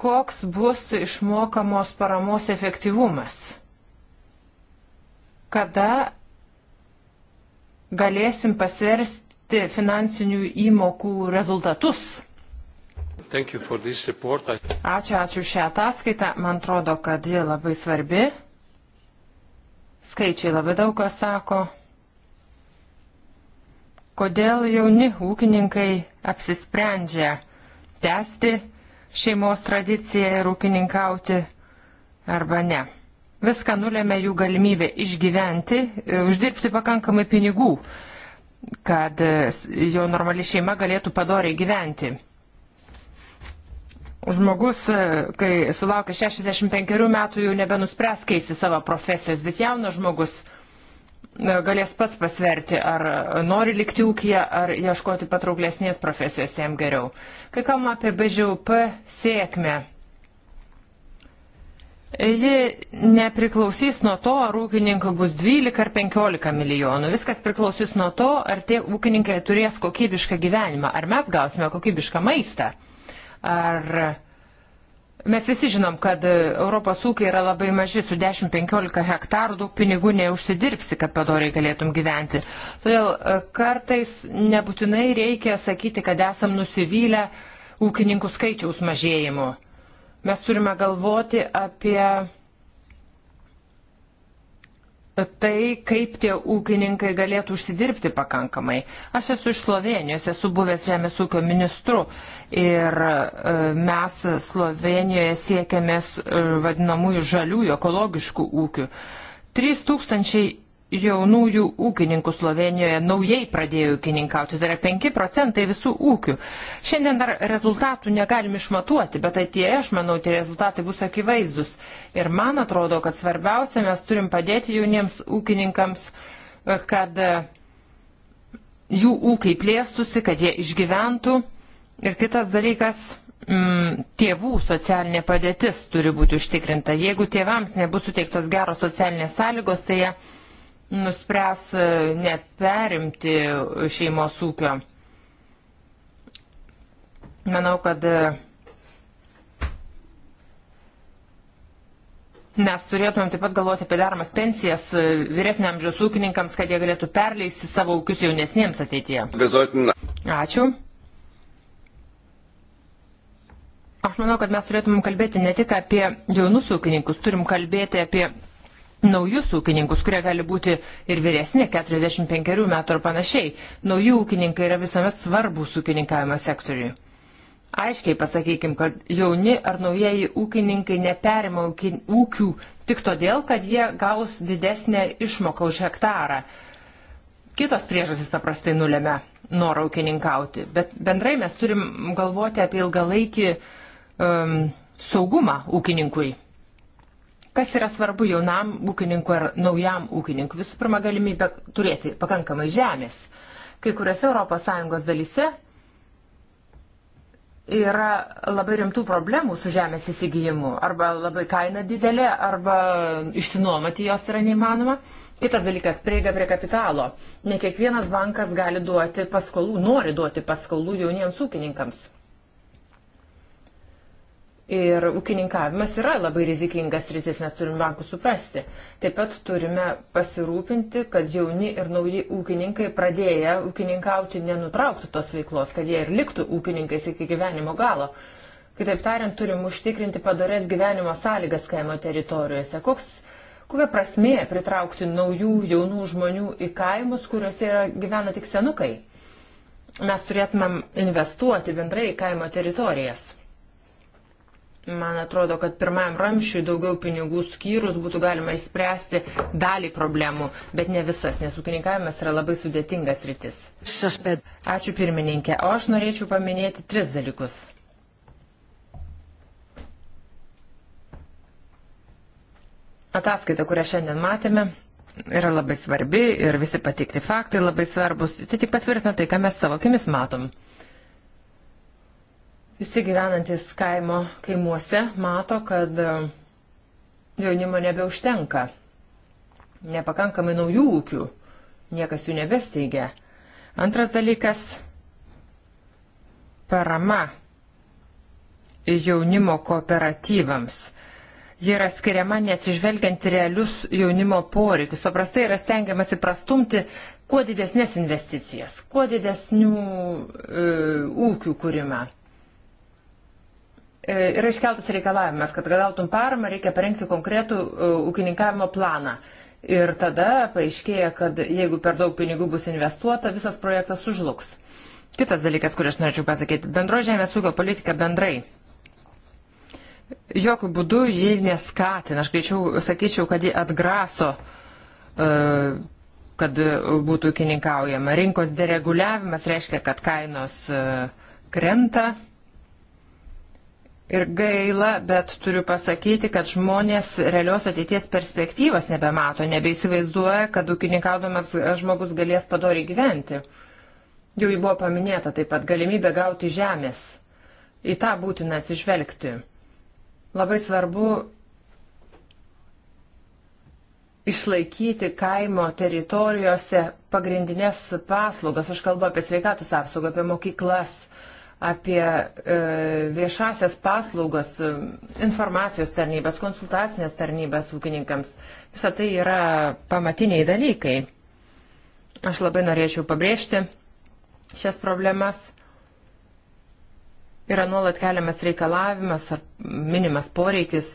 koks bus išmokamos paramos efektyvumas? Kada galėsim pasversti finansinių įmokų rezultatus. Ačiū, ačiū šią ataskaitą. Man atrodo, kad ji labai svarbi. Skaičiai labai daug ką sako. Kodėl jauni ūkininkai apsisprendžia tęsti šeimos tradiciją ir ūkininkauti arba ne? Viską nulėmė jų galimybė išgyventi, e, uždirbti pakankamai pinigų, kad e, jo normali šeima galėtų padoriai gyventi. Žmogus, e, kai sulaukia 65 metų, jau nebenuspręs keisti savo profesijos, bet jaunas žmogus galės pats pasverti, ar nori likti ūkija, ar ieškoti patrauklesnės profesijos jam geriau. Kai kalbame apie BŽUP sėkmę, Ji nepriklausys nuo to, ar ūkininkų bus 12 ar 15 milijonų. Viskas priklausys nuo to, ar tie ūkininkai turės kokybišką gyvenimą, ar mes gausime kokybišką maistą. Ar mes visi žinom, kad Europos ūkiai yra labai maži, su 10-15 hektarų daug pinigų neužsidirbsi, kad padoriai galėtum gyventi. Todėl e, kartais nebūtinai reikia sakyti, kad esam nusivylę ūkininkų skaičiaus mažėjimu Mes turime galvoti apie tai, kaip tie ūkininkai galėtų užsidirbti pakankamai. Aš esu iš Slovenijos, esu buvęs žemės ūkio ministru ir e, mes Slovenijoje siekiamės e, vadinamųjų žaliųjų ekologiškų ūkių. 3000 jaunųjų ūkininkų Slovenijoje naujai pradėjo ūkininkauti, tai yra 5 procentai visų ūkių. Šiandien dar rezultatų negalim išmatuoti, bet ateityje, aš manau, tie rezultatai bus akivaizdus. Ir man atrodo, kad svarbiausia, mes turim padėti jauniems ūkininkams, kad e, jų ūkiai plėstusi, kad jie išgyventų. Ir kitas dalykas, mm, tėvų socialinė padėtis turi būti užtikrinta. Jeigu tėvams nebus suteiktos geros socialinės sąlygos, tai jie nuspręs e, neperimti šeimos ūkio. Manau, kad e, Mes turėtumėm taip pat galvoti apie daramas pensijas e, vyresniam amžiaus ūkininkams, kad jie galėtų perleisti savo ūkius jaunesniems ateityje. Ačiū. Aš manau, kad mes turėtumėm kalbėti ne tik apie jaunus ūkininkus, turim kalbėti apie naujus ūkininkus, kurie gali būti ir vyresni, 45 metų ar panašiai. Nauji ūkininkai yra visuomet svarbus ūkininkavimo sektoriui. Aiškiai pasakykim, kad jauni ar naujieji ūkininkai neperima ūkių tik todėl, kad jie gaus didesnę išmoką už hektarą. Kitos priežasys paprastai nulėmė norą ūkininkauti, bet bendrai mes turim galvoti apie ilgalaikį um, saugumą ūkininkui. Kas yra svarbu jaunam ūkininkui ar naujam ūkininkui? Visų pirma, galimybė turėti pakankamai žemės. Kai kuriuose ES dalyse yra labai rimtų problemų su žemės įsigijimu. Arba labai kaina didelė, arba išsinuomoti jos yra neįmanoma. Kitas dalykas - prieiga prie kapitalo. Ne kiekvienas bankas gali duoti paskolų, nori duoti paskolų jauniems ūkininkams. Ir ūkininkavimas yra labai rizikingas rytis, mes turime bankų suprasti. Taip pat turime pasirūpinti, kad jauni ir nauji ūkininkai pradėję ūkininkauti nenutrauktų tos veiklos, kad jie ir liktų ūkininkais iki gyvenimo galo. Kitaip tariant, turim užtikrinti padarės gyvenimo sąlygas kaimo teritorijose. Koks, kokia prasmė pritraukti naujų jaunų žmonių į kaimus, kuriuose yra, gyvena tik senukai? Mes turėtumėm investuoti bendrai į kaimo teritorijas. Man atrodo, kad pirmajam ramšiui daugiau pinigų skyrus būtų galima išspręsti dalį problemų, bet ne visas, nes ūkininkavimas yra labai sudėtingas rytis. Ačiū pirmininkė. O aš norėčiau paminėti tris dalykus. Ataskaita, kurią šiandien matėme, yra labai svarbi ir visi pateikti faktai labai svarbus. Tai tik patvirtina tai, ką mes savo akimis matom. Visi gyvenantis kaimo kaimuose mato, kad e, jaunimo nebeužtenka. Nepakankamai naujų ūkių. Niekas jų nebesteigia. Antras dalykas - parama jaunimo kooperatyvams ji yra skiriama neatsižvelgiant realius jaunimo poreikius. Paprastai yra stengiamasi prastumti kuo didesnės investicijas, kuo didesnių e, ūkių kūrimą. E, yra iškeltas reikalavimas, kad gautum paramą, reikia parengti konkretų e, ūkininkavimo planą. Ir tada paaiškėja, kad jeigu per daug pinigų bus investuota, visas projektas sužlugs. Kitas dalykas, kurį aš norėčiau pasakyti, bendro žemės ūkio politika bendrai. Jokių būdų jį neskatina, aš greičiau sakyčiau, kad jį atgraso, e, kad būtų ūkininkaujama. Rinkos dereguliavimas reiškia, kad kainos krenta Ir gaila, bet turiu pasakyti, kad žmonės realios ateities perspektyvas nebemato, nebeįsivaizduoja, kad ūkininkaudamas žmogus galės padoriai gyventi. Jau jį buvo paminėta taip pat galimybė gauti žemės. Į tą būtina atsižvelgti. Labai svarbu išlaikyti kaimo teritorijose pagrindinės paslaugas. Aš kalbu apie sveikatos apsaugą, apie mokyklas apie e, viešasias paslaugas, e, informacijos tarnybas, konsultacinės tarnybas ūkininkams. Visą tai yra pamatiniai dalykai. Aš labai norėčiau pabrėžti šias problemas. Yra nuolat keliamas reikalavimas ar minimas poreikis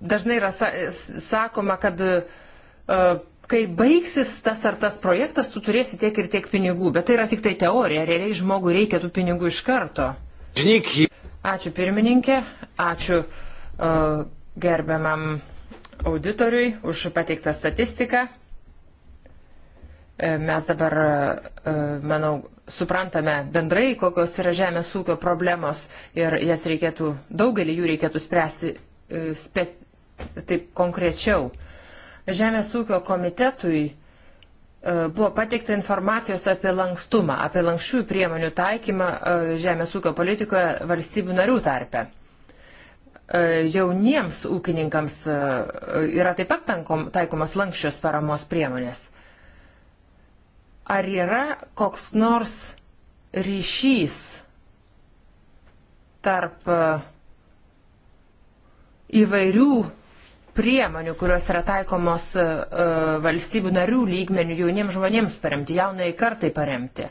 dažnai yra sakoma, kad e, kai baigsis tas ar tas projektas, tu turėsi tiek ir tiek pinigų, bet tai yra tik tai teorija, realiai žmogui reikia tų pinigų iš karto. Ačiū pirmininkė, ačiū uh, gerbiamam auditoriui už pateiktą statistiką. E, mes dabar, manau, suprantame bendrai, kokios yra žemės ūkio problemos ir jas reikėtų, daugelį jų reikėtų spręsti taip konkrečiau. Žemės ūkio komitetui e, buvo pateikta informacijos apie lankstumą, apie lankščių priemonių taikymą e, žemės ūkio politikoje valstybių narių tarpe. E, jauniems ūkininkams yra taip pat tankom, taikomas lankščios paramos priemonės. Ar yra koks nors ryšys tarp įvairių priemonių, kurios yra taikomos e, e, valstybių narių lygmenių jauniems žmonėms paremti, jaunai kartai paremti.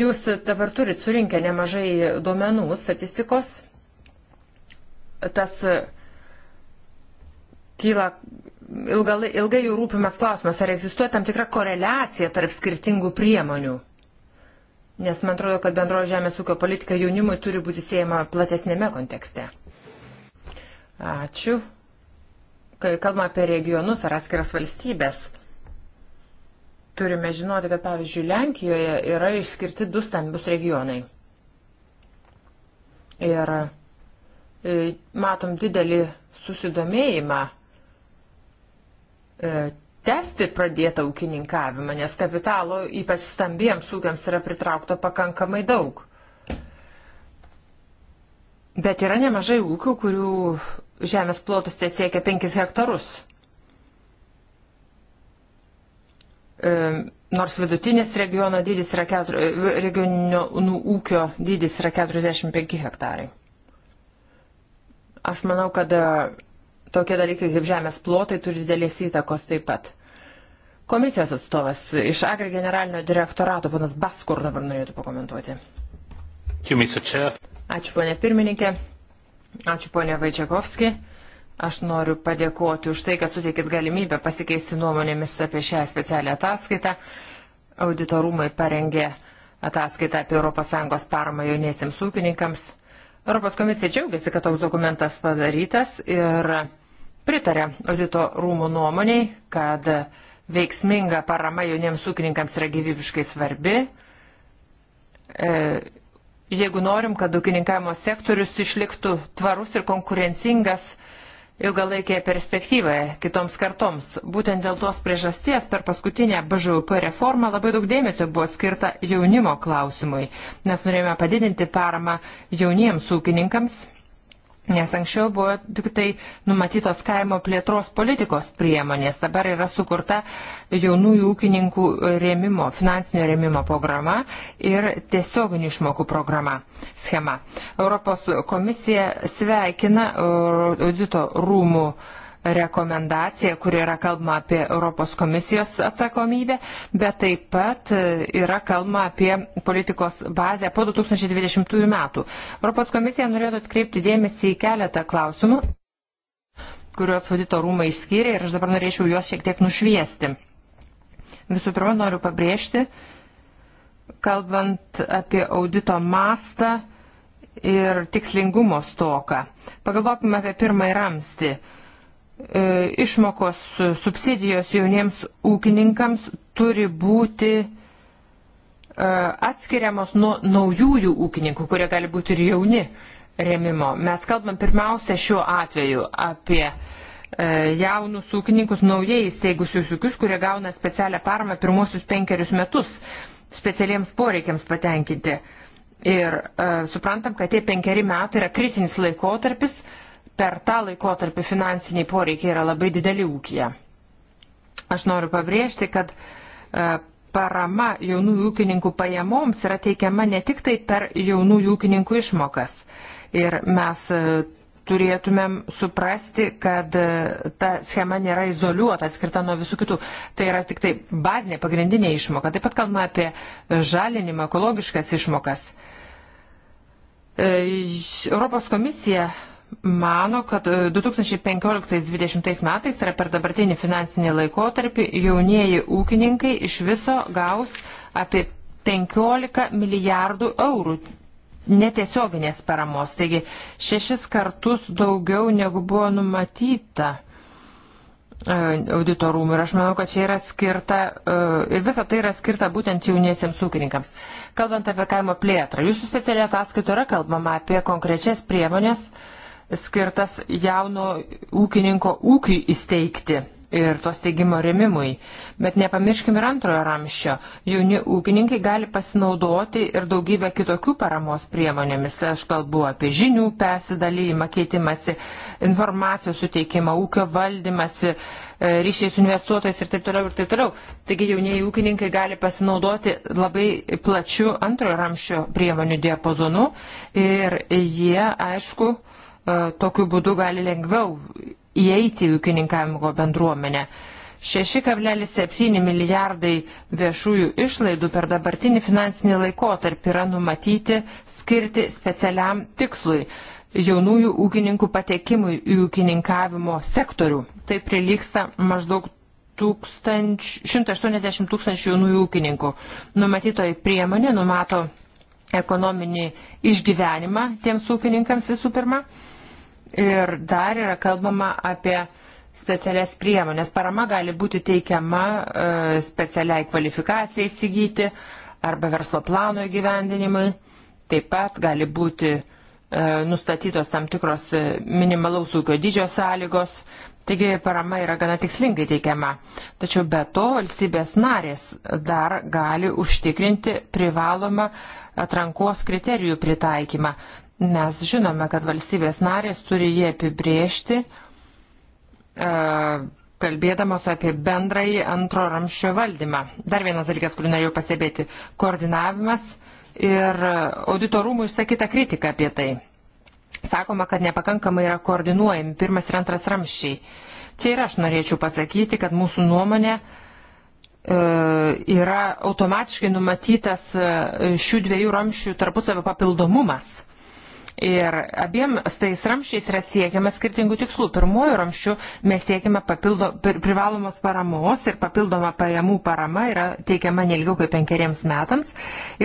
Jūs dabar turit surinkę nemažai duomenų, statistikos. Tas e, kyla ilgai, ilgai jų rūpimas klausimas, ar egzistuoja tam tikra koreliacija tarp skirtingų priemonių. Nes man atrodo, kad bendroji žemės ūkio politika jaunimui turi būti siejama platesnėme kontekste. Ačiū. Kai kalbame apie regionus ar atskiras valstybės, turime žinoti, kad pavyzdžiui Lenkijoje yra išskirti du stambius regionai. Ir e, matom didelį susidomėjimą e, tęsti pradėtą ūkininkavimą, nes kapitalo ypač stambiems ūkiams yra pritraukta pakankamai daug. Bet yra nemažai ūkių, kurių žemės plotas tai siekia 5 hektarus. E, nors vidutinis regiono dydis yra, keturi, e, regioninio nu, ūkio dydis yra 45 hektarai. Aš manau, kad e, tokie dalykai kaip žemės plotai turi didelės įtakos taip pat. Komisijos atstovas iš Agri generalinio direktorato, panas Baskur, dabar norėtų pakomentuoti. Ačiū, ponė pirmininkė. Ačiū ponė Vaidžiakovski. Aš noriu padėkoti už tai, kad suteikit galimybę pasikeisti nuomonėmis apie šią specialią ataskaitą. Auditorumai parengė ataskaitą apie ES paramą jauniesiems ūkininkams. Europos komisija džiaugiasi, kad toks dokumentas padarytas ir pritarė audito rūmų nuomoniai, kad veiksminga parama jauniems ūkininkams yra gyvybiškai svarbi. E, jeigu norim, kad ūkininkavimo sektorius išliktų tvarus ir konkurencingas ilgalaikėje perspektyvoje kitoms kartoms. Būtent dėl tos priežasties per paskutinę BŽUP reformą labai daug dėmesio buvo skirta jaunimo klausimui, nes norėjome padidinti paramą jauniems ūkininkams Nes anksčiau buvo tik tai numatytos kaimo plėtros politikos priemonės, dabar yra sukurta jaunųjų ūkininkų rėmimo, finansinio rėmimo programa ir tiesioginių išmokų programa, schema. Europos komisija sveikina audito rūmų uh, rekomendacija, kur yra kalbama apie Europos komisijos atsakomybę, bet taip pat e, yra kalbama apie politikos bazę po 2020 metų. Europos komisija norėtų atkreipti dėmesį į keletą klausimų, kuriuos audito rūmai išskyrė ir aš dabar norėčiau juos šiek tiek nušviesti. Visų pirma, noriu pabrėžti, kalbant apie audito mastą ir tikslingumo stoką. Pagalvokime apie pirmąjį ramstį. E, išmokos e, subsidijos jauniems ūkininkams turi būti e, atskiriamos nuo naujųjų ūkininkų, kurie gali būti ir jauni remimo. Mes kalbam pirmiausia šiuo atveju apie jaunus ūkininkus, naujai įsteigusius ūkius, kurie gauna specialią paramą pirmosius penkerius metus specialiems poreikiams patenkinti. Ir uh, suprantam, kad tie penkeri metai yra kritinis laikotarpis, uh, per tą laikotarpį finansiniai poreikiai yra labai dideli ūkija. Aš noriu pabrėžti, kad e, parama jaunųjų ūkininkų pajamoms yra teikiama ne tik tai per jaunųjų ūkininkų išmokas. Ir mes e, turėtumėm suprasti, kad e, ta schema nėra izoliuota, atskirta nuo visų kitų. Tai yra tik tai bazinė, pagrindinė išmoka. Taip pat kalbame apie žalinimą, ekologiškas išmokas. Europos komisija mano, kad 2015-2020 e, metais yra per dabartinį finansinį laikotarpį jaunieji ūkininkai iš viso gaus apie 15 milijardų eurų netiesioginės paramos, taigi šešis kartus daugiau negu buvo numatyta e, auditorumų ir aš manau, kad čia yra skirta e, ir visa tai yra skirta būtent jauniesiems ūkininkams. Kalbant apie kaimo plėtrą, jūsų specialiai ataskaito yra kalbama apie konkrečias priemonės, uh, skirtas jauno ūkininko ūkiui įsteigti ir to steigimo remimui. Bet nepamirškim ir antrojo ramščio. Jauni ūkininkai gali pasinaudoti ir daugybę kitokių paramos priemonėmis. Aš kalbu apie žinių persidalymą, keitimąsi, informacijos suteikimą, ūkio valdymąsi, e, ryšiai su investuotojais ir taip toliau ir taip toliau. Taigi jaunieji ūkininkai gali pasinaudoti labai plačiu antrojo ramščio priemonių diapazonu ir jie, aišku, E, tokiu būdu gali lengviau įeiti į ūkininkavimo bendruomenę. 6,7 milijardai viešųjų išlaidų per dabartinį finansinį laikotarpį yra numatyti skirti specialiam tikslui jaunųjų ūkininkų patekimui į ūkininkavimo sektorių. Tai prilyksta maždaug 180 tūkstančių, tūkstančių jaunųjų ūkininkų. Numatytoji priemonė numato ekonominį išgyvenimą tiems ūkininkams visų pirma. Ir dar yra kalbama apie specialias priemonės. Parama gali būti teikiama e, specialiai kvalifikacijai įsigyti arba verslo plano įgyvendinimui. Taip pat gali būti e, nustatytos tam tikros e, minimalaus ūkio dydžio sąlygos, taigi parama yra gana tikslingai teikiama. Tačiau be to valstybės narės dar gali užtikrinti privalomą atrankos kriterijų pritaikymą, Mes žinome, kad valstybės narės turi jį apibriežti, e, kalbėdamos apie bendrąjį antro ramščio valdymą. Dar vienas dalykas, kurį norėjau pasibėti - koordinavimas ir auditorumų išsakyta kritika apie tai. Sakoma, kad nepakankamai yra koordinuojami pirmas ir antras ramščiai. Čia ir aš norėčiau pasakyti, kad mūsų nuomonė e, yra automatiškai numatytas e, šių dviejų ramščių tarpusavio papildomumas. Ir abiem tais ramščiais yra siekiama skirtingų tikslų. Pirmuoju ramščiu mes siekime papildo, privalomos paramos ir papildoma pajamų parama yra teikiama nelgiau kaip penkeriems metams.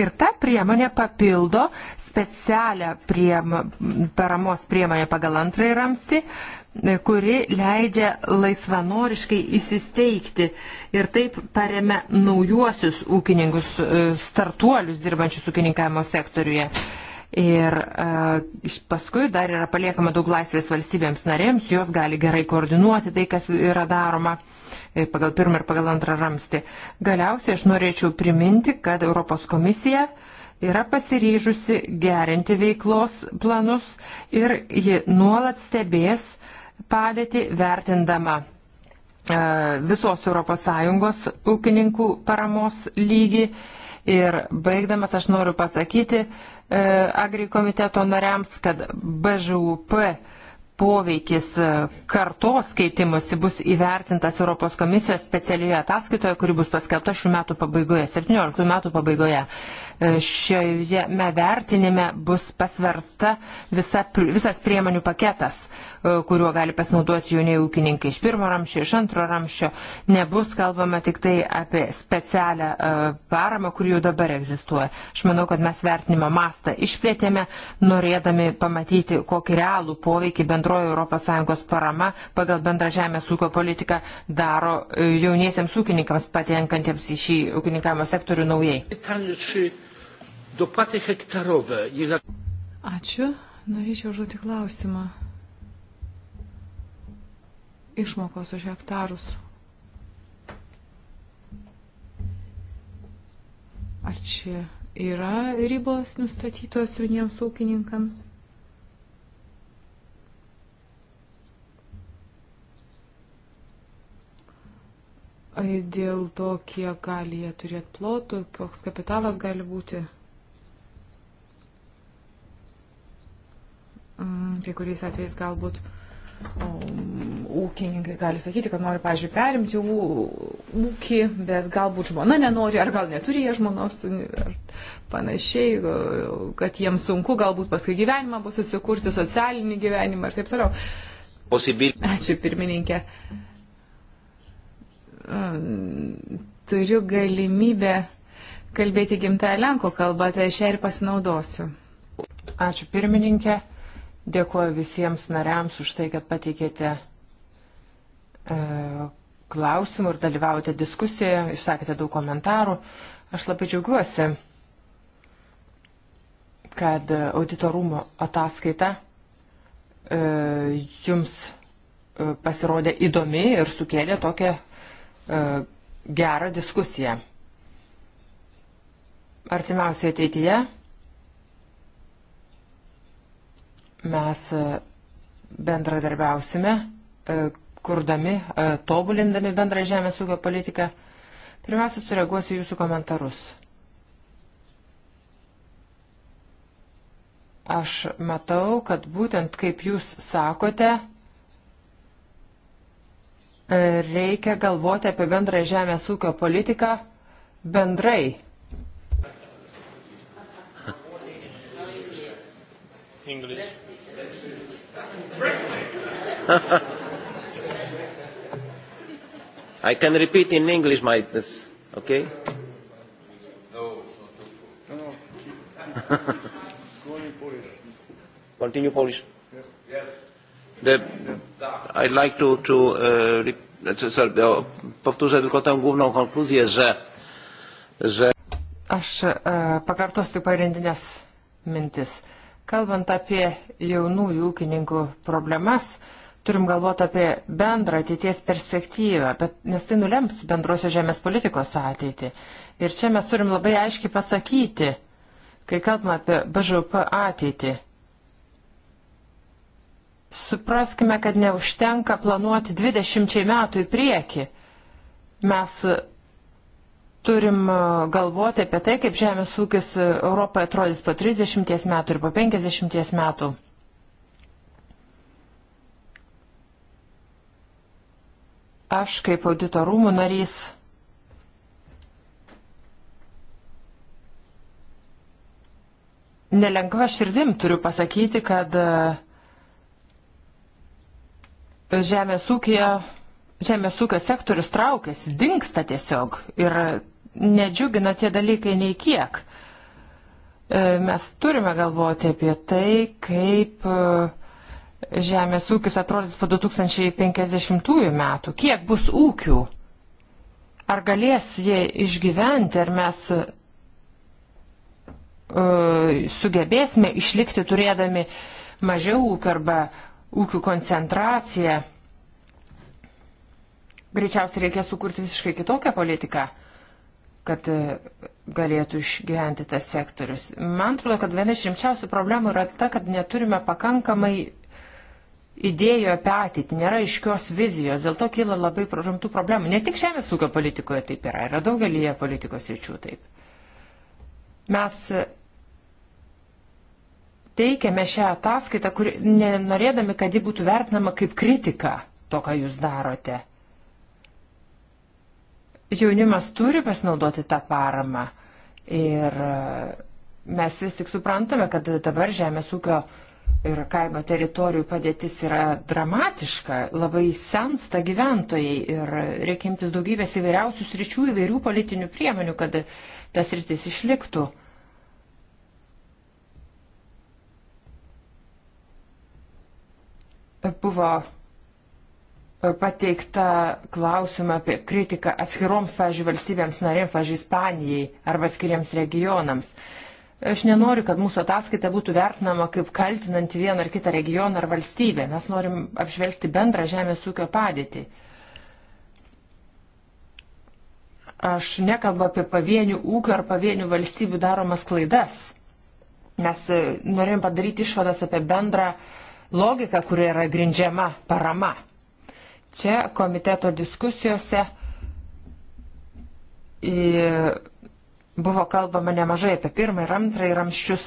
Ir ta priemonė papildo specialią priem, paramos priemonę pagal antrąjį ramstį, kuri leidžia laisvanoriškai įsisteigti ir taip paremia naujuosius ūkininkus, e, startuolius dirbančius ūkininkavimo sektoriuje. Ir e, paskui dar yra paliekama daug laisvės valstybėms narėms, jos gali gerai koordinuoti tai, kas yra daroma e, pagal pirmą ir pagal antrą ramstį. Galiausiai aš norėčiau priminti, kad Europos komisija yra pasiryžusi gerinti veiklos planus ir ji nuolat stebės padėti vertindama e, visos ES ūkininkų paramos lygį. Ir baigdamas aš noriu pasakyti, E, agri komiteto nariams, kad BŽUP poveikis e, kartos keitimusi bus įvertintas Europos komisijos specialioje ataskaitoje, kuri bus paskelbta šių metų pabaigoje, 17 metų pabaigoje. E, šioje vertinime bus pasverta visa, visas priemonių paketas, e, kuriuo gali pasinaudoti jauniai ūkininkai iš pirmo ramščio, iš antro ramščio. Nebus kalbama tik tai apie specialią paramą, kuri jau dabar egzistuoja. Aš manau, kad mes vertinimo mastą išplėtėme, norėdami pamatyti, kokį realų poveikį bendro bendroji ES parama pagal bendrą žemės ūkio politiką daro e, jauniesiems ūkininkams patenkantiems į šį ūkininkavimo sektorių naujai. Ačiū. Norėčiau užduoti klausimą. Išmokos už hektarus. Ar čia yra ribos nustatytos jauniems ūkininkams? dėl to, kiek gali jie turėti plotų, koks kapitalas gali būti. Mm, kai kuriais atvejais galbūt um, ūkininkai gali sakyti, kad nori, pažiūrėjau, perimti ūkį, bet galbūt žmona nenori, ar gal neturi jie žmonos, ar panašiai, kad jiems sunku galbūt paskui gyvenimą bus susikurti, socialinį gyvenimą ir taip toliau. Ačiū pirmininkė. Uh, Ehm, turiu galimybę kalbėti gimtąją lenkų kalbą, tai aš ją ir pasinaudosiu. Ačiū pirmininkė, dėkuoju visiems nariams už tai, kad pateikėte e, klausimų ir dalyvavote diskusijoje, išsakėte daug komentarų. Aš labai džiaugiuosi, kad auditorumo ataskaita e, jums e, pasirodė įdomi ir sukėlė tokią E, gerą diskusiją. Artimiausiai ateityje mes e, bendradarbiausime, e, kurdami, tobulindami bendrą žemės ūkio politiką. Pirmiausia, sureaguosiu jūsų komentarus. Aš matau, kad būtent kaip jūs sakote, reikia galvoti apie bendrą žemės ūkio politiką bendrai. English. I can repeat in English, my this, okay? No, it's not. No, no. Continue Polish. The, I'd like to, to, uh, sorry, powtórzę tylko tę główną konkluzję, że, że... Aš uh, pakartosiu pagrindinės mintis. Kalbant apie jaunųjų ūkininkų problemas, turim galvoti apie bendrą ateities perspektyvą, bet, nes tai nulems bendrosios žemės politikos ateitį. Ir čia mes turim labai aiškiai pasakyti, kai kalbame apie BŽP ateitį Supraskime, kad neužtenka planuoti 20 metų į priekį. Mes turim e, galvoti apie tai, kaip žemės ūkis Europoje atrodys po 30 metų ir po 50 metų. Aš kaip auditorumų narys nelengva širdim turiu pasakyti, kad uh, žemės ūkija, žemės ūkio sektorius traukiasi, dinksta tiesiog ir nedžiugina tie dalykai nei kiek. E, mes turime galvoti apie tai, kaip e, žemės ūkis atrodys po 2050 metų, kiek bus ūkių, ar galės jie išgyventi, ar mes uh, sugebėsime išlikti turėdami mažiau ūkių arba ūkių koncentraciją. Greičiausiai reikia sukurti visiškai kitokią politiką, kad e, galėtų išgyventi tas sektorius. Man atrodo, kad viena iš rimčiausių problemų yra ta, kad neturime pakankamai idėjų apie ateitį, nėra aiškios vizijos, dėl to kyla labai rimtų problemų. Ne tik žemės ūkio politikoje taip yra, yra daugelyje politikos ryčių taip. Mes teikiame šią ataskaitą, kur, nenorėdami, kad ji būtų vertinama kaip kritika to, ką jūs darote. Jaunimas turi pasinaudoti tą paramą ir e, mes vis tik suprantame, kad dabar žemės ūkio ir kaimo teritorijų padėtis yra dramatiška, labai sensta gyventojai ir reikia imtis daugybės įvairiausių sričių, įvairių politinių priemonių, kad tas rytis išliktų. Uh, buvo e, pateikta klausimą apie kritiką atskiroms, pavyzdžiui, valstybėms narėms, pavyzdžiui, Ispanijai arba atskiriems regionams. Aš nenoriu, kad mūsų ataskaita būtų vertinama kaip kaltinanti vieną ar kitą regioną ar valstybę. Mes norim apžvelgti bendrą žemės ūkio padėtį. Aš nekalbu apie pavienių ūkių ar pavienių valstybių daromas klaidas. Mes e, norim padaryti išvadas apie bendrą uh, logika, kuri yra grindžiama parama. Čia komiteto diskusijose buvo kalbama nemažai apie pirmą ir antrą ir ramščius.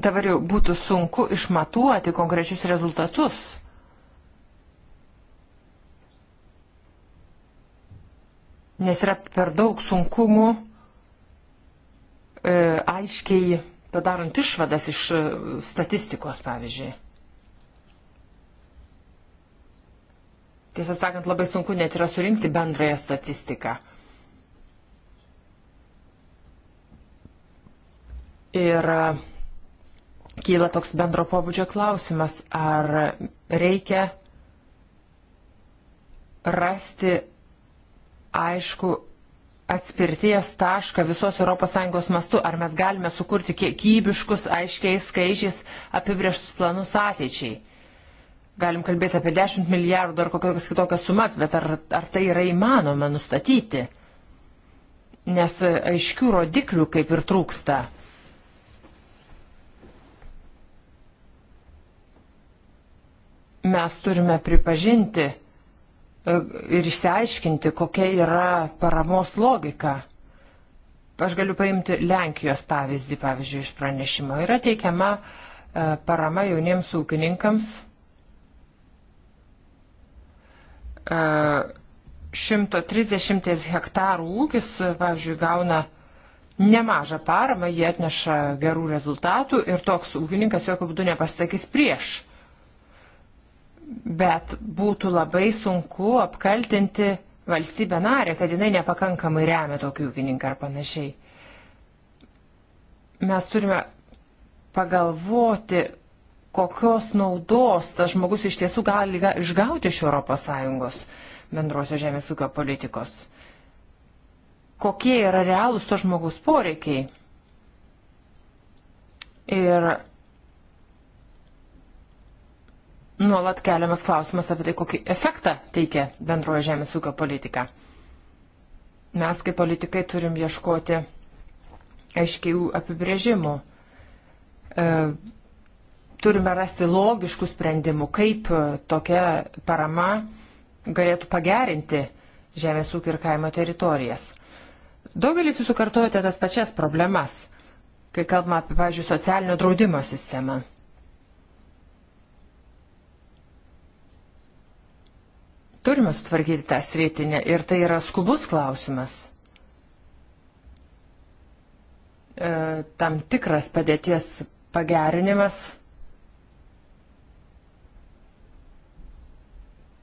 Dabar jau būtų sunku išmatuoti konkrečius rezultatus. Nes yra per daug sunkumų E, aiškiai padarant išvadas iš e, statistikos, pavyzdžiui. Tiesą sakant, labai sunku net yra surinkti bendrąją statistiką. Ir e, kyla toks bendro pobūdžio klausimas, ar reikia rasti aišku atspirties tašką visos ES mastu, ar mes galime sukurti kiekybiškus, aiškiais skaičiais apibrieštus planus ateičiai. Galim kalbėti apie 10 milijardų ar kokias kitokias sumas, bet ar, ar tai yra įmanoma nustatyti? Nes aiškių rodiklių kaip ir trūksta. Mes turime pripažinti, E, ir išsiaiškinti, kokia yra paramos logika. Aš galiu paimti Lenkijos pavyzdį, pavyzdžiui, iš pranešimo. Yra teikiama e, parama jauniems ūkininkams 130 e, hektarų ūkis, pavyzdžiui, gauna nemažą paramą, jie atneša gerų rezultatų ir toks ūkininkas jokių būdų nepasakys prieš. Bet būtų labai sunku apkaltinti valstybę narę, kad jinai nepakankamai remia tokį ūkininką ar panašiai. Mes turime pagalvoti, kokios naudos tas žmogus iš tiesų gali išgauti iš ES bendrosios žemės ūkio politikos. Kokie yra realūs to žmogus poreikiai. Ir nuolat keliamas klausimas apie tai, kokį efektą teikia bendrojo žemės ūkio politika. Mes kaip politikai turim ieškoti aiškiai apibrėžimų. E, turime rasti logiškų sprendimų, kaip e, tokia parama galėtų pagerinti žemės ūkio ir kaimo teritorijas. Daugelis jūsų kartuojate tas pačias problemas, kai kalbame apie, pavyzdžiui, socialinio draudimo sistemą. Turime sutvarkyti tą sritinę ir tai yra skubus klausimas. E, tam tikras padėties pagerinimas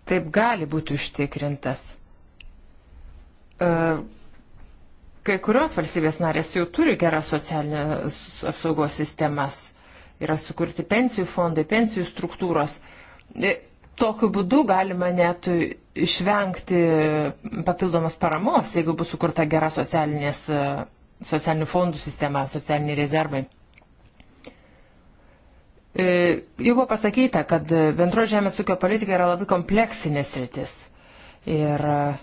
taip gali būti užtikrintas. E, kai kurios valstybės narės jau turi geras socialinės apsaugos sistemas, yra sukurti pensijų fondai, pensijų struktūros. E, tokiu būdu galima net išvengti papildomas paramos, jeigu bus sukurta gera socialinės, e, socialinių fondų sistema, socialiniai rezervai. E, jau buvo pasakyta, kad bendro žemės ūkio politika yra labai kompleksinės rytis. Ir e,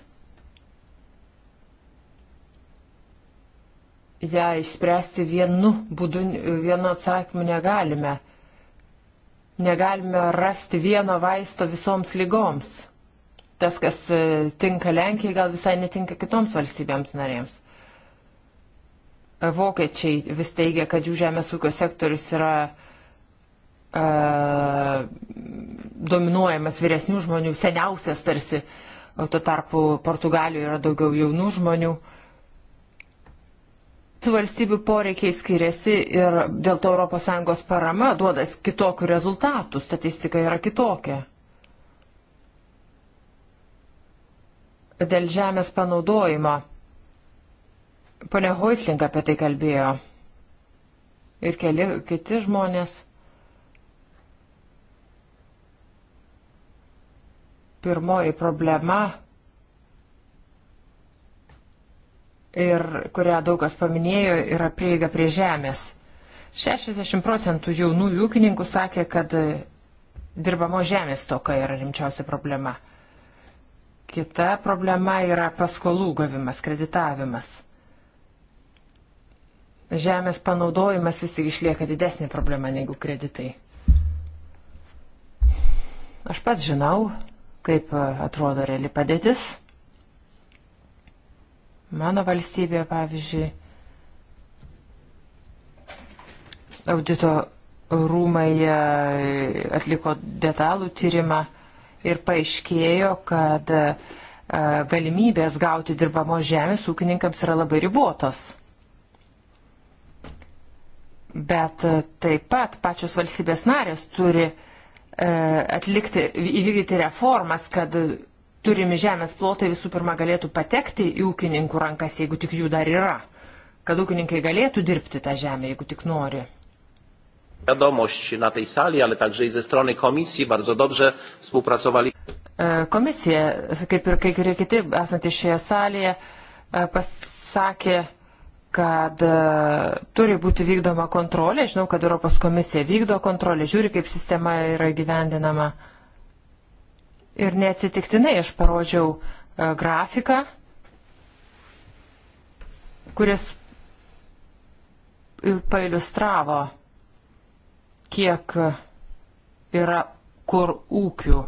ją ja, išspręsti vienu būdu, vienu atsakymu negalime. Negalime rasti vieno vaisto visoms lygoms. Tas, kas e, tinka Lenkijai, gal visai netinka kitoms valstybėms narėms. E, vokiečiai vis teigia, kad jų žemės ūkio sektorius yra uh, dominuojamas vyresnių žmonių, seniausias tarsi, o tuo tarpu Portugalijoje yra daugiau jaunų žmonių. Uh, valstybių poreikiai skiriasi ir dėl to ES parama duoda kitokių rezultatų, statistika yra kitokia. Dėl žemės panaudojimo. Pane Hoisling apie tai kalbėjo. Ir keli kiti žmonės. Pirmoji problema ir kurią daugas paminėjo, yra prieiga prie žemės. 60 procentų jaunųjų ūkininkų sakė, kad dirbamo žemės toka yra rimčiausia problema. Kita problema yra paskolų gavimas, kreditavimas. Žemės panaudojimas vis tik išlieka didesnė problema negu kreditai. Aš pats žinau, kaip atrodo reali padėtis Mano valstybė, pavyzdžiui, audito rūmai e, atliko detalų tyrimą ir paaiškėjo, kad e, galimybės gauti dirbamos žemės ūkininkams yra labai ribotos. Bet e, taip pat pačios valstybės narės turi atlikti, įvykdyti reformas, kad turimi žemės plotai visų pirma galėtų patekti į ūkininkų rankas, jeigu tik jų dar yra, kad ūkininkai galėtų dirbti tą žemę, jeigu tik nori. Wiadomość na tej sali, ale także i ze strony komisji bardzo dobrze współpracowali. E, komisija, kaip ir kai kurie kiti esantys šioje salėje, e, pasakė, kad e, turi būti vykdoma kontrolė. Žinau, kad Europos komisija vykdo kontrolę, žiūri, kaip sistema yra gyvendinama. Uh, Ir neatsitiktinai aš parodžiau e, grafiką, kuris pailustravo, kiek yra kur ūkių.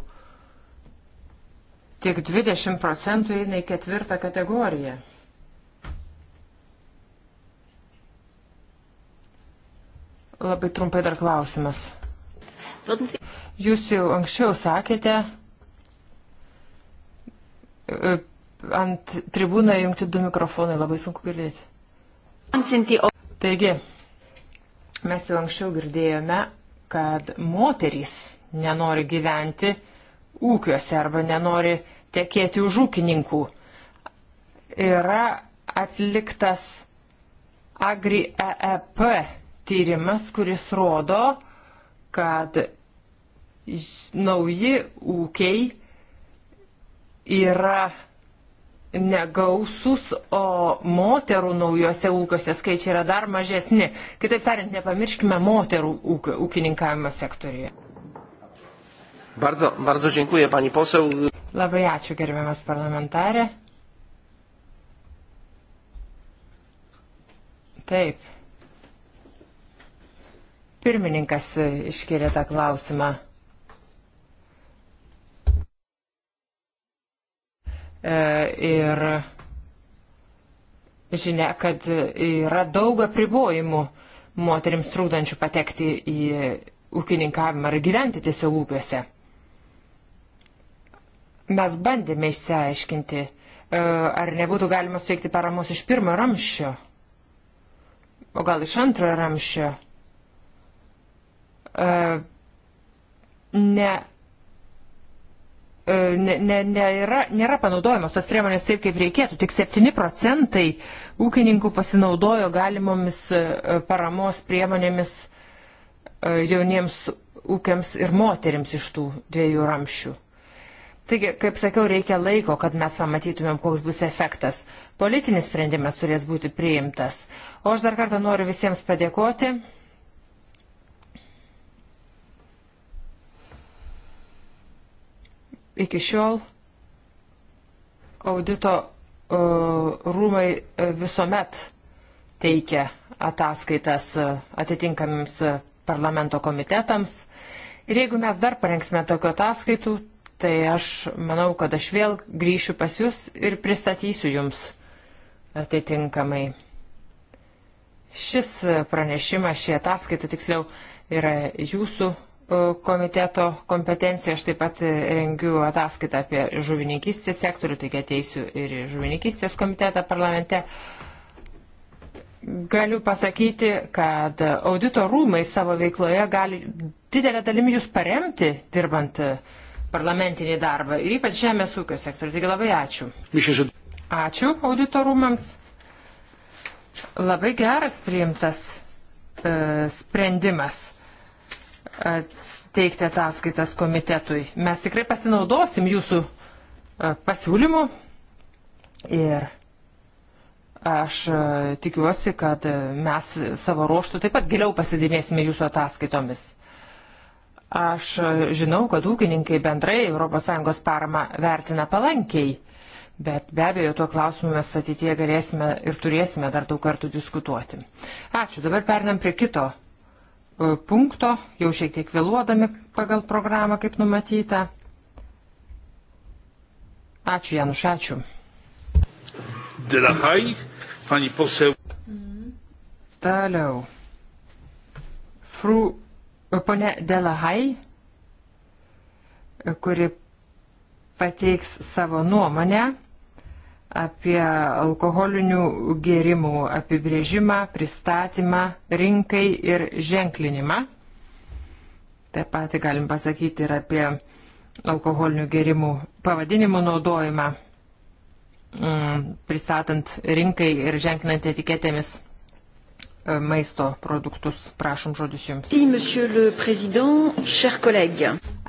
Tik 20 procentų eina į ketvirtą kategoriją. Labai trumpai dar klausimas. Jūs jau anksčiau sakėte, ant tribūną įjungti du mikrofonai, labai sunku girdėti. Taigi, mes jau anksčiau girdėjome, kad moterys nenori gyventi ūkiuose arba nenori tekėti už ūkininkų. Yra atliktas AgriEEP tyrimas, kuris rodo, kad nauji ūkiai yra negausus, o moterų naujuose ūkiuose skaičiai yra dar mažesni. Kitaip tariant, nepamirškime moterų ūkio, ūkininkavimo sektoriuje. Bardzo, bardzo dziękuję, pani poseł. Labai ačiū, gerbiamas parlamentarė. Taip. Pirmininkas iškėlė tą klausimą. E, ir žinia, kad yra daug apribojimų moteriams trūkdančių patekti į ūkininkavimą ar gyventi tiesiog ūkiuose. Mes bandėme išsiaiškinti, e, ar nebūtų galima suteikti paramos iš pirmo ramščio, o gal iš antro ramščio. E, ne E, ne, ne, nėra, nėra panaudojamos tos priemonės taip, kaip reikėtų. Tik 7 procentai ūkininkų pasinaudojo galimomis e, paramos priemonėmis e, jauniems ūkiams ir moteriams iš tų dviejų ramščių. Taigi, kaip sakiau, reikia laiko, kad mes pamatytumėm, koks bus efektas. Politinis sprendimas turės būti priimtas. O aš dar kartą noriu visiems padėkoti. Iki šiol audito e, rūmai e, visuomet teikia ataskaitas e, atitinkamiems parlamento komitetams. Ir jeigu mes dar parengsime tokių ataskaitų, tai aš manau, kad aš vėl grįšiu pas jūs ir pristatysiu jums atitinkamai. Šis pranešimas, ši ataskaita tiksliau yra jūsų komiteto kompetencija. Aš taip pat rengiu ataskaitą apie žuvininkystės sektorių, taigi ateisiu ir į žuvininkystės komitetą parlamente. Galiu pasakyti, kad audito rūmai savo veikloje gali didelę dalimi jūs paremti, dirbant parlamentinį darbą ir ypač žemės ūkio sektorių. Taigi labai ačiū. Ačiū audito rūmams. Labai geras priimtas e, sprendimas teikti ataskaitas komitetui. Mes tikrai pasinaudosim jūsų pasiūlymų ir aš tikiuosi, kad mes savo ruoštų taip pat giliau pasidėmėsime jūsų ataskaitomis. Aš žinau, kad ūkininkai bendrai ES paramą vertina palankiai, bet be abejo tuo klausimu mes ateitie galėsime ir turėsime dar daug kartų diskutuoti. Ačiū, dabar pernam prie kito E, punkto, jau šiek tiek vėluodami pagal programą, kaip numatyta. Ačiū, Januš, ačiū. Delahai, pani posel. Toliau. Fru, e, ponė Delahai, e, kuri pateiks savo nuomonę apie alkoholinių gėrimų apibrėžimą, pristatymą rinkai ir ženklinimą. Taip pat galim pasakyti ir apie alkoholinių gėrimų pavadinimų naudojimą, mm, pristatant rinkai ir ženklinant etiketėmis e, maisto produktus. Prašom žodis jums.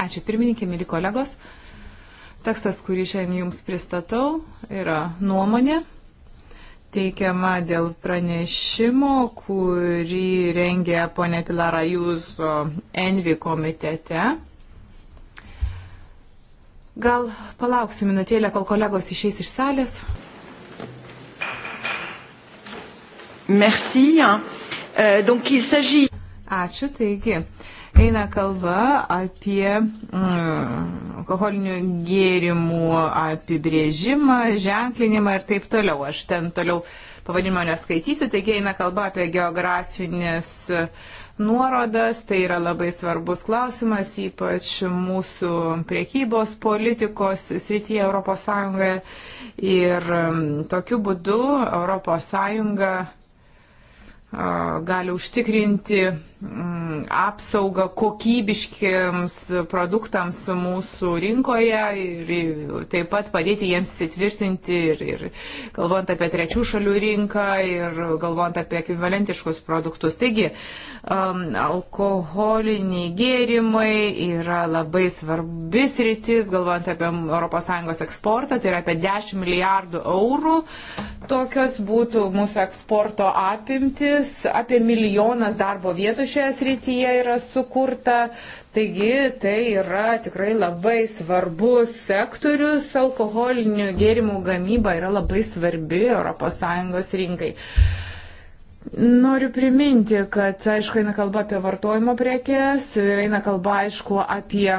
Ačiū pirmininkė, mėly kolegos. Tekstas, kurį šiandien jums pristatau, yra nuomonė teikiama dėl pranešimo, kurį rengė ponė Pilara Jūzo Envi komitete. Gal palauksiu minutėlę, kol kolegos išeis iš salės. Merci. Euh, donc, il s'agit. Ačiū, taigi eina kalba apie mm, alkoholinių gėrimų apibrėžimą, ženklinimą ir taip toliau. Aš ten toliau pavadinimo neskaitysiu, taigi eina kalba apie geografinės nuorodas, tai yra labai svarbus klausimas, ypač mūsų priekybos politikos srityje ES. Ir mm, tokiu būdu ES gali užtikrinti Mm, apsaugą kokybiškiams produktams mūsų rinkoje ir taip pat padėti jiems įsitvirtinti ir, ir galvojant apie trečių šalių rinką ir galvojant apie ekvivalentiškus produktus. Taigi, um, alkoholiniai gėrimai yra labai svarbis rytis, galvojant apie ES eksportą, tai yra apie 10 milijardų eurų. Tokios būtų mūsų eksporto apimtis, apie milijonas darbo vietų šioje srityje yra sukurta. Taigi tai yra tikrai labai svarbus sektorius, alkoholinių gėrimų gamyba yra labai svarbi ES rinkai. Noriu priminti, kad, aišku, eina kalba apie vartojimo prekes ir eina kalba, aišku, apie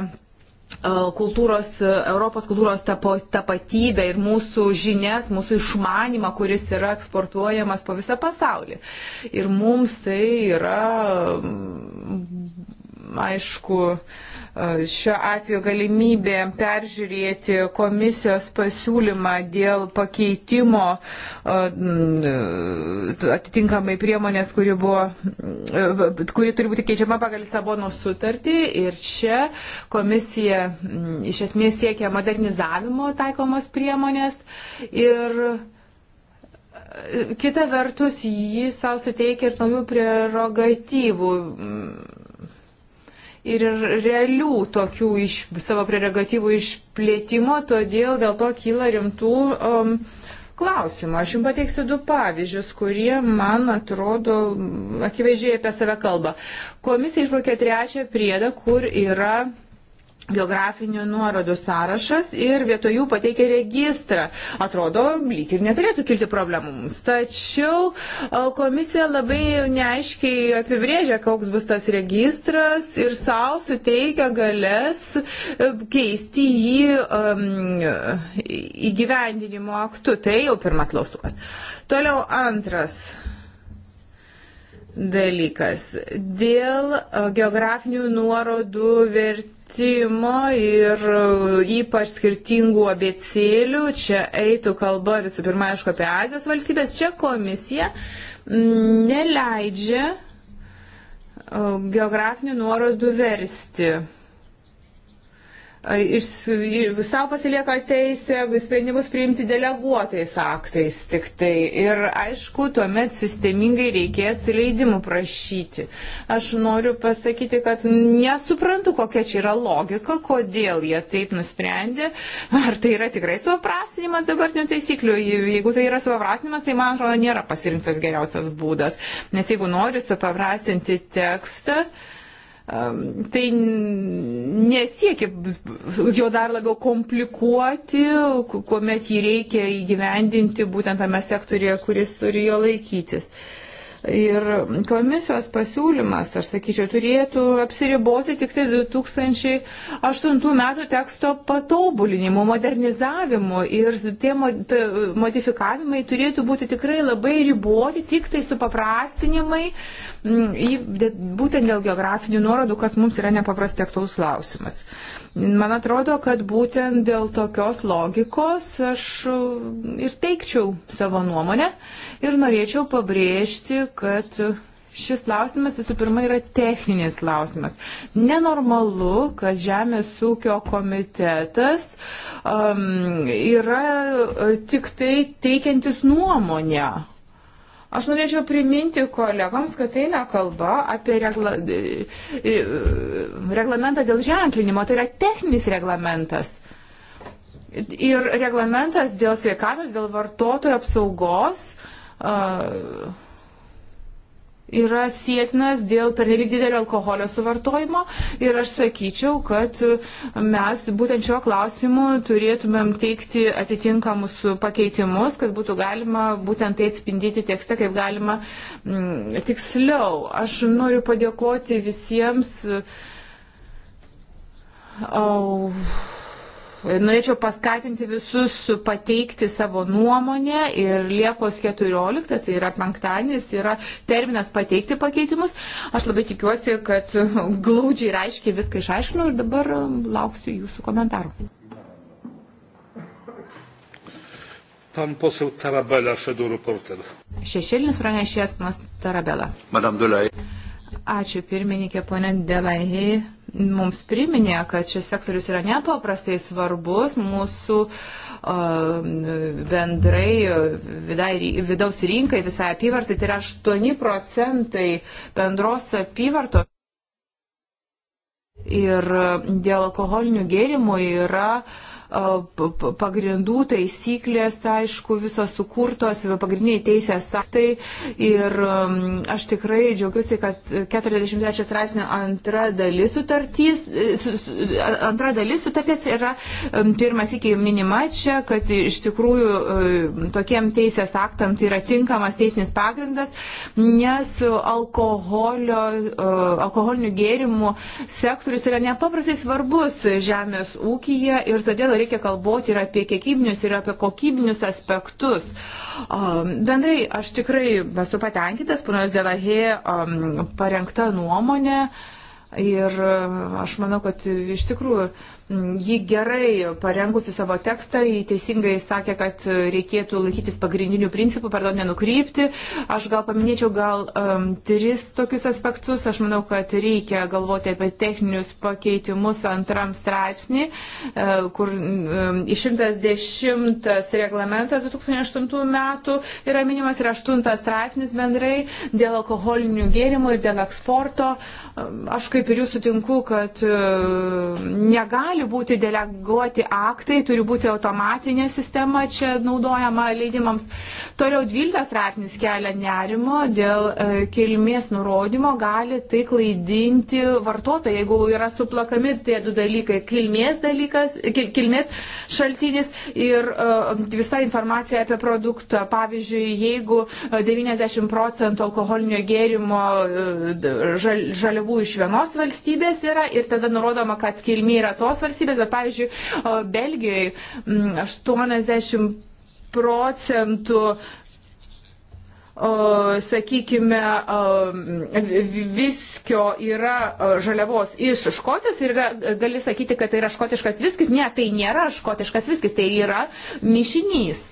E, kultūros, e, Europos kultūros tapatybę ir mūsų žinias, mūsų išmanimą, kuris yra eksportuojamas po visą pasaulį. Ir mums tai yra, aišku, uh, šiuo atveju galimybė peržiūrėti komisijos pasiūlymą dėl pakeitimo atitinkamai priemonės, kuri, buvo, kuri turi būti keičiama pagal Lisabono sutartį. Ir čia komisija iš esmės siekia modernizavimo taikomos priemonės. Ir kita vertus, jis savo suteikia ir naujų prerogatyvų ir realių tokių iš, savo prerogatyvų išplėtimo, todėl dėl to kyla rimtų um, klausimų. Aš jums pateiksiu du pavyzdžius, kurie, man atrodo, akivaizdžiai apie save kalba. Komisija išbraukė trečią priedą, kur yra geografinių nuorodų sąrašas ir vietoj jų pateikia registrą. Atrodo, lyg ir neturėtų kilti problemų mums. Tačiau e, komisija labai neaiškiai apibrėžia, koks bus tas registras ir savo suteikia galės e, keisti jį um, įgyvendinimo aktu. Tai jau pirmas klaustukas. Toliau antras dalykas. Dėl e, geografinių nuorodų vertės vertimo ir e, ypač skirtingų abėcėlių. Čia eitų kalba visų pirma, aišku, apie Azijos valstybės. Čia komisija mm, neleidžia e, geografinių nuorodų versti iš, savo pasilieka teisę sprendimus priimti deleguotais aktais tik tai. Ir aišku, tuomet sistemingai reikės leidimų prašyti. Aš noriu pasakyti, kad nesuprantu, kokia čia yra logika, kodėl jie taip nusprendė. Ar tai yra tikrai supaprastinimas dabartinių taisyklių? Jeigu tai yra supaprastinimas, tai man atrodo nėra pasirinktas geriausias būdas. Nes jeigu nori supaprastinti tekstą, tai nesiekia jo dar labiau komplikuoti, kuomet jį reikia įgyvendinti būtent tame sektorėje, kuris turi jo laikytis. Uh, Ir komisijos pasiūlymas, aš sakyčiau, turėtų apsiriboti tik tai 2008 metų teksto patobulinimu, modernizavimu ir tie modifikavimai turėtų būti tikrai labai riboti, tik tai supaprastinimai, būtent dėl geografinių nuorodų, kas mums yra nepaprastai aktuolus klausimas. Man atrodo, kad būtent dėl tokios logikos aš e, ir teikčiau savo nuomonę ir norėčiau pabrėžti, kad šis klausimas visų pirma yra techninis klausimas. Nenormalu, kad Žemės ūkio komitetas um, yra e, tik tai teikiantis nuomonę Aš norėčiau priminti kolegoms, kad tai eina kalba apie regla... E, e, reglamentą dėl ženklinimo. Tai yra techninis reglamentas. Ir reglamentas dėl sveikatos, dėl vartotojų apsaugos. Uh, yra siektinas dėl pernelyg didelio alkoholio suvartojimo ir aš sakyčiau, kad mes būtent šiuo klausimu turėtumėm teikti atitinkamus pakeitimus, kad būtų galima būtent tai atspindyti tekste, kaip galima m, mm, tiksliau. Aš noriu padėkoti visiems. Oh Norėčiau paskatinti visus pateikti savo nuomonę ir Liepos 14, tai yra penktadienis, yra terminas pateikti pakeitimus. Aš labai tikiuosi, kad glaudžiai ir aiškiai viską išaiškinau ir dabar lauksiu jūsų komentarų. Pan poseł Tarabella, Shadow Reporter. Šešėlinis pranešėjas, panas Tarabella. Madame Delay. Ačiū pirmininkė, ponė Delay mums priminė, kad šis sektorius yra nepaprastai svarbus mūsų um, bendrai vidaus rinkai visai apyvartai, tai yra 8 procentai bendros apyvartos. Ir dėl alkoholinių gėrimų yra uh, pagrindų, taisyklės, tai aišku, visos sukurtos, pagrindiniai teisės aktai. Ir um, aš tikrai džiaugiuosi, kad 43 straipsnio antra dalis sutartys, e, antra dalis sutartys yra um, pirmas iki minima čia, kad iš tikrųjų e, tokiem teisės aktam tai yra tinkamas teisinis pagrindas, nes alkoholio, e, alkoholinių gėrimų sektorius yra nepaprastai svarbus žemės ūkija ir todėl reikia kalboti ir apie kiekybinius, ir apie kokybinius aspektus. Um, bendrai, aš tikrai esu patenkintas, ponios Zelahė um, parengta nuomonė. Ir uh, aš manau, kad iš tikrųjų Ji gerai parengusi savo tekstą, ji teisingai sakė, kad reikėtų laikytis pagrindinių principų, pardon, nenukrypti. Aš gal paminėčiau gal um, tris tokius aspektus. Aš manau, kad reikia galvoti apie techninius pakeitimus antram straipsnį, uh, kur um, 110 reglamentas 2008 metų yra minimas ir 8 straipsnis bendrai dėl alkoholinių gėrimų ir dėl eksporto. Um, aš kaip ir jūs sutinku, kad uh, negali negali būti deleguoti aktai, turi būti automatinė sistema čia naudojama leidimams. Toliau 12 ratnis kelia nerimo dėl e, kilmės nurodymo, gali tai klaidinti vartotoją, jeigu yra suplakami tie du dalykai - kilmės, dalykas, kil, kilmės šaltinis ir e, visa informacija apie produktą. Pavyzdžiui, jeigu 90 e, procentų alkoholinio gėrimo e, žal, žaliavų iš vienos valstybės yra ir tada nurodoma, kad kilmė yra tos valstybės, valstybės, bet pavyzdžiui, Belgijoje 80 mm, procentų sakykime, viskio yra žaliavos iš Škotijos ir yra, gali sakyti, kad tai yra škotiškas viskis. Ne, tai nėra škotiškas viskis, tai yra mišinys.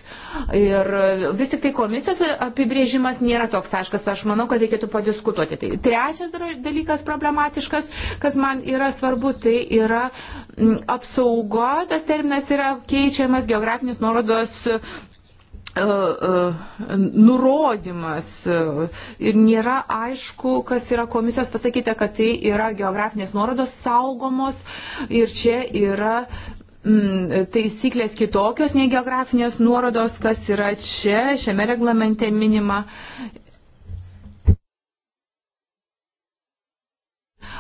Ir vis tik tai komisijos apibrėžimas nėra toks aiškas, aš manau, kad reikėtų padiskutuoti. Tai trečias dalykas problematiškas, kas man yra svarbu, tai yra apsauga, tas terminas yra keičiamas geografinis nuorodos e, e, nurodymas ir nėra aišku, kas yra komisijos pasakyta, kad tai yra geografinės nuorodos saugomos ir čia yra mm, taisyklės kitokios nei geografinės nuorodos, kas yra čia, šiame reglamente minima.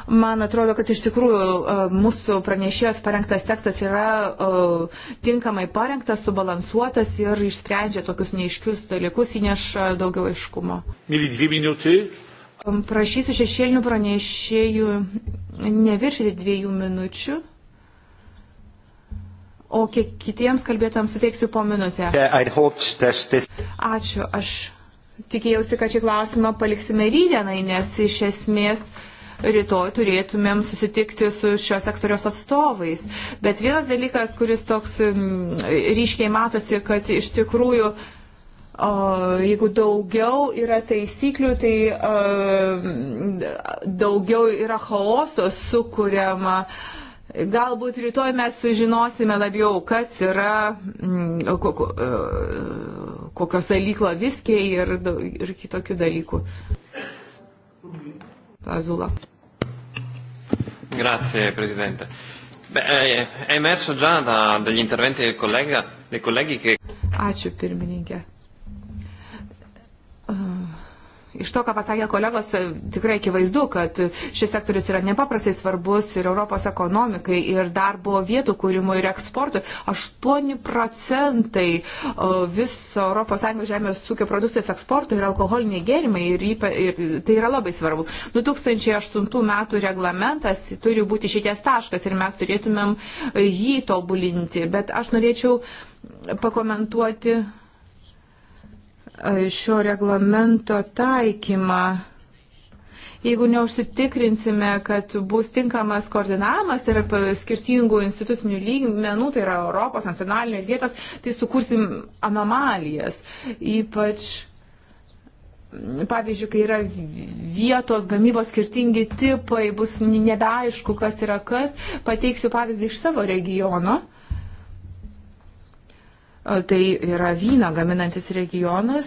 Man atrodo, kad iš tikrųjų e, mūsų pranešėjos parengtas tekstas yra e, tinkamai parengtas, subalansuotas ir išsprendžia tokius neiškius dalykus, įneša daugiau aiškumo. Mili dvi minutai. Prašysiu šešėlinių pranešėjų neviršyti dviejų minučių o kiek kitiems kalbėtams suteiksiu po minutę. Ačiū, aš tikėjausi, kad šį klausimą paliksime rydienai, nes iš esmės rytoj turėtumėm susitikti su šios sektorios atstovais. Bet vienas dalykas, kuris toks mm, ryškiai matosi, kad iš tikrųjų O, jeigu daugiau yra taisyklių, tai o, daugiau yra chaoso sukūriama. O, Galbūt rytoj mes sužinosime labiau, kas yra, mm, e, kokio salykla viskiai ir, ir kitokių dalykų. Azula. Grazie, Presidente. Beh, è emerso già da, dagli interventi del collega, dei colleghi che... Ačiū, pirmininkė Iš to, ką pasakė kolegos, tikrai akivaizdu, kad šis sektorius yra nepaprastai svarbus ir Europos ekonomikai, ir darbo vietų kūrimui, ir eksportui. 8 procentai viso ES žemės ūkio produkcijos eksporto yra alkoholiniai gėrimai ir, ir tai yra labai svarbu. 2008 metų reglamentas turi būti šities taškas ir mes turėtumėm jį tobulinti. Bet aš norėčiau pakomentuoti šio reglamento taikymą. Jeigu neužsitikrinsime, kad bus tinkamas koordinavimas tarp skirtingų institucinių lygmenų, tai yra Europos, nacionalinio ir vietos, tai sukursim anomalijas. Ypač, pavyzdžiui, kai yra vietos gamybos skirtingi tipai, bus nebeaišku, kas yra kas. Pateiksiu pavyzdį iš savo regiono. Tai yra vyną gaminantis regionas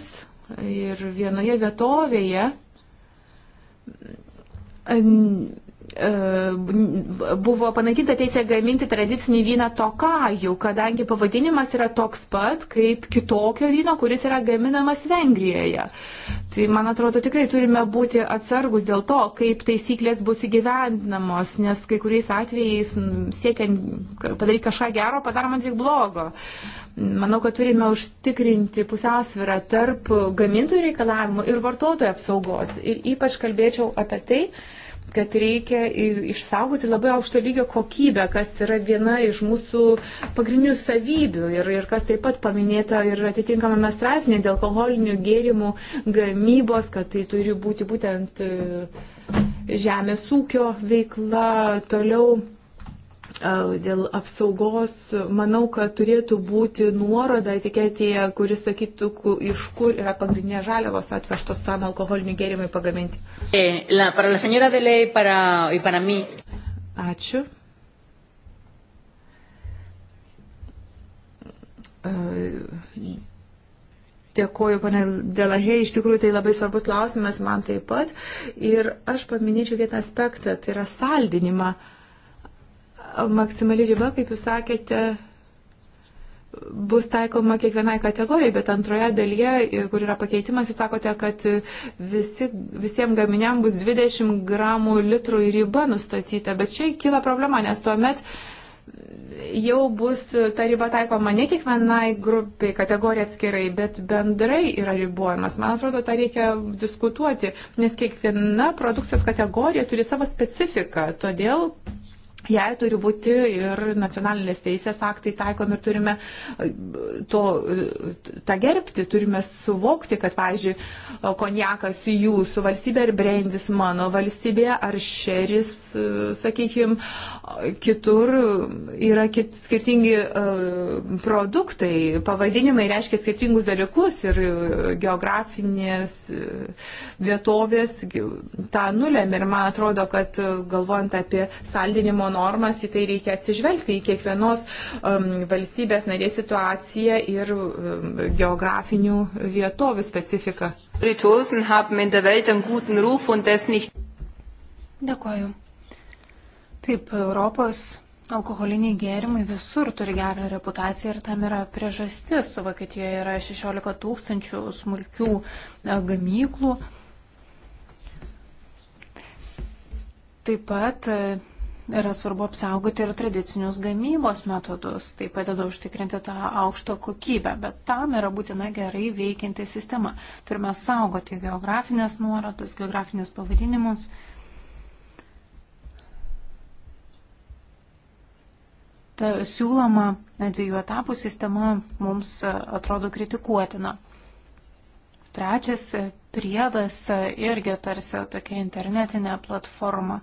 ir vienoje vietovėje E, buvo panaikinta teisė gaminti tradicinį vyną tokajų, kadangi pavadinimas yra toks pat kaip kitokio vyno, kuris yra gaminamas Vengrijoje. Tai, man atrodo, tikrai turime būti atsargus dėl to, kaip taisyklės bus įgyvendinamos, nes kai kuriais atvejais siekiant padaryti kažką gero, padaroma tik blogo. Manau, kad turime užtikrinti pusiausvyrą tarp gamintojų reikalavimų ir vartotojų apsaugos. Ir ypač kalbėčiau apie tai, kad reikia išsaugoti labai aukšto lygio kokybę, kas yra viena iš mūsų pagrindinių savybių ir, ir kas taip pat paminėta ir atitinkamame straipsnė dėl alkoholinių gėrimų gamybos, kad tai turi būti būtent e, žemės ūkio veikla, toliau dėl apsaugos, manau, kad turėtų būti nuoroda etiketėje, kuris sakytų, iš kur yra pagrindinės žaliavos atvežtos tam alkoholinių gėrimai pagaminti. Eh, la, para la señora de ley, para, y para mí. Ačiū. Dėkoju, pane Delahė, iš tikrųjų tai labai svarbus klausimas man taip pat. Ir aš paminėčiau vieną aspektą, tai yra saldinimą. Uh, maksimali riba, kaip jūs sakėte, bus taikoma kiekvienai kategorijai, bet antroje dalyje, kur yra pakeitimas, jūs sakote, kad visi, visiems gaminiam bus 20 gramų litrų riba nustatyta, bet čia kyla problema, nes tuomet jau bus ta riba taikoma ne kiekvienai grupiai, kategorijai atskirai, bet bendrai yra ribojimas. Man atrodo, tą reikia diskutuoti, nes kiekviena produkcijos kategorija turi savo specifiką, todėl jai turi būti ir nacionalinės teisės aktai taikomi ir turime e, to, e, tą gerbti, turime suvokti, kad, pavyzdžiui, konjakas jūsų valstybė ir brendis mano valstybė ar šeris, e, sakykime, kitur yra kit, skirtingi produktai, pavadinimai reiškia skirtingus dalykus ir geografinės vietovės tą nulėmė ir man atrodo, kad galvojant apie saldinimo nuo normas, į tai reikia atsižvelgti į kiekvienos um, valstybės narės situaciją ir um, geografinių vietovių specifiką. Dėkoju. Taip, Europos Alkoholiniai gėrimai visur turi gerą reputaciją ir tam yra priežastis. Vokietijoje yra 16 tūkstančių smulkių e, gamyklų. Taip pat e, yra svarbu apsaugoti ir tradicinius gamybos metodus. Tai padeda užtikrinti tą aukšto kokybę, bet tam yra būtina gerai veikianti sistema. Turime saugoti geografinės nuorodas, geografinės pavadinimus. Ta siūloma dviejų etapų sistema mums atrodo kritikuotina. Trečias priedas irgi tarsi tokia internetinė platforma.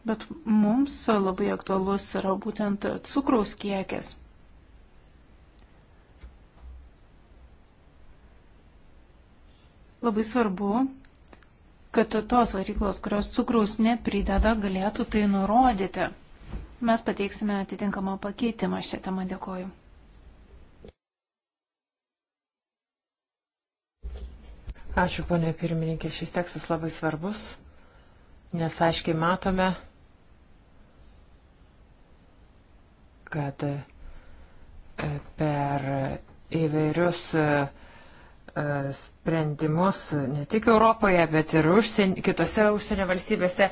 Bet mums labai aktualus yra būtent cukraus kiekis. Labai svarbu, kad tos varyklos, kurios cukraus neprideda, galėtų tai nurodyti. Mes pateiksime atitinkamą pakeitimą šią temą. Dėkoju. Ačiū, ponė pirmininkė. Šis tekstas labai svarbus, nes aiškiai matome, kad e, per įvairius e, e, sprendimus ne tik Europoje, bet ir užsien, kitose užsienio valstybėse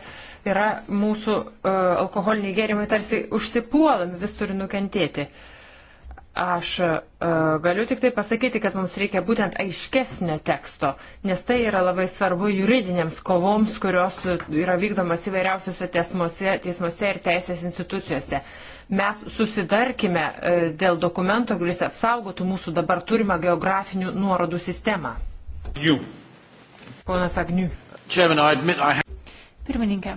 yra mūsų alkoholiniai gėrimai tarsi užsipuolami, vis turi nukentėti. Aš galiu tik tai pasakyti, kad mums reikia būtent aiškesnio teksto, nes tai yra labai svarbu juridinėms kovoms, kurios yra vykdomas įvairiausiose teismuose, teismuose ir teisės institucijose. Mes susidarkime e, dėl dokumento, kuris apsaugotų mūsų dabar turimą geografinių nuorodų sistemą. You. Ponas Agniu. Pirmininkė,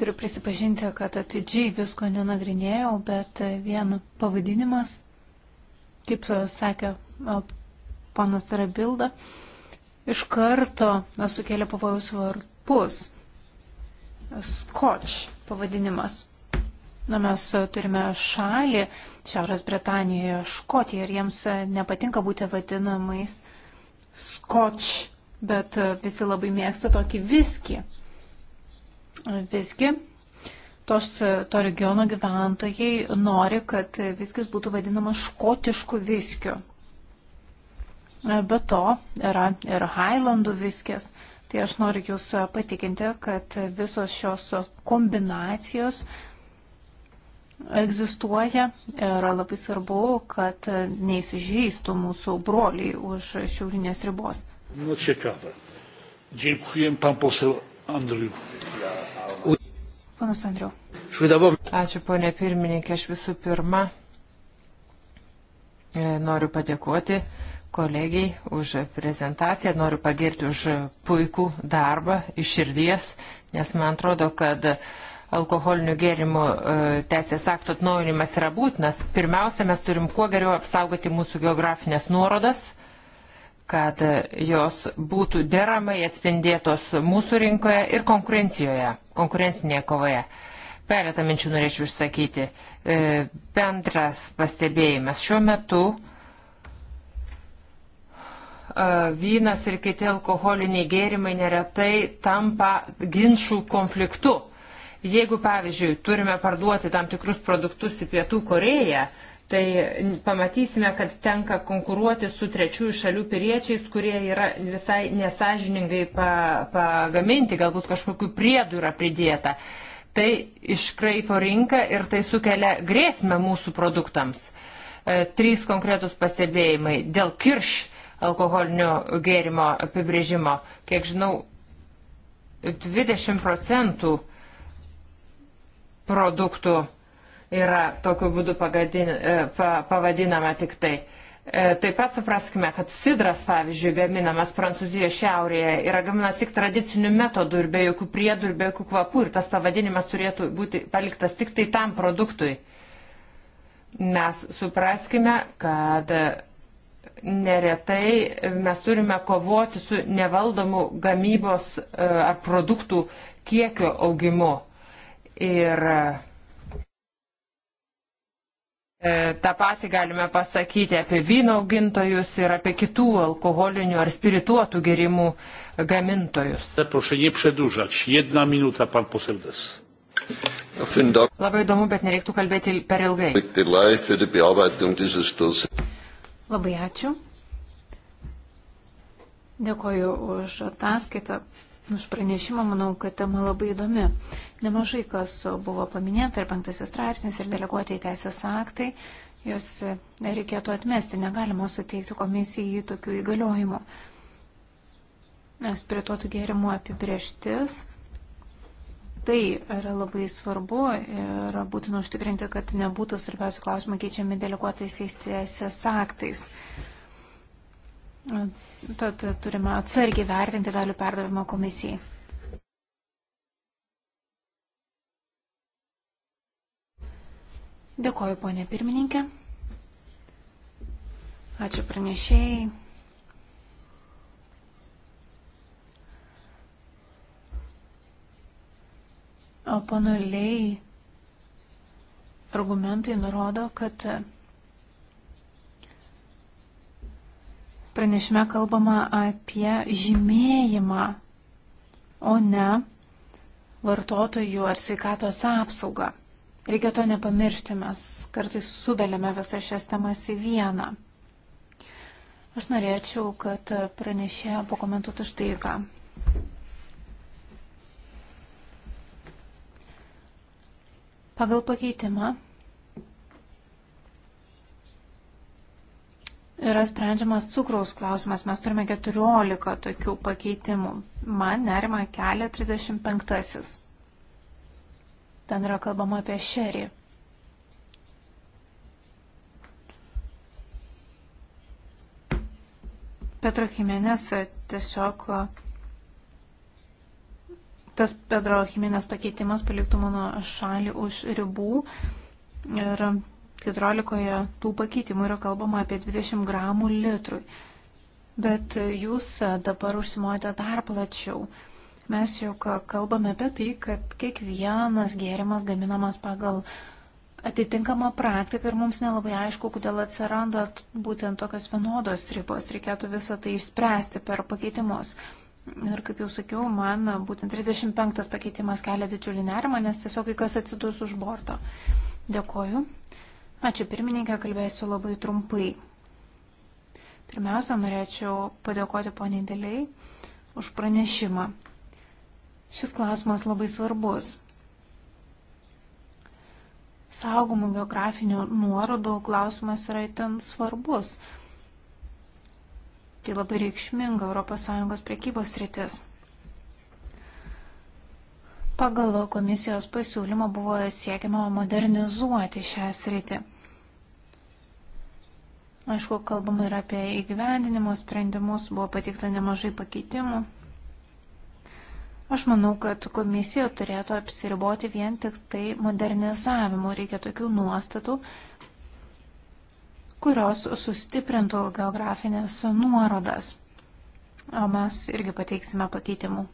turiu prisipažinti, kad atidžiai visko nenagrinėjau, bet vien pavadinimas, kaip sakė panas Tarabilda, iš karto sukėlė pavojus varpus. Scotch pavadinimas. Na, mes turime šalį Šiaurės Britanijoje, Škotiją ir jiems nepatinka būti vadinamais scotch, bet visi labai mėgsta tokį viskį. Visgi, tos, to regiono gyventojai nori, kad viskis būtų vadinamas škotišku viskiu. Be to yra ir Highlandų viskis. Tai aš noriu Jūs patikinti, kad visos šios kombinacijos egzistuoja ir labai svarbu, kad neįsižeistų mūsų broliai už šiaurinės ribos. Nu, ciekawe. Dziękuję pan poseł Andriu. Panas Andriu. Ačiū, ponė pirmininkė. Aš visų pirma e, noriu padėkoti kolegiai už prezentaciją, noriu pagirti už puikų darbą iš širdies, nes man atrodo, kad uh, alkoholinių gėrimų e, teisės aktų atnaujinimas yra būtinas, pirmiausia, mes turim kuo geriau apsaugoti mūsų geografinės nuorodas, kad jos būtų deramai atspindėtos mūsų rinkoje ir konkurencijoje, konkurencinėje kovoje. Peretą minčių norėčiau išsakyti. E, bendras pastebėjimas. Šiuo metu e, vynas ir kiti alkoholiniai gėrimai neretai tampa ginčių konfliktu. Jeigu, pavyzdžiui, turime parduoti tam tikrus produktus į Pietų Koreją, tai pamatysime, kad tenka konkuruoti su trečiųjų šalių piriečiais, kurie yra visai nesažiningai pagaminti, galbūt kažkokiu priedu yra pridėta. Tai iškraipo rinką ir tai sukelia grėsmę mūsų produktams. E, trys konkretus pastebėjimai dėl kirš alkoholinio gėrimo apibrėžimo. Kiek žinau, 20 procentų e, produktų yra tokiu būdu pagadin, e, pa, pavadinama tik tai. E, taip pat supraskime, kad sidras, pavyzdžiui, gaminamas Prancūzijos šiaurėje, yra gaminamas tik tradiciniu metodu ir be jokių priedų ir be jokių kvapų ir tas pavadinimas turėtų būti paliktas tik tai tam produktui. Mes supraskime, kad neretai mes turime kovoti su nevaldomu gamybos e, ar produktų kiekio augimu. Ir e, tą patį galime pasakyti apie vyno augintojus ir apie kitų alkoholinių ar spirituotų gerimų gamintojus. Labai įdomu, bet nereiktų kalbėti per ilgai. Labai ačiū. Dėkoju už ataskaitą už pranešimą. Manau, kad tema labai įdomi. Nemažai kas buvo paminėta ir penktasis straipsnis ir deleguoti į teisės aktai. Jos reikėtų atmesti, negalima suteikti komisijai tokių įgaliojimų. Nes prie to tų gėrimų apibrieštis. Tai yra labai svarbu ir būtina užtikrinti, kad nebūtų svarbiausių klausimų keičiami deleguotaisiais teisės aktais. Tad turime atsargiai vertinti galių perdavimo komisijai. Dėkoju, ponė pirmininkė. Ačiū pranešėjai. O panuliai argumentai nurodo, kad Pranešime kalbama apie žymėjimą, o ne vartotojų ar sveikatos apsaugą. Reikia to nepamiršti, mes kartais subelėme visas šias temas į vieną. Aš norėčiau, kad pranešė pakomentuotų štai ką. Pagal pakeitimą yra sprendžiamas cukraus klausimas. Mes turime 14 tokių pakeitimų. Man nerima kelia 35-asis. Ten yra kalbama apie šerį. Petro Jimenez tiesiog tas Pedro Jimenez pakeitimas paliktų mano šalį už ribų ir 14 tų pakeitimų yra kalbama apie 20 gramų litrui. Bet jūs dabar užsimojate dar plačiau. Mes juk kalbame apie tai, kad kiekvienas gėrimas gaminamas pagal atitinkama praktika ir mums nelabai aišku, kodėl atsiranda būtent tokios vienodos ribos. Reikėtų visą tai išspręsti per pakeitimus. Ir kaip jau sakiau, man būtent 35 pakeitimas kelia didžiulį nerimą, nes tiesiog kai kas atsidurs už borto. Dėkoju. Ačiū pirmininkė, kalbėsiu labai trumpai. Pirmiausia, norėčiau padėkoti poniai Dėliai už pranešimą. Šis klausimas labai svarbus. Saugomų geografinių nuorodų klausimas yra itin svarbus. Tai labai reikšminga ES priekybos rytis. Pagal komisijos pasiūlymą buvo siekiama modernizuoti šią sritį. Aišku, kalbama ir apie įgyvendinimo sprendimus, buvo patikta nemažai pakeitimų. Aš manau, kad komisija turėtų apsiriboti vien tik tai modernizavimu. Reikia tokių nuostatų, kurios sustiprintų geografinės nuorodas. O mes irgi pateiksime pakeitimų.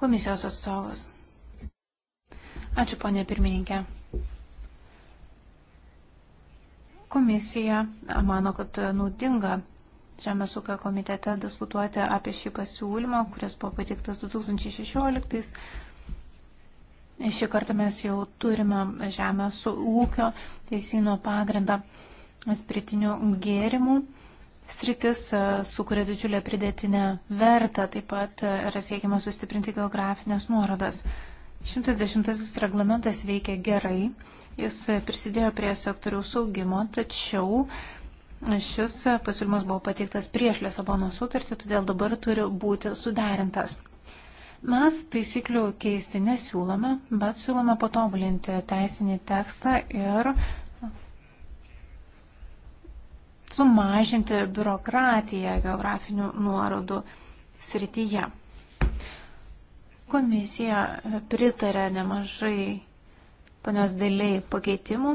komisijos atstovas. Ačiū, ponė pirmininkė. Komisija mano, kad naudinga Žemės ūkio komitete diskutuoti apie šį pasiūlymą, kuris buvo patiktas 2016. Šį kartą mes jau turime žemės ūkio teisino pagrindą spiritinių gėrimų sritis e, sukuria didžiulę pridėtinę vertą, taip pat e, yra siekiama sustiprinti geografinės nuorodas. 110 reglamentas veikia gerai, jis prisidėjo prie sektoriaus saugimo, tačiau šis pasiūlymas buvo pateiktas prieš Lisabono sutartį, todėl dabar turi būti suderintas. Mes taisyklių keisti nesiūlome, bet siūlome patobulinti teisinį tekstą ir sumažinti biurokratiją geografinių nuorodų srityje. Komisija pritarė nemažai panios dėliai pakeitimų,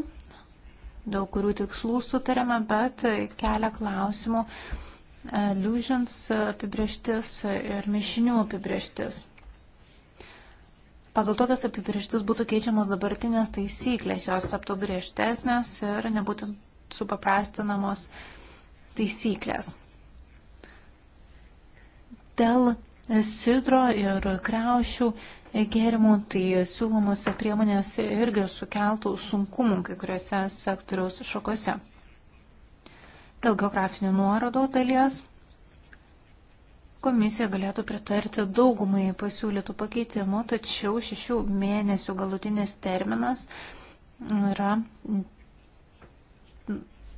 dėl kurių tikslų sutarėme, bet kelia klausimų e, liūžins apibrieštis ir mišinių apibrieštis. Pagal tokias apibrieštis būtų keičiamas dabartinės taisyklės, jos taptų griežtesnės ir nebūtent supaprastinamos taisyklės. Dėl sidro ir kreušių gėrimų, tai siūlomos priemonės irgi sukeltų sunkumų kai kuriuose sektoriaus šakose. Dėl geografinių nuorodų dalies komisija galėtų pritarti daugumai pasiūlytų pakeitimų, tačiau šešių mėnesių galutinis terminas yra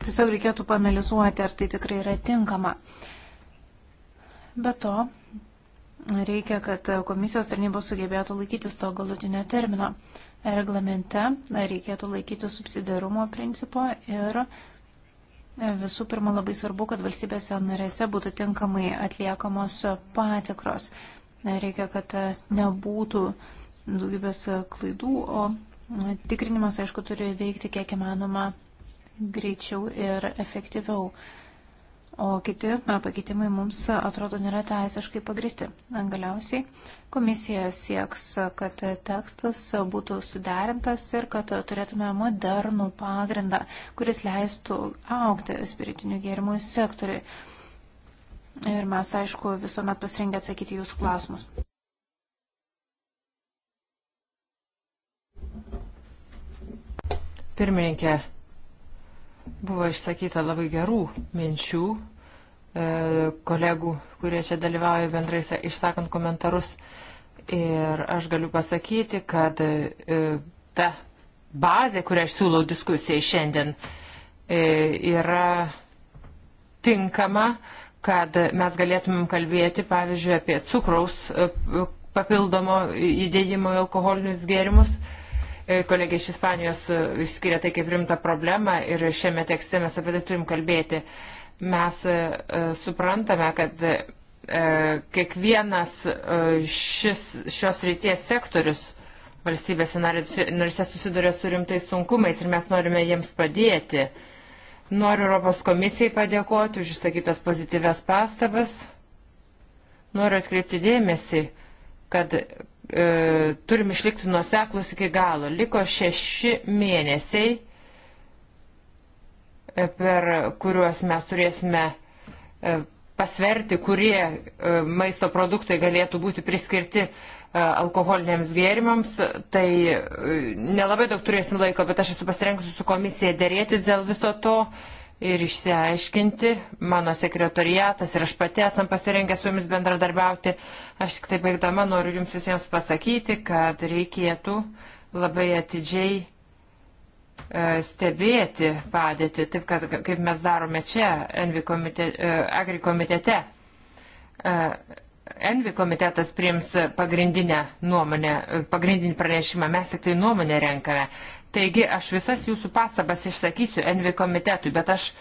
Tiesiog reikėtų panalizuoti, ar tai tikrai yra tinkama. Be to, reikia, kad komisijos tarnybos sugebėtų laikytis to galutinio termino. Reglamente reikėtų laikyti subsidiarumo principo ir visų pirma labai svarbu, kad valstybėse narėse būtų tinkamai atliekamos patikros. Reikia, kad nebūtų daugybės klaidų, o tikrinimas, aišku, turi veikti kiek įmanoma greičiau ir efektyviau. O kiti e, pakeitimai mums e, atrodo nėra teisiškai pagristi. Galiausiai komisija sieks, e, kad tekstas būtų suderintas ir kad turėtume modernų pagrindą, kuris leistų aukti spiritinių gėrimų sektoriui. Ir mes, aišku, visuomet pasirengę atsakyti jūsų klausimus. Pirmininkė, Buvo išsakyta labai gerų minčių e, kolegų, kurie čia dalyvauja bendrai išsakant komentarus. Ir aš galiu pasakyti, kad e, ta bazė, kurią aš siūlau diskusijai šiandien, e, yra tinkama, kad mes galėtumėm kalbėti, pavyzdžiui, apie cukraus papildomo įdėjimo į alkoholinius gėrimus. E, kolegė iš Ispanijos e, išskiria tai kaip rimtą problemą ir šiame tekste mes apie tai turim kalbėti. Mes e, suprantame, kad kiekvienas šis, šios ryties sektorius valstybėse narėse susiduria su rimtais sunkumais ir mes norime jiems padėti. Noriu Europos komisijai padėkoti už išsakytas pozityves pastabas. Noriu atkreipti dėmesį, kad e, turim išlikti nuoseklus iki galo. Liko šeši mėnesiai, e, per kuriuos mes turėsime e, pasverti, kurie e, maisto produktai galėtų būti priskirti e, alkoholiniams gėrimams. Tai e, nelabai daug turėsim laiko, bet aš esu pasirengusi su komisija dėrėtis dėl viso to. E, ir išsiaiškinti. Mano sekretoriatas ir aš pati esam pasirengę su jumis bendradarbiauti. Aš tik tai baigdama noriu jums visiems pasakyti, kad reikėtų labai atidžiai e, stebėti padėtį, taip kad, kaip mes darome čia, Envi komite, e, Agri komitete. E, Envi komitetas priims pagrindinę nuomonę, pagrindinį pranešimą, mes tik tai nuomonę renkame. Taigi aš visas jūsų pastabas išsakysiu Envi komitetui, bet aš e,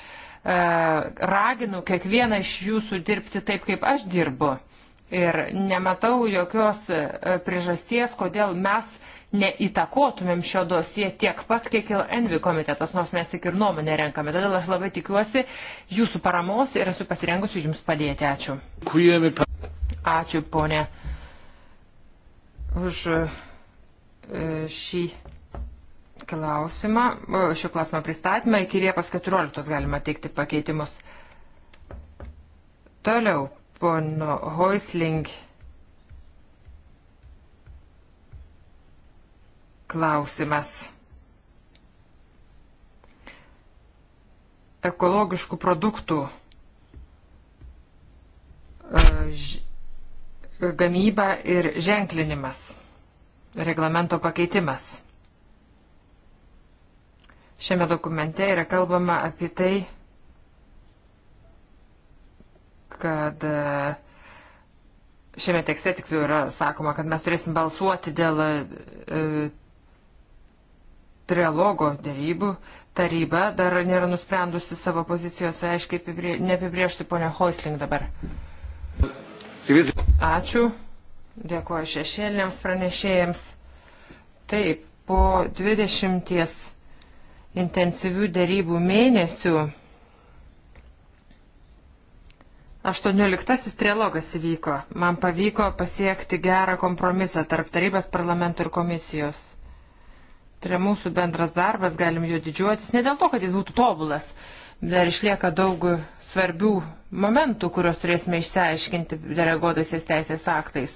raginu kiekvieną iš jūsų dirbti taip, kaip aš dirbu. Ir nematau jokios e, priežasties, kodėl mes neįtakotumėm šio dosie tiek pat, kiek ir Envi komitetas, nors mes tik ir nuomonę renkame. Todėl aš labai tikiuosi jūsų paramos ir esu pasirengusi jums padėti. Ačiū. Ačiū, ponė, už e, šį klausimą, šio klausimo pristatymą. Iki Liepos 14 galima teikti pakeitimus. Toliau, pono Hoisling klausimas. Ekologiškų produktų e, gamyba ir ženklinimas, reglamento pakeitimas. Šiame dokumente yra kalbama apie tai, kad e, šiame tekste tiksliau yra sakoma, kad mes turėsim balsuoti dėl e, trialogo dėrybų. Taryba dar nėra nusprendusi savo pozicijos, aiškiai apibrie, neapibriežti ponia Hoisling dabar. Ačiū. Dėkuoju šešėlėms pranešėjams. Taip, po 20 intensyvių dėrybų mėnesių 18 trilogas įvyko. Man pavyko pasiekti gerą kompromisą tarp tarybos parlamento ir komisijos. Tai yra mūsų bendras darbas, galim juo didžiuotis, ne dėl to, kad jis būtų tobulas. Dar išlieka daug svarbių momentų, kuriuos turėsime išsiaiškinti deleguotaisiais teisės aktais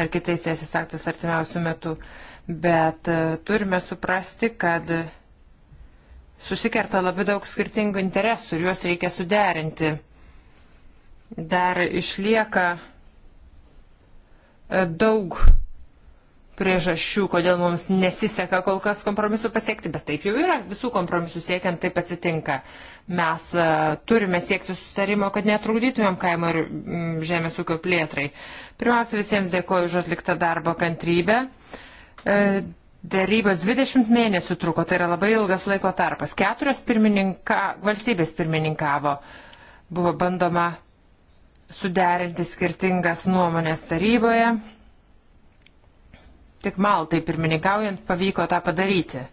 ar kitais teisės aktais artimiausių metų. Bet e, turime suprasti, kad susikerta labai daug skirtingų interesų ir juos reikia suderinti. Dar išlieka e, daug priežasčių, kodėl mums nesiseka kol kas kompromisų pasiekti, bet taip jau yra, visų kompromisų siekiant taip atsitinka. Mes e, turime siekti sustarimo, kad netrukdytumėm kaimo ir žemės ūkio plėtrai. Pirmiausia, visiems dėkoju už atliktą darbą kantrybę. E, Darybos 20 mėnesių truko, tai yra labai ilgas laiko tarpas. Keturios pirmininka, valstybės pirmininkavo. Buvo bandoma suderinti skirtingas nuomonės taryboje. Tik Maltai pirmininkaujant pavyko tą padaryti.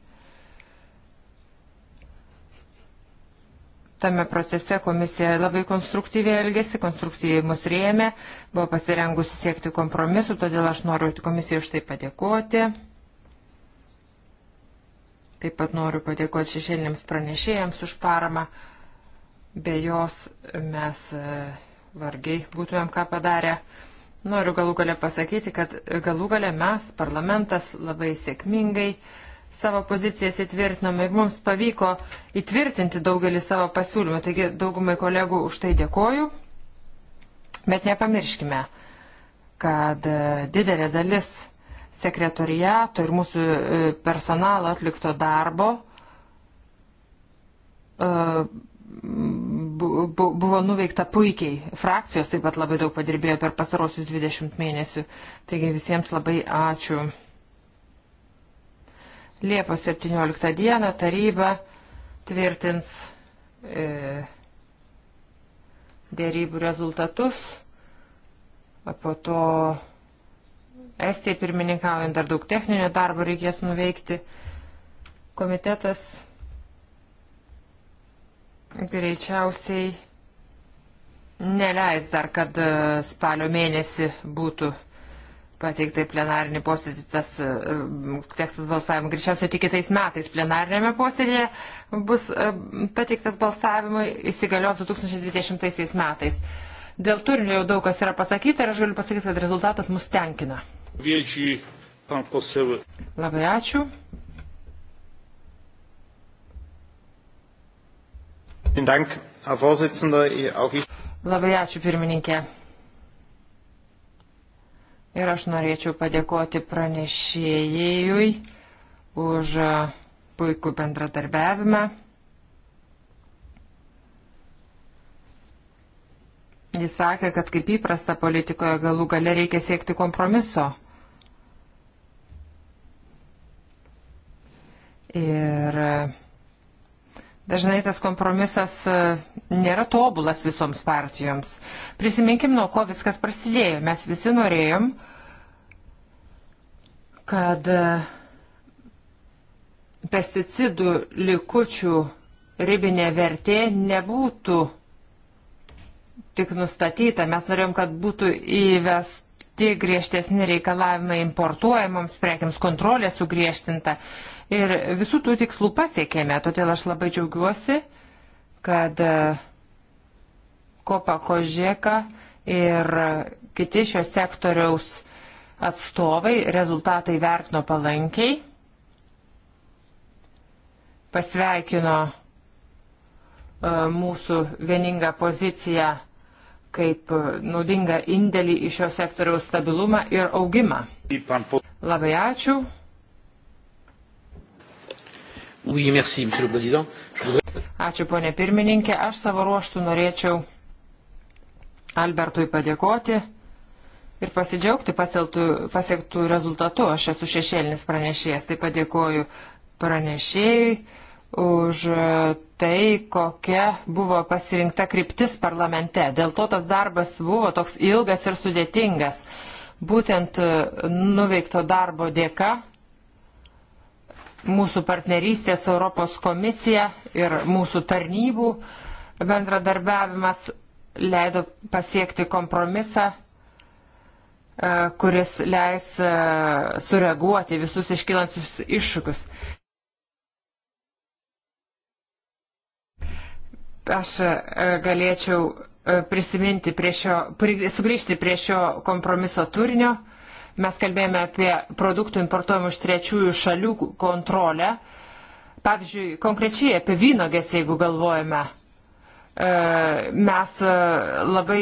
Tame procese komisija labai konstruktyviai elgėsi, konstruktyviai mus rėmė, buvo pasirengusi siekti kompromisų, todėl aš noriu komisiją už tai padėkoti. Taip pat noriu padėkoti šešėlėms pranešėjams už paramą. Be jos mes e, vargiai būtumėm ką padarę. Noriu galų galę pasakyti, kad galų galę mes, parlamentas, labai sėkmingai savo pozicijas įtvirtinome ir mums pavyko įtvirtinti daugelį savo pasiūlymų. Taigi daugumai kolegų už tai dėkoju. Bet nepamirškime, kad e, didelė dalis sekretoriato ir mūsų e, personalo atlikto darbo e, buvo nuveikta puikiai. Frakcijos taip pat labai daug padirbėjo per pasarosius 20 mėnesių. Taigi visiems labai ačiū. Liepos 17 dieną taryba tvirtins e, dėrybų rezultatus. O po to Estijai pirmininkaujant dar daug techninio darbo reikės nuveikti. Komitetas greičiausiai neleis dar, kad e, spalio mėnesį būtų pateiktai plenarinį posėdį, tas e, tekstas balsavimui. Greičiausiai tik kitais metais plenarinėme posėdėje bus e, pateiktas balsavimui, įsigalios 2020 metais. Dėl turinio jau daug kas yra pasakyta ir aš galiu pasakyti, kad rezultatas mus tenkina. Labai ačiū. Labai ačiū pirmininkė. Ir aš norėčiau padėkoti pranešėjui už puikų bendradarbiavimą. Jis sakė, kad kaip įprasta politikoje galų gale reikia siekti kompromiso. Ir dažnai tas kompromisas e, nėra tobulas visoms partijoms. Prisiminkim, nuo ko viskas prasidėjo. Mes visi norėjom, kad e, pesticidų likučių ribinė vertė nebūtų tik nustatyta. Mes norėjom, kad būtų įvest nukelti griežtesni reikalavimai importuojamoms prekiams, kontrolė sugriežtinta. Ir visų tų tikslų pasiekėme, todėl aš labai džiaugiuosi, kad e, Kopa Kožėka ir kiti šio sektoriaus atstovai rezultatai vertino palankiai, pasveikino e, mūsų vieningą poziciją kaip e, naudingą indėlį į šio sektoriaus stabilumą ir augimą. Labai ačiū. Oui, merci, ačiū, ponė pirmininkė. Aš savo ruoštų norėčiau Albertui padėkoti ir pasidžiaugti pasieltų, pasiektų rezultatų. Aš esu šešėlinis pranešėjas, tai padėkoju pranešėjui už tai, kokia buvo pasirinkta kryptis parlamente. Dėl to tas darbas buvo toks ilgas ir sudėtingas. Būtent e, nuveikto darbo dėka mūsų partnerystės Europos komisija ir mūsų tarnybų bendradarbiavimas leido pasiekti kompromisą, e, kuris leis e, sureaguoti visus iškilančius iššūkius. aš e, galėčiau e, prisiminti prie šio, sugrįžti prie šio kompromiso turinio. Mes kalbėjome apie produktų importuojamų iš trečiųjų šalių kontrolę. Pavyzdžiui, konkrečiai apie vynogės, jeigu galvojame, e, mes labai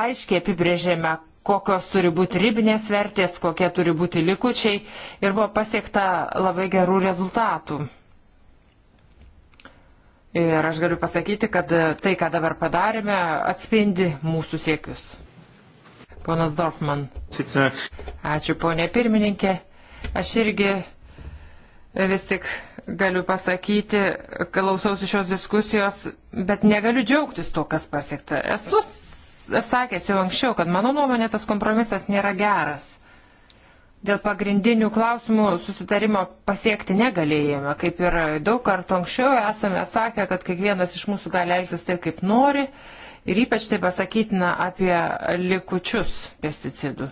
aiškiai apibrėžėme, kokios turi būti ribinės vertės, kokie turi būti likučiai ir buvo pasiekta labai gerų rezultatų. Ir aš galiu pasakyti, kad tai, ką dabar padarėme, atspindi mūsų siekius. Ponas Dorfman. Ačiū, ponė pirmininkė. Aš irgi vis tik galiu pasakyti, klausausi šios diskusijos, bet negaliu džiaugtis to, kas pasiekta. Esu sakęs jau anksčiau, kad mano nuomonė tas kompromisas nėra geras. Dėl pagrindinių klausimų susitarimo pasiekti negalėjome. Kaip ir daug kartų anksčiau esame sakę, kad kiekvienas iš mūsų gali elgtis taip, kaip nori. Ir ypač tai pasakytina apie likučius pesticidų.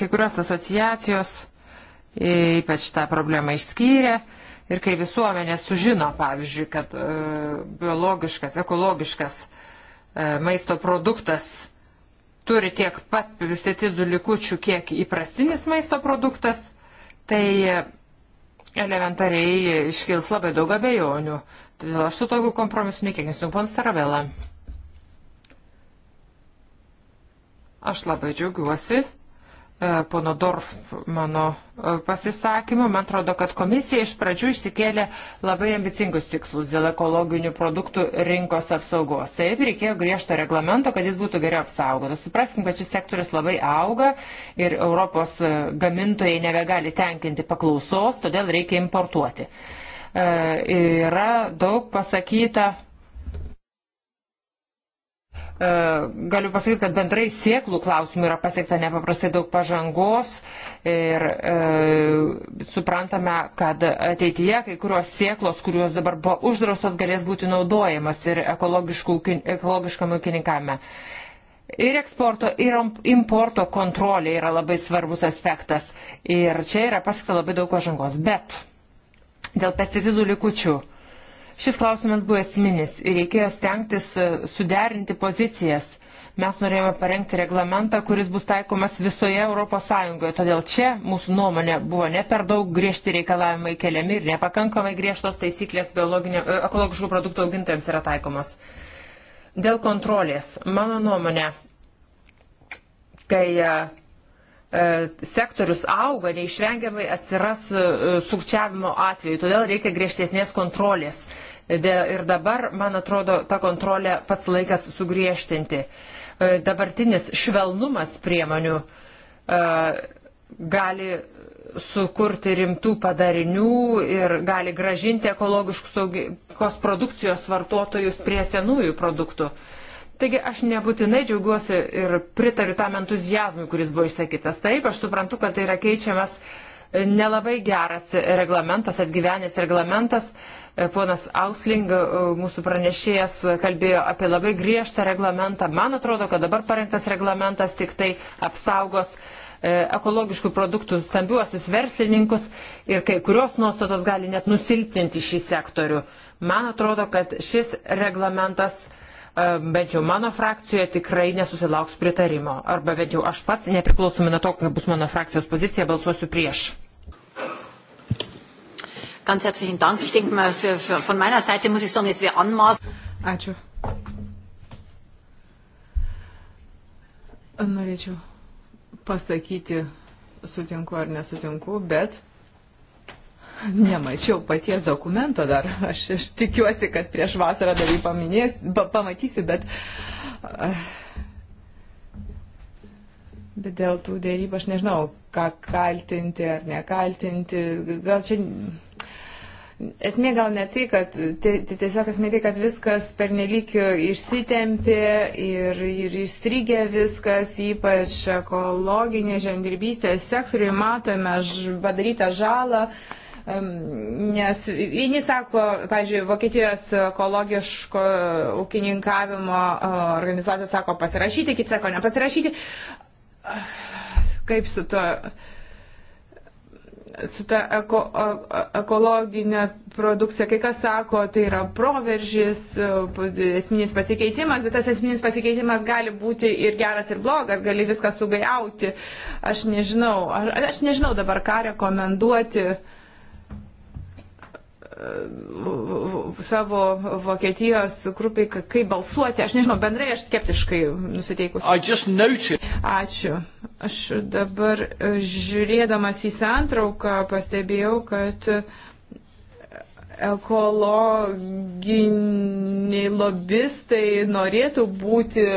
Kai kurios asociacijos e, ypač tą problemą išskyrė. Ir kai visuomenė sužino, pavyzdžiui, kad e, biologiškas, ekologiškas e, E, maisto produktas turi tiek pat pesticidų likučių, kiek įprastinis maisto produktas, tai elementariai iškils labai daug abejonių. Todėl aš su tokiu kompromisu niekiek nesijungiu, pan Saravela. Aš labai džiaugiuosi, E, pono Dorfmano e, pasisakymu. Man atrodo, kad komisija iš pradžių išsikėlė labai ambicingus tikslus dėl ekologinių produktų rinkos apsaugos. Taip, reikėjo griežto reglamento, kad jis būtų geriau apsaugotas. Supraskim, kad šis sektorius labai auga ir Europos e, gamintojai nebegali tenkinti paklausos, todėl reikia importuoti. Yra daug pasakyta E, galiu pasakyti, kad bendrai sieklų klausimų yra pasiekta nepaprastai daug pažangos ir e, suprantame, kad ateityje kai kurios sieklos, kurios dabar buvo uždraustos, galės būti naudojamas ir ekologiškam ūkininkame. Ir eksporto, ir importo kontrolė yra labai svarbus aspektas. Ir čia yra pasiekta labai daug pažangos. Bet dėl pesticidų likučių Šis klausimas buvo esminis ir reikėjo stengtis e, suderinti pozicijas. Mes norėjome parengti reglamentą, kuris bus taikomas visoje ES, todėl čia mūsų nuomonė buvo ne per daug griežti reikalavimai keliami ir nepakankamai griežtos taisyklės e, ekologiškų produktų augintojams yra taikomos. Dėl kontrolės, mano nuomonė, kai e, sektorius auga, neišvengiamai atsiras sukčiavimo atveju, todėl reikia griežtesnės kontrolės. Ir dabar, man atrodo, tą kontrolę pats laikas sugriežtinti. E, dabartinis švelnumas priemonių e, gali sukurti rimtų padarinių ir gali gražinti ekologiškos produkcijos vartotojus prie senųjų produktų. Taigi aš nebūtinai džiaugiuosi ir pritariu tam entuzijazmui, kuris buvo išsakytas. Taip, aš suprantu, kad tai yra keičiamas nelabai geras reglamentas, atgyvenęs reglamentas. E, ponas Ausling, e, mūsų pranešėjas, kalbėjo apie labai griežtą reglamentą. Man atrodo, kad dabar parengtas reglamentas tik tai apsaugos e, ekologiškų produktų stambiuosius verslininkus ir kai kurios nuostatos gali net nusilpninti šį sektorių. Man atrodo, kad šis reglamentas uh, E, bent jau mano frakcijoje tikrai nesusilauks pritarimo. Arba bent jau aš pats, nepriklausomai nuo to, kokia bus mano frakcijos pozicija, balsuosiu prieš. Ganz herzlichen Dank. Ich denke mal, für, für, von meiner Seite muss ich sagen, es wäre anmaß. Ačiū. Norėčiau pasakyti, sutinku ar nesutinku, bet Nemačiau paties dokumento dar. Aš, aš tikiuosi, kad prieš vasarą dar jį paminės, pa, pamatysi, bet. Bet dėl tų dėrybų aš nežinau, ką kaltinti ar nekaltinti. Gal čia. Esmė gal ne tai, kad tai, tai tiesiog esmė tai, kad viskas pernelyg išsitempė ir, ir įstrigė viskas, ypač ekologinė žemdirbystės sektoriui matome padarytą žalą. Uh, Nes vieni sako, pažiūrėjau, Vokietijos ekologiško ūkininkavimo e, organizacijos sako pasirašyti, kiti sako nepasirašyti. Kaip su to? su ta eko, e, ekologinė produkcija, kai kas sako, tai yra proveržis, e, esminis pasikeitimas, bet tas esminis pasikeitimas gali būti ir geras, ir blogas, gali viską sugaiauti. Aš nežinau, aš nežinau dabar, ką rekomenduoti. Uh, savo Vokietijos grupiai, kaip balsuoti. Aš nežinau, bendrai aš skeptiškai nusiteikusi. Ačiū. Aš dabar e, žiūrėdamas į santrauką pastebėjau, kad uh, ekologiniai lobistai norėtų būti m,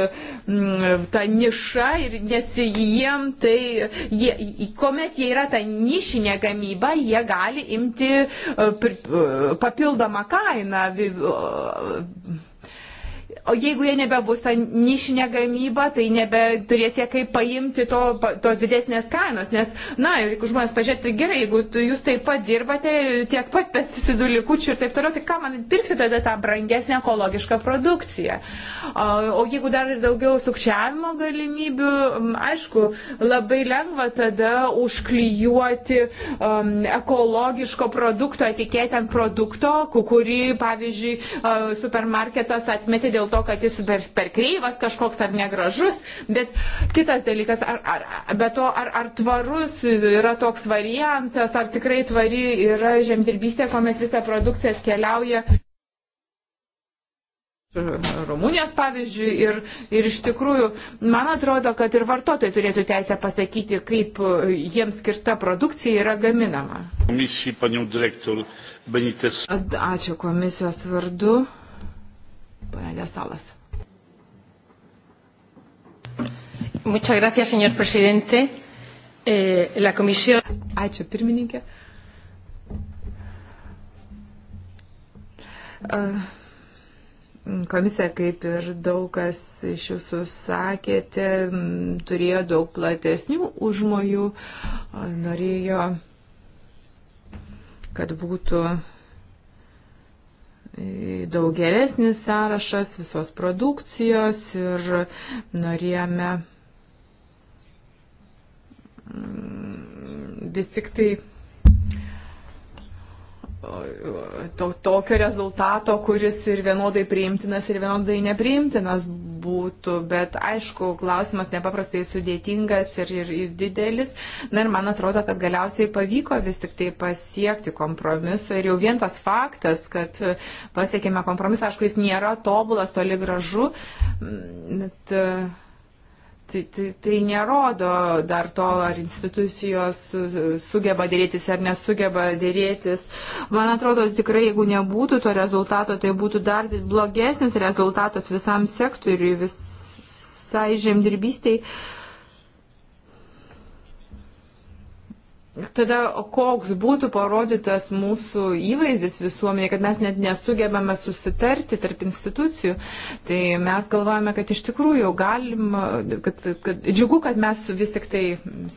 mm, ta niša ir nes jiem tai, jie, kuomet jie yra ta nišinė gamyba, jie gali imti e, e, papildomą kainą. O jeigu jie nebebus ta nišinė gamyba, tai nebeturės jie kaip paimti to, tos didesnės kainos. Nes, na, jeigu žmonės pažiūrėtų, tai gerai, jeigu jūs taip pat dirbate, tiek pat pesticidų likučių ir taip toliau, tai ką man pirksit tada tą brangesnę ekologišką produkciją. O, o jeigu dar ir daugiau sukčiavimo galimybių, aišku, labai lengva tada užklijuoti um, ekologiško produkto etiketę ant produkto, kurį, pavyzdžiui, supermarketas atmetė dėl to, kad jis per, per kreivas kažkoks ar negražus, bet kitas dalykas, ar, ar, be to, ar, ar tvarus yra toks variantas, ar tikrai tvari yra žemdirbystė, kuomet visa produkcija atkeliauja. Rumunijos pavyzdžiui ir, ir iš tikrųjų, man atrodo, kad ir vartotojai turėtų teisę pasakyti, kaip jiems skirta produkcija yra gaminama. Komisijai, paniau direktor Benites. Ačiū komisijos vardu. Pane Desalas. Muchas gracias, señor presidente. Eh, la comisión... Ačiū, pirmininkė. Uh, Komisija, kaip ir daug kas iš jūsų sakėte, turėjo daug platesnių užmojų, norėjo, kad būtų daug geresnis sąrašas visos produkcijos ir norėjome mm, vis tik tai to, tokio rezultato, kuris ir vienodai priimtinas, ir vienodai nepriimtinas būtų. Bet aišku, klausimas nepaprastai sudėtingas ir, ir, ir didelis. Na ir man atrodo, kad galiausiai pavyko vis tik tai pasiekti kompromisą. Ir jau vien tas faktas, kad pasiekėme kompromisą, aišku, jis nėra tobulas, toli gražu. Bet, uh, tai, tai, tai nerodo dar to, ar institucijos sugeba dėrėtis ar nesugeba dėrėtis. Man atrodo, tikrai, jeigu nebūtų to rezultato, tai būtų dar blogesnis rezultatas visam sektoriui, visai žemdirbystėj. Uh, Tada koks būtų parodytas mūsų įvaizdis visuomenėje, kad mes net nesugebame susitarti tarp institucijų, tai mes galvojame, kad iš tikrųjų galim, kad, kad džiugu, kad mes vis tik tai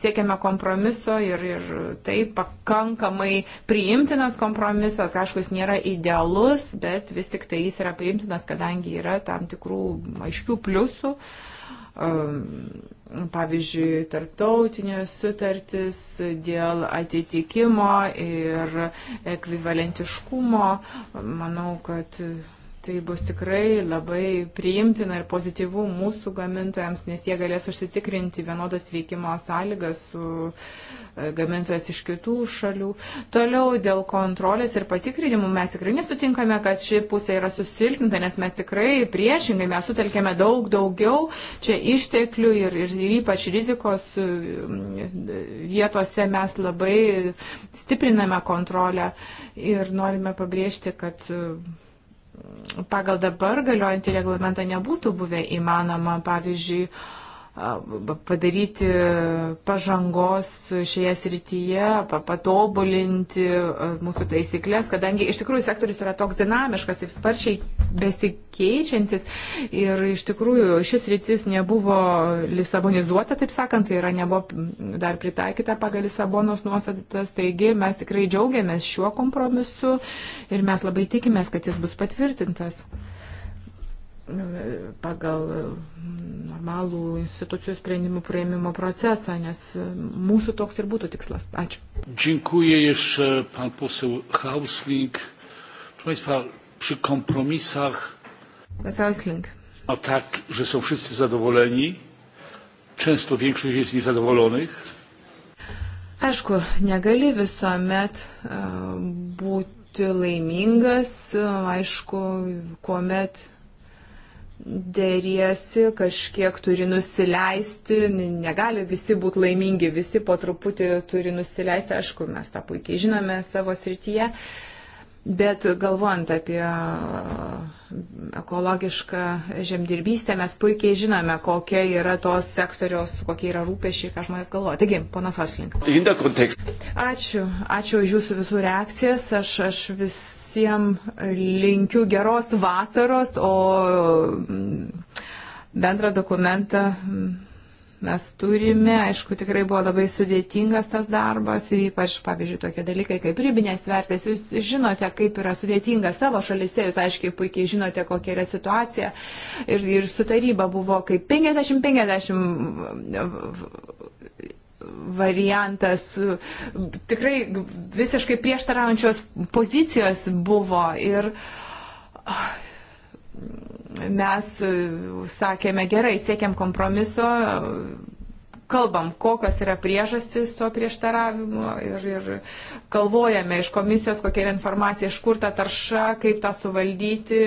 siekiame kompromiso ir, ir tai pakankamai priimtinas kompromisas, aišku, jis nėra idealus, bet vis tik tai jis yra priimtinas, kadangi yra tam tikrų aiškių pliusų. Um, pavyzdžiui, tarptautinės sutartis dėl atitikimo ir ekvivalentiškumo. Manau, kad tai bus tikrai labai priimtina ir pozityvu mūsų gamintojams, nes jie galės užsitikrinti vienodas veikimo sąlygas su gamintojas iš kitų šalių. Toliau dėl kontrolės ir patikrinimų mes tikrai nesutinkame, kad ši pusė yra susilpninta, nes mes tikrai priešingai mes sutelkėme daug daugiau čia išteklių ir, ir, ir ypač rizikos mm, vietose mes labai stipriname kontrolę ir norime pabrėžti, kad mm, pagal dabar galiojantį reglamentą nebūtų buvę įmanoma, pavyzdžiui, padaryti pažangos šioje srityje, patobulinti mūsų taisyklės, kadangi iš tikrųjų sektorius yra toks dinamiškas, taip sparčiai besikeičiantis ir iš tikrųjų šis rytis nebuvo lisabonizuota, taip sakant, tai yra nebuvo dar pritaikyta pagal Lisabonos nuostatas, taigi mes tikrai džiaugiamės šiuo kompromisu ir mes labai tikimės, kad jis bus patvirtintas pagal normalų institucijų sprendimų prieimimo procesą, nes mūsų toks ir būtų tikslas. Ačiū. Dziękuję jeszcze pan poseł Hausling. Proszę Państwa, przy kompromisach. Hausling. A tak, że są wszyscy zadowoleni. Często większość jest niezadowolonych. Aišku, negali visuomet e, būti laimingas, e, aišku, kuomet dėriesi, kažkiek turi nusileisti, negali visi būti laimingi, visi po truputį turi nusileisti, aišku, mes tą puikiai žinome savo srityje, bet galvojant apie ekologišką žemdirbystę, mes puikiai žinome, kokia yra tos sektorios, kokie yra rūpešiai, ką žmonės galvoja. Taigi, ponas Vašlink. Ačiū, ačiū už jūsų visų reakcijas, aš, aš vis visiems linkiu geros vasaros, o mm, bendrą dokumentą mm, mes turime. Aišku, tikrai buvo labai sudėtingas tas darbas, ypač, pavyzdžiui, tokie dalykai kaip ribinės vertės. Jūs žinote, kaip yra sudėtinga savo šalise, jūs aiškiai puikiai žinote, kokia yra situacija. Ir, ir su taryba buvo kaip 50-50 variantas. Tikrai visiškai prieštaraujančios pozicijos buvo ir ah, mes e, sakėme gerai, siekiam kompromiso, kalbam, kokios yra priežastys to prieštaravimo ir, ir kalvojame iš komisijos, kokia yra informacija, iš kur ta tarša, kaip tą suvaldyti,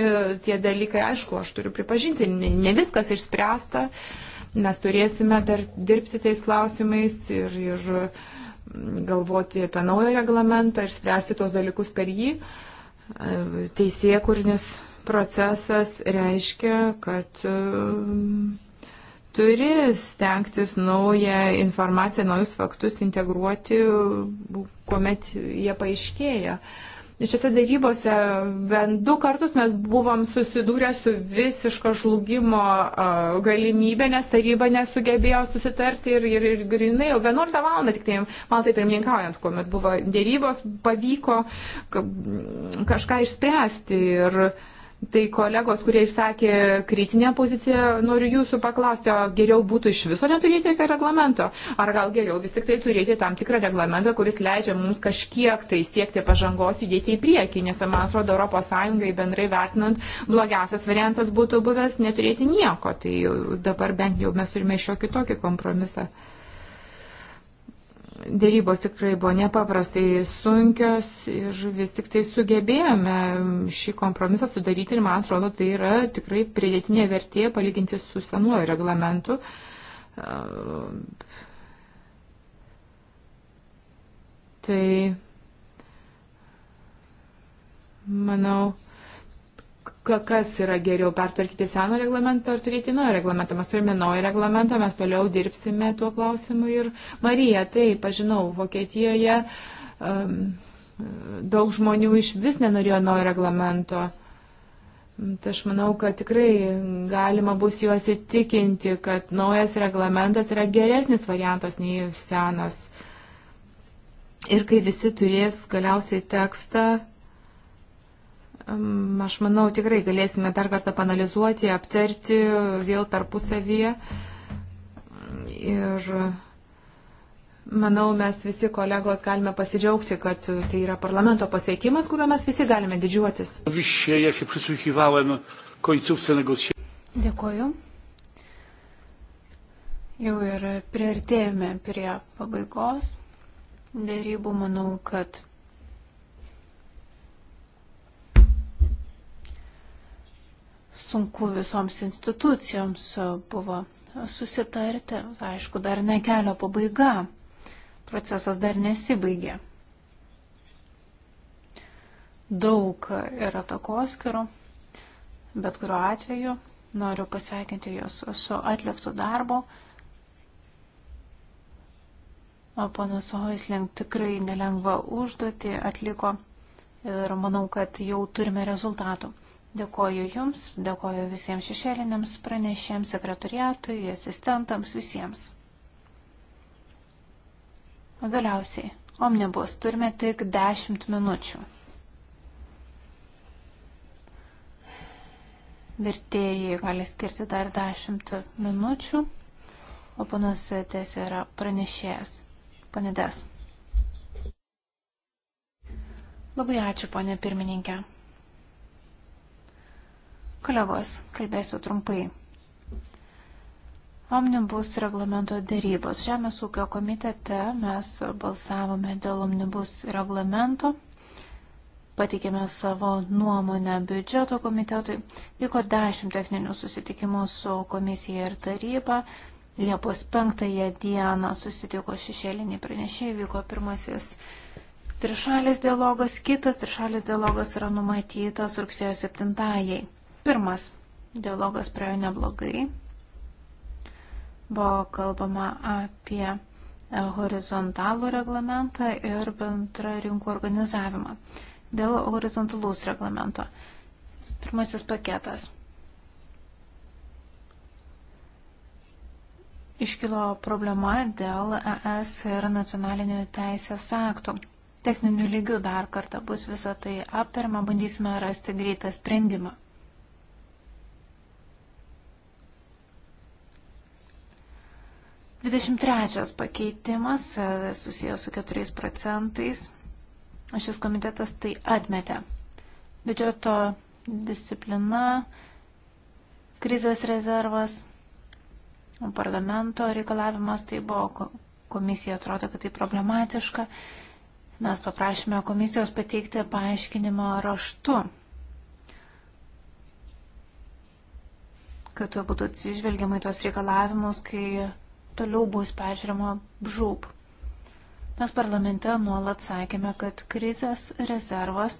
tie dalykai, aišku, aš turiu pripažinti, ne viskas išspręsta. Uh, Mes turėsime dar dirbti tais klausimais ir, ir mm, galvoti apie naują reglamentą ir spręsti tuos dalykus per jį. E, Teisėkurnis procesas reiškia, kad e, turi stengtis naują informaciją, naujus faktus integruoti, kuomet jie paaiškėja. Uh, Šiose darybose bent du kartus mes buvom susidūrę su visiško žlugimo galimybė, nes taryba nesugebėjo susitarti ir, ir, ir grinai jau 11 val. tik tai Maltai pirmininkaujant, kuomet buvo dėrybos, pavyko kažką išspręsti. Ir, Tai kolegos, kurie išsakė kritinę poziciją, noriu jūsų paklausti, o geriau būtų iš viso neturėti jokio reglamento? Ar gal geriau vis tik tai turėti tam tikrą reglamentą, kuris leidžia mums kažkiek tai siekti pažangos judėti į priekį? Nes, man atrodo, ES bendrai vertinant, blogiausias variantas būtų buvęs neturėti nieko. Tai dabar bent jau mes turime šiokį tokį kompromisą. Dėrybos tikrai buvo nepaprastai sunkios ir vis tik tai sugebėjome šį kompromisą sudaryti ir man atrodo tai yra tikrai pridėtinė vertė palyginti su senuoju reglamentu. Ehm, tai manau, kas yra geriau, pertvarkyti seną reglamentą ar turėti naują reglamentą. Mes turime naują reglamentą, mes toliau dirbsime tuo klausimu. Ir Marija, tai, pažinau, Vokietijoje um, daug žmonių iš vis nenorėjo naujo reglamento. Tai aš manau, kad tikrai galima bus juos įtikinti, kad naujas reglamentas yra geresnis variantas nei senas. Ir kai visi turės galiausiai tekstą, Aš manau, tikrai galėsime dar kartą panalizuoti, aptarti vėl tarpusavyje. Ir manau, mes visi kolegos galime pasidžiaugti, kad tai yra parlamento pasiekimas, kuriuo mes visi galime didžiuotis. Dėkuoju. Jau ir priartėjome prie pabaigos. Dėrybų manau, kad sunku visoms institucijoms e, buvo susitarti. Aišku, dar ne kelio pabaiga. Procesas dar nesibaigė. Daug yra takoskirų, bet kuriuo atveju noriu pasveikinti jūs su atliktu darbu. O panas Hoisling tikrai nelengvą užduotį atliko ir manau, kad jau turime rezultatų. Dėkoju Jums, dėkoju visiems šešėliniams pranešėjams, sekretoriatui, asistentams, visiems. Galiausiai, omnibus, turime tik 10 minučių. Vertėjai gali skirti dar 10 minučių, o panas ties yra pranešėjas. Panedes. Labai ačiū, ponė pirmininkė. Kolegos, kalbėsiu trumpai. Omnibus reglamento dėrybos. Žemės ūkio komitete mes balsavome dėl omnibus reglamento, pateikėme savo nuomonę biudžeto komitetui, vyko dešimt techninių susitikimų su komisija ir taryba. Liepos penktąją dieną susitiko šešėlinį pranešėjai, vyko pirmasis trišalės dialogas, kitas trišalės dialogas yra numatytas rugsėjo septintąjai. Pirmas dialogas praėjo neblogai. Buvo kalbama apie e, horizontalų reglamentą ir bendrą rinkų organizavimą. Dėl horizontalaus reglamento. Pirmasis paketas. Iškilo problema dėl ES ir nacionalinių teisės aktų. Techninių lygių dar kartą bus visą tai aptarima, bandysime rasti greitą sprendimą. 23 pakeitimas e, susijęs su 4 procentais. Šis komitetas tai atmetė. Biudžeto disciplina, krizės rezervas, parlamento reikalavimas, tai buvo komisija atrodo, kad tai problematiška. Mes paprašėme komisijos pateikti paaiškinimą raštu. kad būtų atsižvelgiama į tos reikalavimus, kai toliau bus pažiūrima žūb. Mes parlamente nuolat sakėme, kad krizės rezervas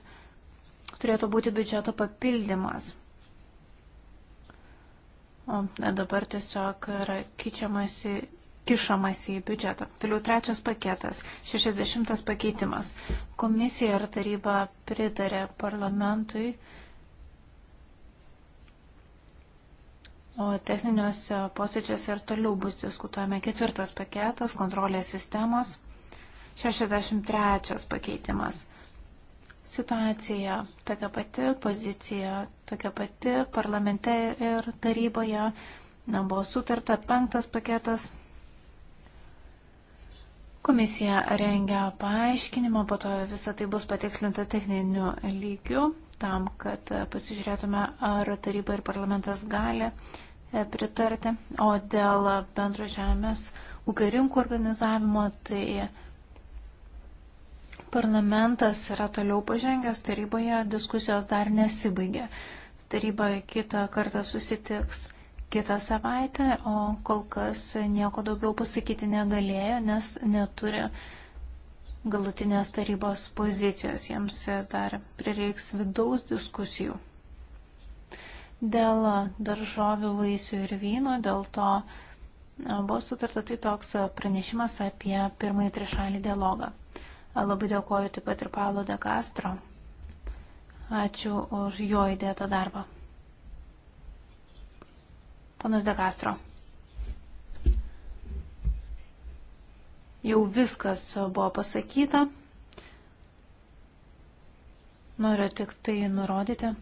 turėtų būti biudžeto papildymas. O dabar tiesiog yra kičiamasi, kišamasi į biudžetą. Toliau trečias paketas, 60 pakeitimas. Komisija ir taryba pritarė parlamentui O techniniuose posėdžiuose ir toliau bus diskutuojama ketvirtas paketas - kontrolės sistemos. 63 pakeitimas. Situacija tokia pati, pozicija tokia pati, parlamente ir taryboje buvo sutarta penktas paketas. Komisija rengia paaiškinimą, po to visą tai bus patikslinta techniniu lygiu, tam, kad pasižiūrėtume, ar taryba ir parlamentas gali uh, E, pritarti. O dėl bendro žemės ūkio rinkų organizavimo, tai parlamentas yra toliau pažengęs, taryboje diskusijos dar nesibaigė. Taryba kitą kartą susitiks kitą savaitę, o kol kas nieko daugiau pasakyti negalėjo, nes neturi galutinės tarybos pozicijos. Jiems dar prireiks vidaus diskusijų dėl daržovių, vaisių ir vyno, dėl to buvo sutarta tai toks pranešimas apie pirmąjį trišalį dialogą. Labai dėkoju taip pat ir Paulo de Castro. Ačiū už jo įdėtą darbą. Ponas de Castro. Jau viskas buvo pasakyta. Noriu tik tai nurodyti,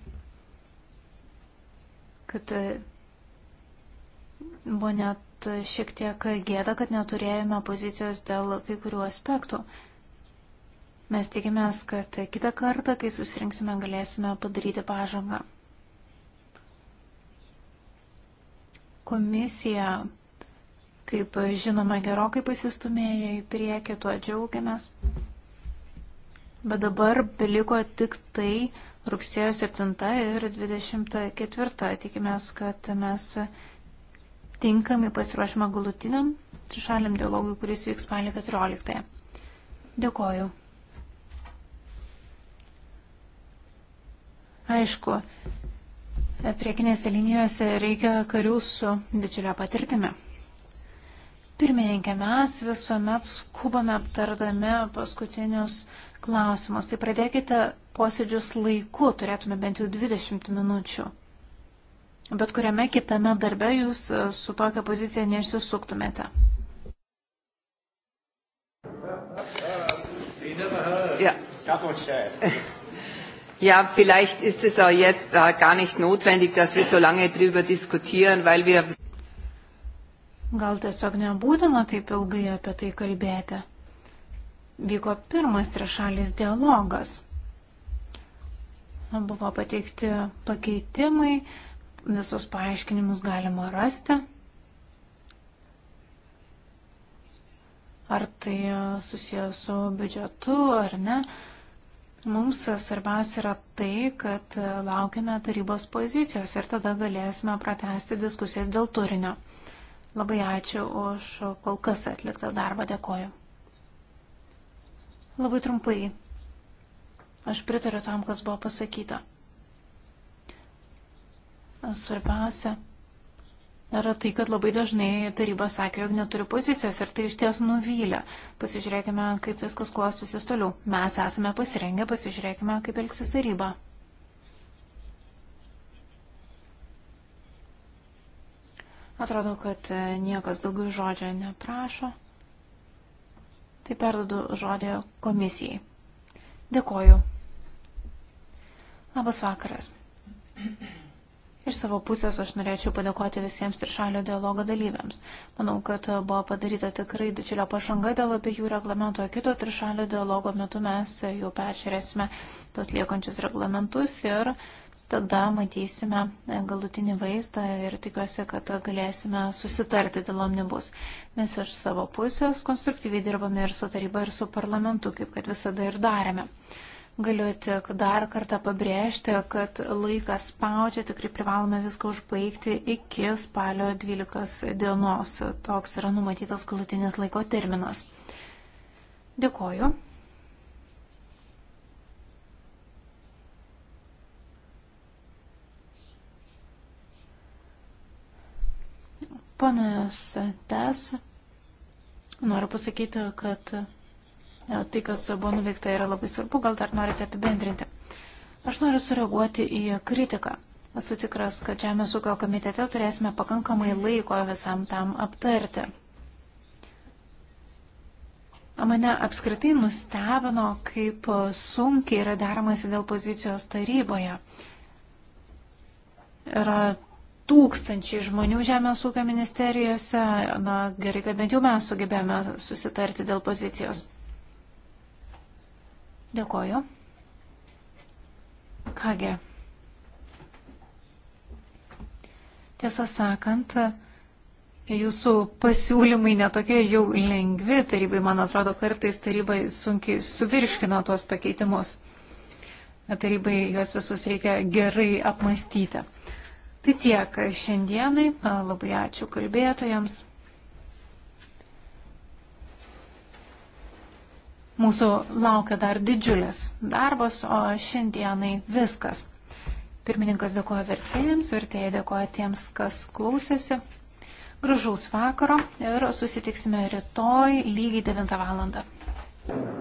kad e, buvo net šiek tiek gėda, kad neturėjome pozicijos dėl kai kurių aspektų. Mes tikimės, kad kitą kartą, kai susirinksime, galėsime padaryti pažangą. Komisija, kaip žinoma, gerokai pasistumėjo į priekį, tuo džiaugiamės. Bet dabar beliko tik tai, rugsėjo 7 ir 24. Tikimės, kad mes tinkamai pasiruošime galutiniam trišaliam dialogui, kuris vyks spalio 14. Dėkoju. Aišku, priekinėse linijose reikia karių su didžiulio patirtimi. Pirmininkė, mes visuomet skubame aptardami paskutinius klausimas, tai pradėkite posėdžius laiku, turėtume bent jau 20 minučių. Bet kuriame kitame darbe jūs e, su tokia pozicija neišsisuktumėte. Ja. ja, vielleicht ist es auch jetzt äh, gar nicht notwendig, dass wir so lange darüber diskutieren, weil wir. Gal tiesiog nebūtina taip ilgai apie tai kalbėti vyko pirmas trišalis dialogas. Buvo pateikti pakeitimai, visus paaiškinimus galima rasti. Ar tai susijęs su biudžetu ar ne. Mums svarbiausia yra tai, kad laukime tarybos pozicijos ir tada galėsime pratesti diskusijas dėl turinio. Labai ačiū už kol kas atliktą darbą, dėkoju. Labai trumpai. Aš pritariu tam, kas buvo pasakyta. Svarbiausia yra tai, kad labai dažnai taryba sakė, jog neturi pozicijos ir tai iš ties nuvylė. Pasižiūrėkime, kaip viskas klostysis toliau. Mes esame pasirengę, pasižiūrėkime, kaip elgsis taryba. Atrodo, kad niekas daugiau žodžio neprašo. Tai perdodu žodį komisijai. Dėkoju. Labas vakaras. Iš savo pusės aš norėčiau padėkoti visiems trišalio dialogo dalyviams. Manau, kad buvo padaryta tikrai didžiulė pažanga dėl abiejų reglamento, o kito trišalio dialogo metu mes jau peržiūrėsime tos liekančius reglamentus ir uh, Tada matysime galutinį vaizdą ir tikiuosi, kad galėsime susitarti dėl omnibus. Mes iš savo pusės konstruktyviai dirbame ir su taryba, ir su parlamentu, kaip kad visada ir darėme. Galiu tik dar kartą pabrėžti, kad laikas spaudžia, tikrai privalome viską užbaigti iki spalio 12 dienos. Toks yra numatytas galutinis laiko terminas. Dėkoju. Panas Tes, noriu pasakyti, kad e, tai, kas buvo nuveikta, yra labai svarbu, gal dar norite apibendrinti. Aš noriu sureaguoti į kritiką. Esu tikras, kad Žemės ūkio komitete turėsime pakankamai laiko visam tam aptarti. Mane apskritai nustebino, kaip sunkiai yra deramasi dėl pozicijos taryboje. Yra tūkstančiai žmonių Žemės ūkio ministerijose. Na, gerai, kad bent jau mes sugebėjome susitarti dėl pozicijos. Dėkoju. Kągi. Tiesą sakant, jūsų pasiūlymai netokie jau lengvi tarybai, man atrodo, kartais tarybai sunkiai suvirškino tuos pakeitimus. Tarybai juos visus reikia gerai apmastyti. Tai tiek šiandienai. Labai ačiū kalbėtojams. Mūsų laukia dar didžiulis darbas, o šiandienai viskas. Pirmininkas dėkoja vertėjams, vertėjai dėkoja tiems, kas klausėsi. Gražaus vakaro ir susitiksime rytoj lygiai 9 val.